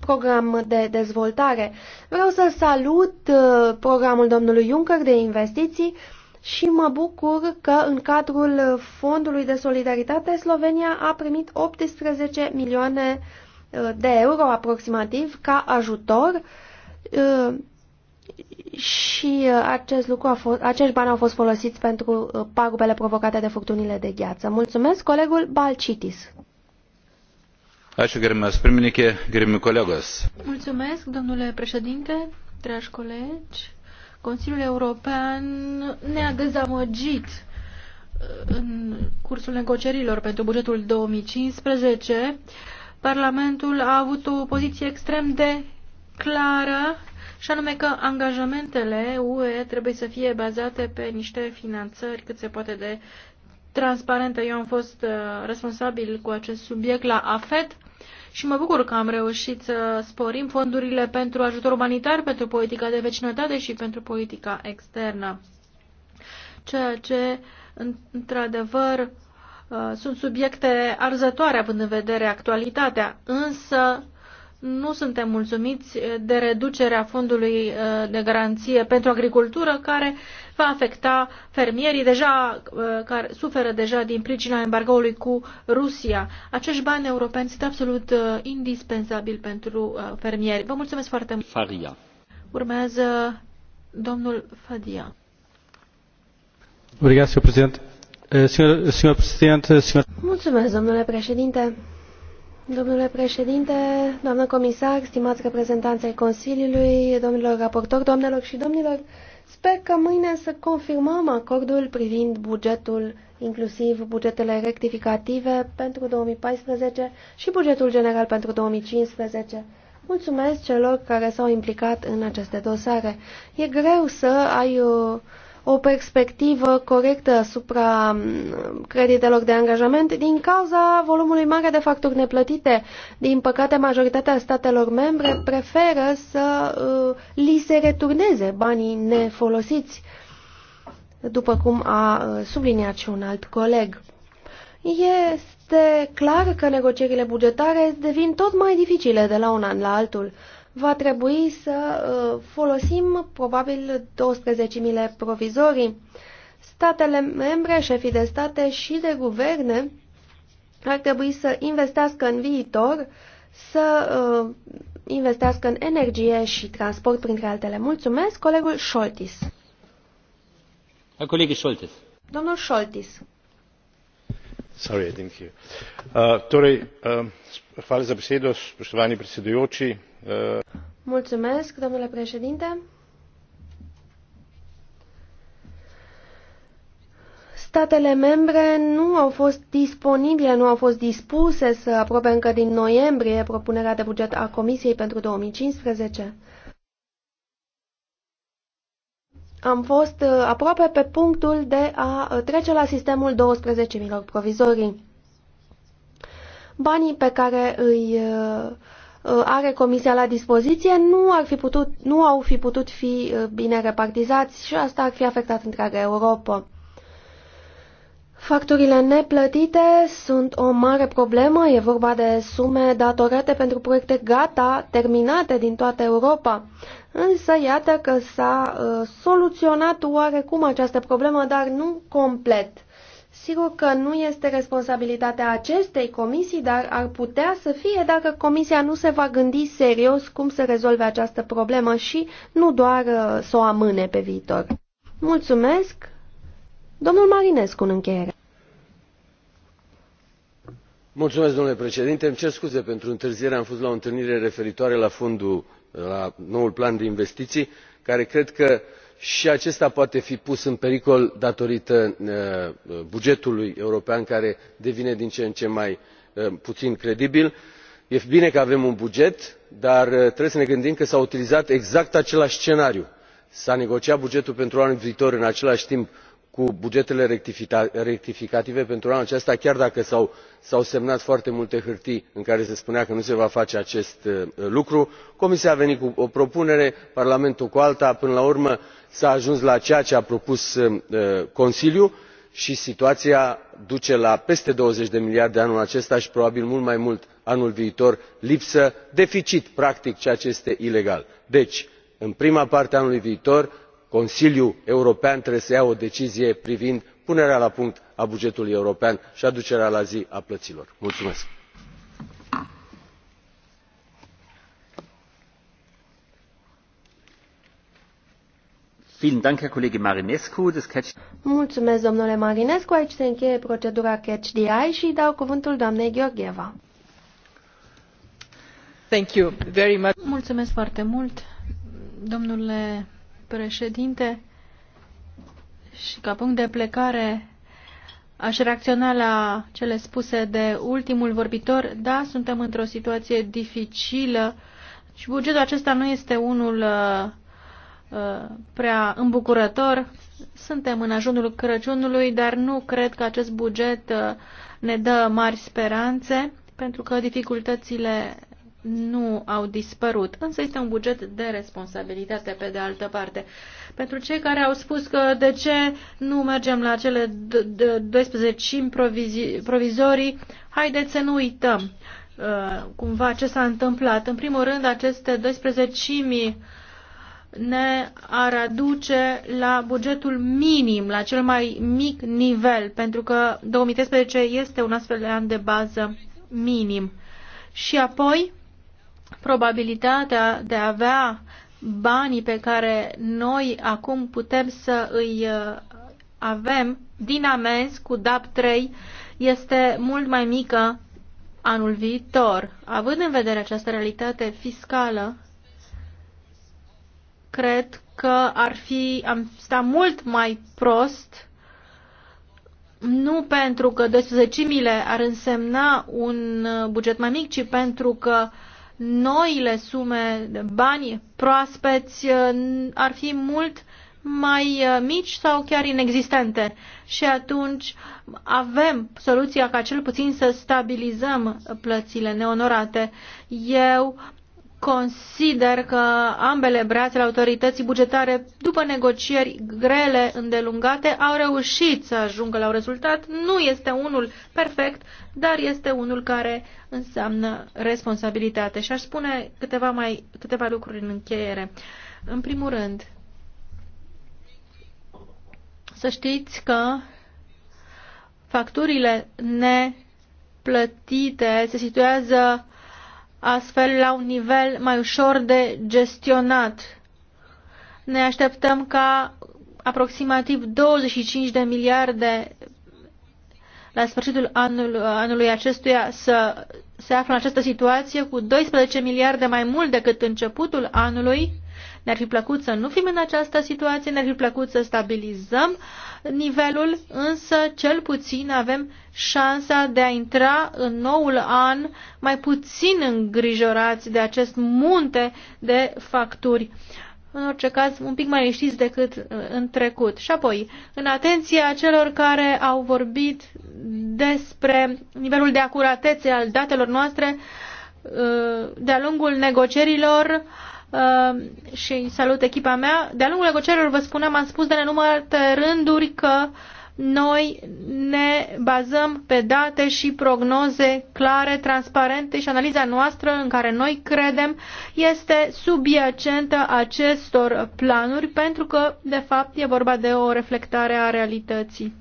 program de dezvoltare. Vreau să salut uh, programul domnului Juncker de investiții și mă bucur că în cadrul Fondului de Solidaritate Slovenia a primit 18 milioane de de euro aproximativ ca ajutor uh, și uh, acest lucru a fost, acești bani au fost folosiți pentru uh, pagubele provocate de furtunile de gheață. Mulțumesc, colegul Balcitis. Mulțumesc, domnule președinte, dragi colegi. Consiliul European ne-a dezamăgit în cursul negocierilor pentru bugetul 2015 Parlamentul a avut o poziție extrem de clară și anume că angajamentele UE trebuie să fie bazate pe niște finanțări cât se poate de transparente. Eu am fost uh, responsabil cu acest subiect la AFET și mă bucur că am reușit să sporim fondurile pentru ajutor umanitar, pentru politica de vecinătate și pentru politica externă. Ceea ce, într-adevăr, Uh, sunt subiecte arzătoare având în vedere actualitatea, însă nu suntem mulțumiți de reducerea fondului uh, de garanție pentru agricultură care va afecta fermierii deja, uh, care suferă deja din pricina embargoului cu Rusia. Acești bani europeni sunt absolut indispensabili pentru fermieri. Vă mulțumesc foarte mult. Faria. Urmează domnul Fadia. Obrigado, Sr. Presidente. Eh, Mulțumesc, domnule președinte. Domnule președinte, doamnă comisar, stimați reprezentanți ai Consiliului, domnilor raportori, doamnelor și domnilor, sper că mâine să confirmăm acordul privind bugetul, inclusiv bugetele rectificative pentru 2014 și bugetul general pentru 2015. Mulțumesc celor care s-au implicat în aceste dosare. E greu să ai o o perspectivă corectă asupra mm, creditelor de angajament din cauza volumului mare de facturi neplătite. Din păcate, majoritatea statelor membre preferă să uh, li se returneze banii nefolosiți, după cum a uh, subliniat și un alt coleg. Este clar că negocierile bugetare devin tot mai dificile de la un an la altul va trebui să uh, folosim probabil 12.000 provizorii. Statele membre, șefii de state și de guverne ar trebui să investească în viitor, să uh, investească în energie și transport, printre altele. Mulțumesc, colegul Scholtis. Colegul Scholtis. Domnul Scholtis. Sorry, I didn't hear. Uh, torej, uh, hvala za besedo, spoštovani predsedujoči Mulțumesc, domnule președinte. statele membre nu au fost disponibile, nu au fost dispuse să aprobe încă din noiembrie propunerea de buget a Comisiei pentru 2015. Am fost uh, aproape pe punctul de a uh, trece la sistemul 12 milor provizorii. Banii pe care îi uh, Uh, are Comisia la dispoziție nu, ar fi putut, nu au fi putut fi uh, bine repartizați și asta ar fi afectat întreaga Europa. Facturile neplătite sunt o mare problemă, e vorba de sume datorate pentru proiecte gata, terminate din toată Europa. Însă iată că s-a uh, soluționat oarecum această problemă, dar nu complet. Sigur că nu este responsabilitatea acestei comisii, dar ar putea să fie dacă comisia nu se va gândi serios cum să rezolve această problemă și nu doar uh, să o amâne pe viitor. Mulțumesc! Domnul Marinescu, în încheiere. Mulțumesc, domnule președinte. Îmi cer scuze pentru întârziere. Am fost la o întâlnire referitoare la fondul, la noul plan de investiții, care cred că și acesta poate fi pus în pericol datorită uh, bugetului european care devine din ce în ce mai uh, puțin credibil. e bine că avem un buget dar uh, trebuie să ne gândim că s a utilizat exact același scenariu s a negociat bugetul pentru anul viitor în același timp cu bugetele rectificative pentru anul acesta chiar dacă s au semnat foarte multe hârtii în care se spunea că nu se va face acest uh, lucru comisia a venit cu o propunere parlamentul cu alta până la urmă s a ajuns la ceea ce a propus uh, consiliul și situația duce la peste douăzeci de miliarde anul acesta și probabil mult mai mult anul viitor lipsă deficit practic ceea ce este ilegal. deci în prima parte a anului viitor consiliul european trebuie să ia o decizie privind punerea la punct a bugetului european și aducerea la zi a plăților. mulțumesc. Mulțumesc, domnule Marinescu. Aici se încheie procedura și dau cuvântul Mulțumesc foarte mult, domnule președinte, și ca punct de plecare aș reacționa la cele spuse de ultimul vorbitor. Da, suntem într-o situație dificilă și bugetul acesta nu este unul uh, uh, prea îmbucurător. Suntem în ajunul Crăciunului, dar nu cred că acest buget uh, ne dă mari speranțe, pentru că dificultățile nu au dispărut, însă este un buget de responsabilitate pe de altă parte. Pentru cei care au spus că de ce nu mergem la cele 12 provizorii, haideți să nu uităm uh, cumva ce s-a întâmplat. În primul rând, aceste 12 ne ar aduce la bugetul minim, la cel mai mic nivel, pentru că 2013 este un astfel de an de bază minim. Și apoi, probabilitatea de a avea banii pe care noi acum putem să îi uh, avem din amenzi cu DAP 3 este mult mai mică anul viitor. Având în vedere această realitate fiscală, cred că ar fi, am sta mult mai prost nu pentru că 12.000 ar însemna un uh, buget mai mic, ci pentru că uh, noile sume de bani proaspeți uh, ar fi mult mai uh, mici sau chiar inexistente. Și atunci avem soluția ca cel puțin să stabilizăm plățile neonorate. Eu Consider că ambele brațe ale autorității bugetare, după negocieri grele, îndelungate, au reușit să ajungă la un rezultat. Nu este unul perfect, dar este unul care înseamnă responsabilitate. Și aș spune câteva, mai, câteva lucruri în încheiere. În primul rând, să știți că facturile neplătite se situează astfel la un nivel mai ușor de gestionat. Ne așteptăm ca aproximativ 25 de miliarde la sfârșitul anul, anului acestuia să se află în această situație cu 12 miliarde mai mult decât începutul anului. Ne-ar fi plăcut să nu fim în această situație, ne-ar fi plăcut să stabilizăm nivelul, însă cel puțin avem șansa de a intra în noul an mai puțin îngrijorați de acest munte de facturi. În orice caz, un pic mai liniștiți decât uh, în trecut. Și apoi, în atenția celor care au vorbit despre nivelul de acuratețe al datelor noastre uh, de-a lungul negocierilor, uh, și salut echipa mea. De-a lungul negocierilor, vă spuneam, am spus de nenumărate rânduri că uh, noi ne bazăm pe date și prognoze clare, transparente și analiza noastră în care noi credem este subiacentă acestor planuri pentru că, de fapt, e vorba de o reflectare a realității.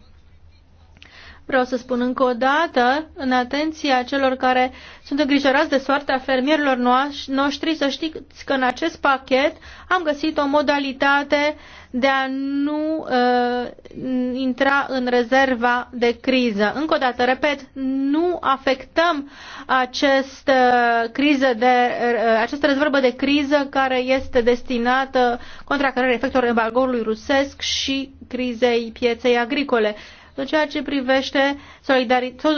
Vreau să spun încă o dată, în atenția celor care sunt îngrijorați de soarta fermierilor noștri, să știți că în acest pachet am găsit o modalitate uh, de a nu uh, intra în rezerva de criză. Încă o dată, repet, nu afectăm acest, uh, criză de, uh, această rezervă de criză care este destinată contracarării efectelor embargoului rusesc și crizei pieței agricole. În ceea ce privește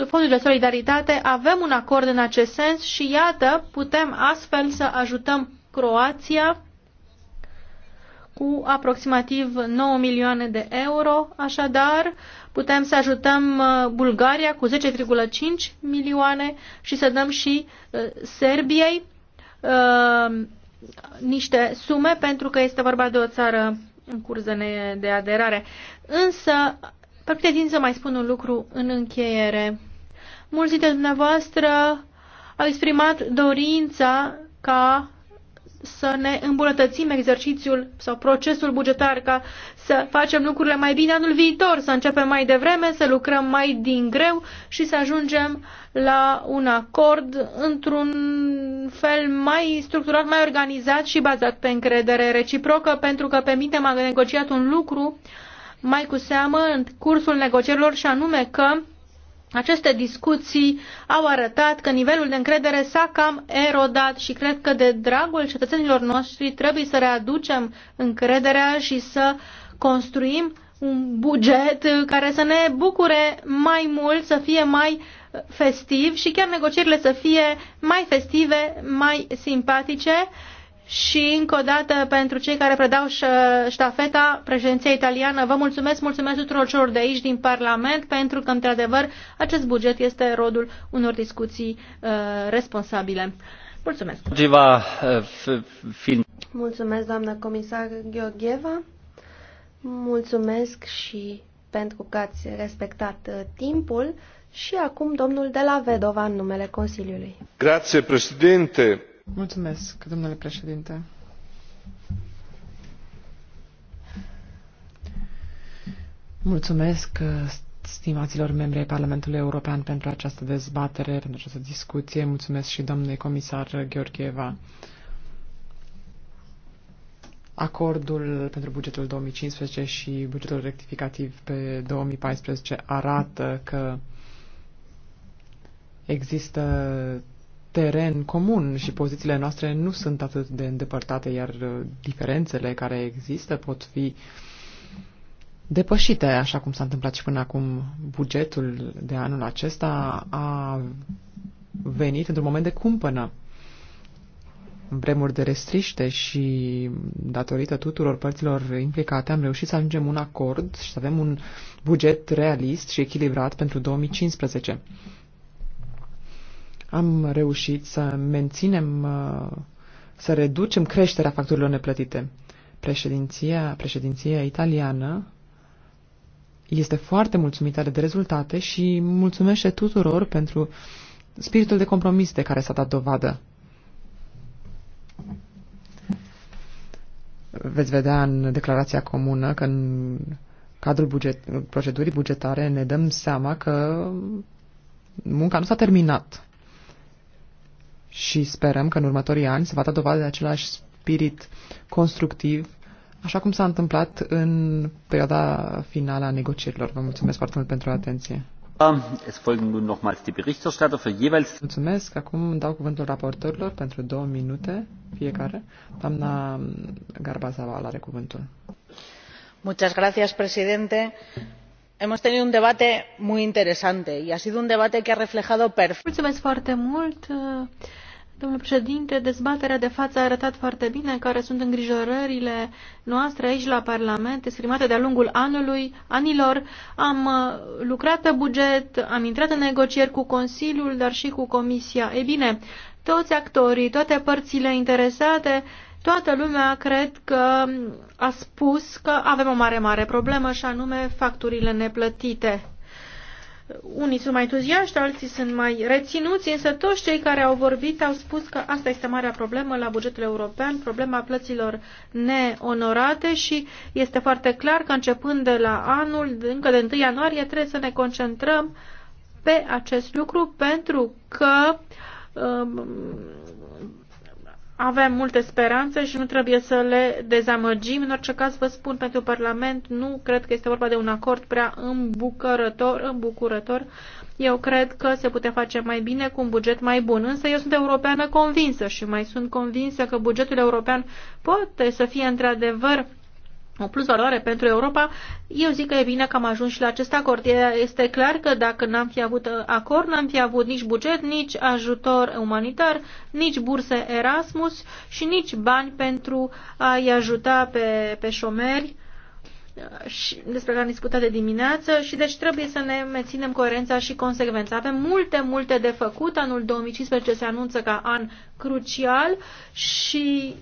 fondul de solidaritate, avem un acord în acest sens și iată, putem astfel să ajutăm Croația cu aproximativ 9 milioane de euro, așadar putem să ajutăm uh, Bulgaria cu 10,5 milioane și să dăm și uh, Serbiei uh, niște sume pentru că este vorba de o țară în curs de, aderare. Însă, permiteți-mi să mai spun un lucru în încheiere. Mulți dintre dumneavoastră au exprimat dorința ca să ne îmbunătățim exercițiul sau procesul bugetar ca să facem lucrurile mai bine anul viitor, să începem mai devreme, să lucrăm mai din greu și să ajungem la un acord într-un fel mai structurat, mai organizat și bazat pe încredere reciprocă, pentru că pe mine m-a negociat un lucru mai cu seamă în cursul negocierilor și anume că aceste discuții au arătat că nivelul de încredere s-a cam erodat și cred că de dragul cetățenilor noștri trebuie să readucem încrederea și să construim un buget care să ne bucure mai mult, să fie mai festiv și chiar negocierile să fie mai festive, mai simpatice și încă o dată pentru cei care predau ștafeta președinția italiană, vă mulțumesc, mulțumesc tuturor celor de aici din Parlament pentru că, într-adevăr, acest buget este rodul unor discuții uh, responsabile. Mulțumesc! Uh, mulțumesc, doamnă comisar Gheorgheva. Mulțumesc și pentru că ați respectat uh, timpul. Și acum domnul de la Vedova în numele Consiliului. Grazie, președinte. Mulțumesc, domnule președinte. Mulțumesc, stimaților membri ai Parlamentului European, pentru această dezbatere, pentru această discuție. Mulțumesc și domnului comisar Gheorgheva. Acordul pentru bugetul 2015 și bugetul rectificativ pe 2014 arată că există teren comun și pozițiile noastre nu sunt atât de îndepărtate, iar uh, diferențele care există pot fi depășite, așa cum s-a întâmplat și până acum. Bugetul de anul acesta a venit într-un moment de cumpănă în vremuri de restriște și datorită tuturor părților implicate am reușit să ajungem un acord și să avem un buget realist și echilibrat pentru 2015. Am reușit să menținem, uh, să reducem creșterea facturilor neplătite. Președinția, președinția italiană este foarte mulțumită de rezultate și mulțumește tuturor pentru spiritul de compromis de care s-a dat dovadă. Veți vedea în declarația comună că în cadrul buget, procedurii bugetare ne dăm seama că munca nu s-a terminat și sperăm că în următorii ani se va da dovadă de același spirit constructiv, așa cum s-a întâmplat în perioada finală a negocierilor. Vă mulțumesc foarte mult pentru atenție. Mulțumesc. Acum dau cuvântul raportorilor pentru două minute fiecare. Doamna Garba Zaval are cuvântul. Muchas gracias, presidente hemos tenido un debate muy interesante y ha sido un debate que ha reflejado perfectamente Mulțumesc foarte mult. Domnule președinte, dezbaterea de față a arătat foarte bine care sunt îngrijorările noastre aici la Parlament, exprimate de-a lungul anului, anilor. Am uh, lucrat pe buget, am intrat în negocieri cu Consiliul, dar și cu Comisia. Ei bine, toți actorii, toate părțile interesate, toată lumea cred că a spus că avem o mare, mare problemă și anume facturile neplătite. Unii sunt mai entuziaști, alții sunt mai reținuți, însă toți cei care au vorbit au spus că asta este marea problemă la bugetul european, problema plăților neonorate și este foarte clar că începând de la anul, încă de 1 ianuarie, trebuie să ne concentrăm pe acest lucru pentru că um, avem multe speranțe și nu trebuie să le dezamăgim. În orice caz, vă spun, pentru Parlament nu cred că este vorba de un acord prea îmbucurător. îmbucurător. Eu cred că se putea face mai bine cu un buget mai bun, însă eu sunt europeană convinsă și mai sunt convinsă că bugetul european poate să fie într-adevăr o plus valoare pentru Europa, eu zic că e bine că am ajuns și la acest acord. Este clar că dacă n-am fi avut acord, n-am fi avut nici buget, nici ajutor umanitar, nici burse Erasmus și nici bani pentru a-i ajuta pe, pe șomeri și despre care am discutat de dimineață și deci trebuie să ne menținem coerența și consecvența. Avem multe, multe de făcut. Anul 2015 se anunță ca an crucial și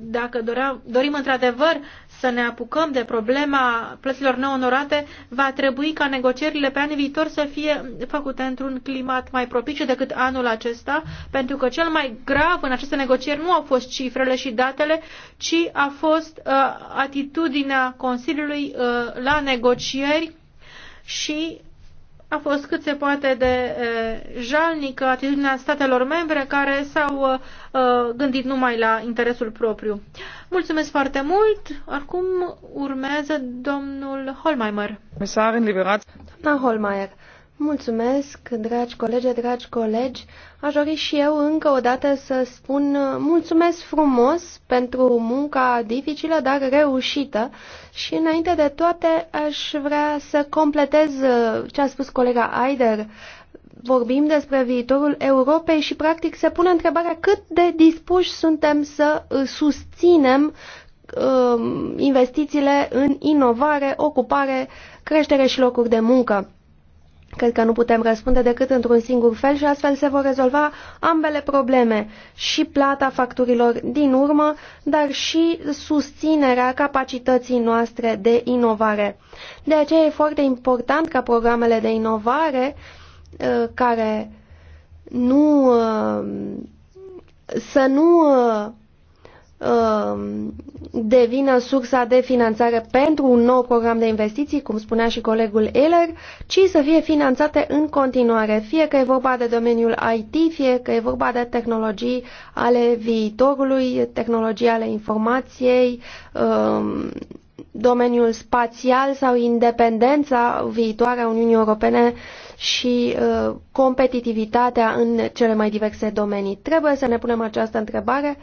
dacă doream, dorim într-adevăr să ne apucăm de problema plăților neonorate, va trebui ca negocierile pe anii viitor să fie făcute într-un climat mai propice decât anul acesta, pentru că cel mai grav în aceste negocieri nu au fost cifrele și datele, ci a fost uh, atitudinea Consiliului uh, la negocieri și a fost cât se poate de e, jalnică atitudinea statelor membre care s-au e, gândit numai la interesul propriu. Mulțumesc foarte mult. Acum urmează domnul Holmeimer. Doamna Holmeier, Mulțumesc, dragi colegi, dragi colegi. Aș dori și eu încă o dată să spun uh, mulțumesc frumos pentru munca dificilă, dar reușită. Și înainte de toate, aș vrea să completez uh, ce a spus colega Aider. Vorbim despre viitorul Europei și, practic, se pune întrebarea cât de dispuși suntem să uh, susținem investițiile în inovare, ocupare, creștere și locuri de muncă Cred că nu putem răspunde decât într-un singur fel și astfel se vor rezolva ambele probleme, și plata facturilor din urmă, dar și susținerea capacității noastre de inovare. De aceea e foarte important ca programele de inovare ă, care nu ă, să nu ă, Um, devină sursa de finanțare pentru un nou program de investiții, cum spunea și colegul Eller, ci să fie finanțate în continuare, fie că e vorba de domeniul IT, fie că e vorba de tehnologii ale viitorului, tehnologii ale informației, um, domeniul spațial sau independența viitoare a Uniunii Europene și uh, competitivitatea în cele mai diverse domenii. Trebuie să ne punem această întrebare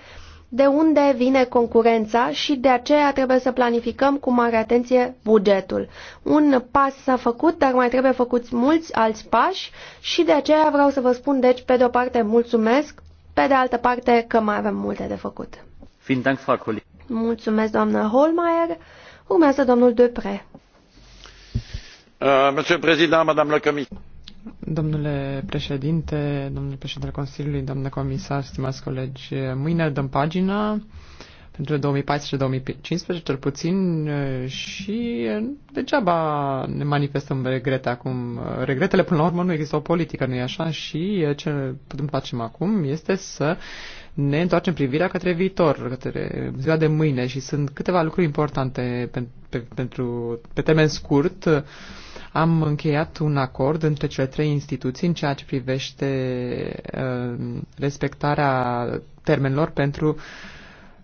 de unde vine concurența și de aceea trebuie să planificăm cu mare atenție bugetul. Un pas s-a făcut, dar mai trebuie făcuți mulți alți pași și de aceea vreau să vă spun, deci, pe de o parte mulțumesc, pe de altă parte că mai avem multe de făcut. Mulțumesc, doamnă Holmeier. Urmează domnul Dupre. Uh, Monsieur Président, Madame la Comisie. Domnule președinte, domnule al Consiliului, domnule comisar, stimați colegi, mâine dăm pagina pentru 2014-2015 cel puțin și degeaba ne manifestăm regrete acum. Regretele, până la urmă, nu există o politică, nu-i așa? Și ce putem facem acum este să ne întoarcem privirea către viitor, către ziua de mâine și sunt câteva lucruri importante pe, pe, pentru, pe termen scurt am încheiat un acord între cele trei instituții în ceea ce privește uh, respectarea termenilor pentru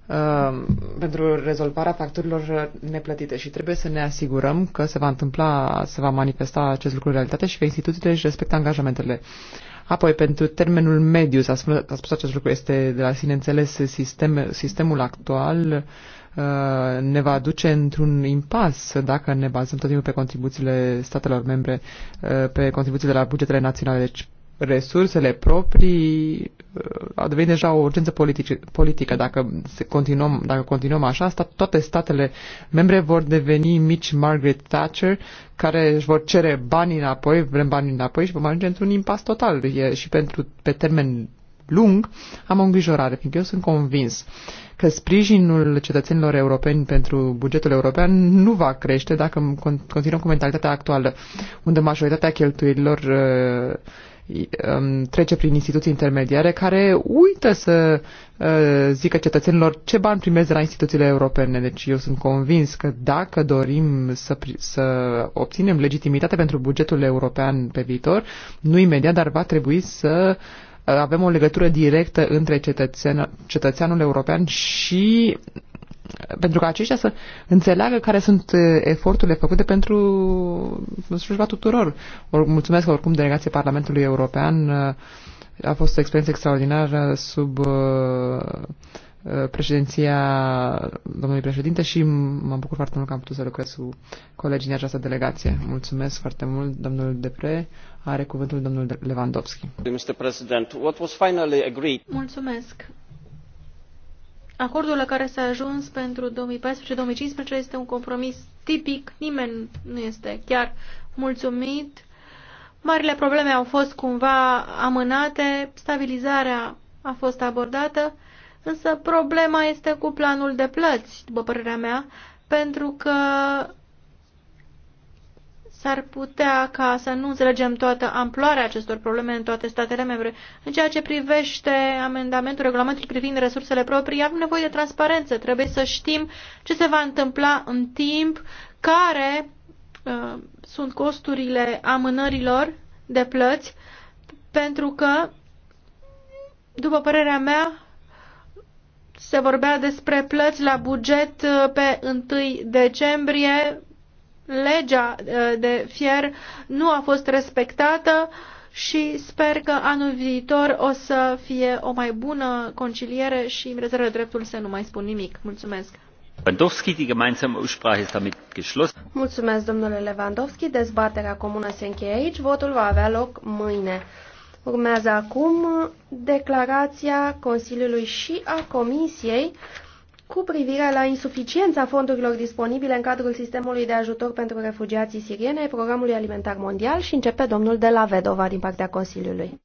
uh, pentru rezolvarea facturilor neplătite și trebuie să ne asigurăm că se va întâmpla, se va manifesta acest lucru în realitate și că instituțiile își respectă angajamentele. Apoi, pentru termenul mediu, s-a spus, spus acest lucru, este de la sine înțeles, sistem, sistemul actual uh, Uh, ne va duce într-un impas dacă ne bazăm tot timpul pe contribuțiile statelor membre, uh, pe contribuțiile la bugetele naționale. Deci resursele proprii uh, a devenit deja o urgență politici, politică. Dacă continuăm, dacă continuăm așa, stat, toate statele membre vor deveni mici Margaret Thatcher care își vor cere banii înapoi, vrem banii înapoi și vom ajunge într-un impas total. E și pentru, pe termen lung, am o îngrijorare, fiindcă eu sunt convins că sprijinul cetățenilor europeni pentru bugetul european nu va crește dacă continuăm cu mentalitatea actuală, unde majoritatea cheltuielilor uh, um, trece prin instituții intermediare care uită să uh, zică cetățenilor ce bani primesc de la instituțiile europene. Deci eu sunt convins că dacă dorim să, să obținem legitimitate pentru bugetul european pe viitor, nu imediat, dar va trebui să uh, avem o legătură directă între cetățean, cetățeanul european și pentru ca aceștia să înțeleagă care sunt uh, eforturile făcute pentru slujba tuturor. Or, mulțumesc oricum delegației Parlamentului European. Uh, a fost o experiență extraordinară sub uh, Uh, președinția domnului președinte și mă bucur foarte mult că am putut să lucrez cu colegii din această delegație. Mulțumesc foarte mult, domnul Depre. Are cuvântul domnul Lewandowski. Mulțumesc. Acordul la care s-a ajuns pentru 2014-2015 este un compromis tipic, nimeni nu este chiar mulțumit. Marile probleme au fost cumva amânate, stabilizarea a fost abordată Însă problema este cu planul de plăți, după părerea mea, pentru că s-ar putea ca să nu înțelegem toată amploarea acestor probleme în toate statele membre. În ceea ce privește amendamentul regulamentului privind resursele proprii, avem nevoie de transparență. Trebuie să știm ce se va întâmpla în timp, care uh, sunt costurile amânărilor de plăți, pentru că, după părerea mea, se vorbea despre plăți la buget uh, pe 1 decembrie. Legea uh, de fier nu a fost respectată și sper că anul viitor o să fie o mai bună conciliere și îmi rezervă dreptul să nu mai spun nimic. Mulțumesc! Lewandowski, die gemeinsame Aussprache ist damit geschlossen. Mulțumesc, domnule Lewandowski. Dezbaterea comună se încheie aici. Votul va avea loc mâine. Urmează acum declarația Consiliului și a Comisiei cu privire la insuficiența fondurilor disponibile în cadrul sistemului de ajutor pentru refugiații siriene, programului alimentar mondial și începe domnul de la Vedova din partea Consiliului.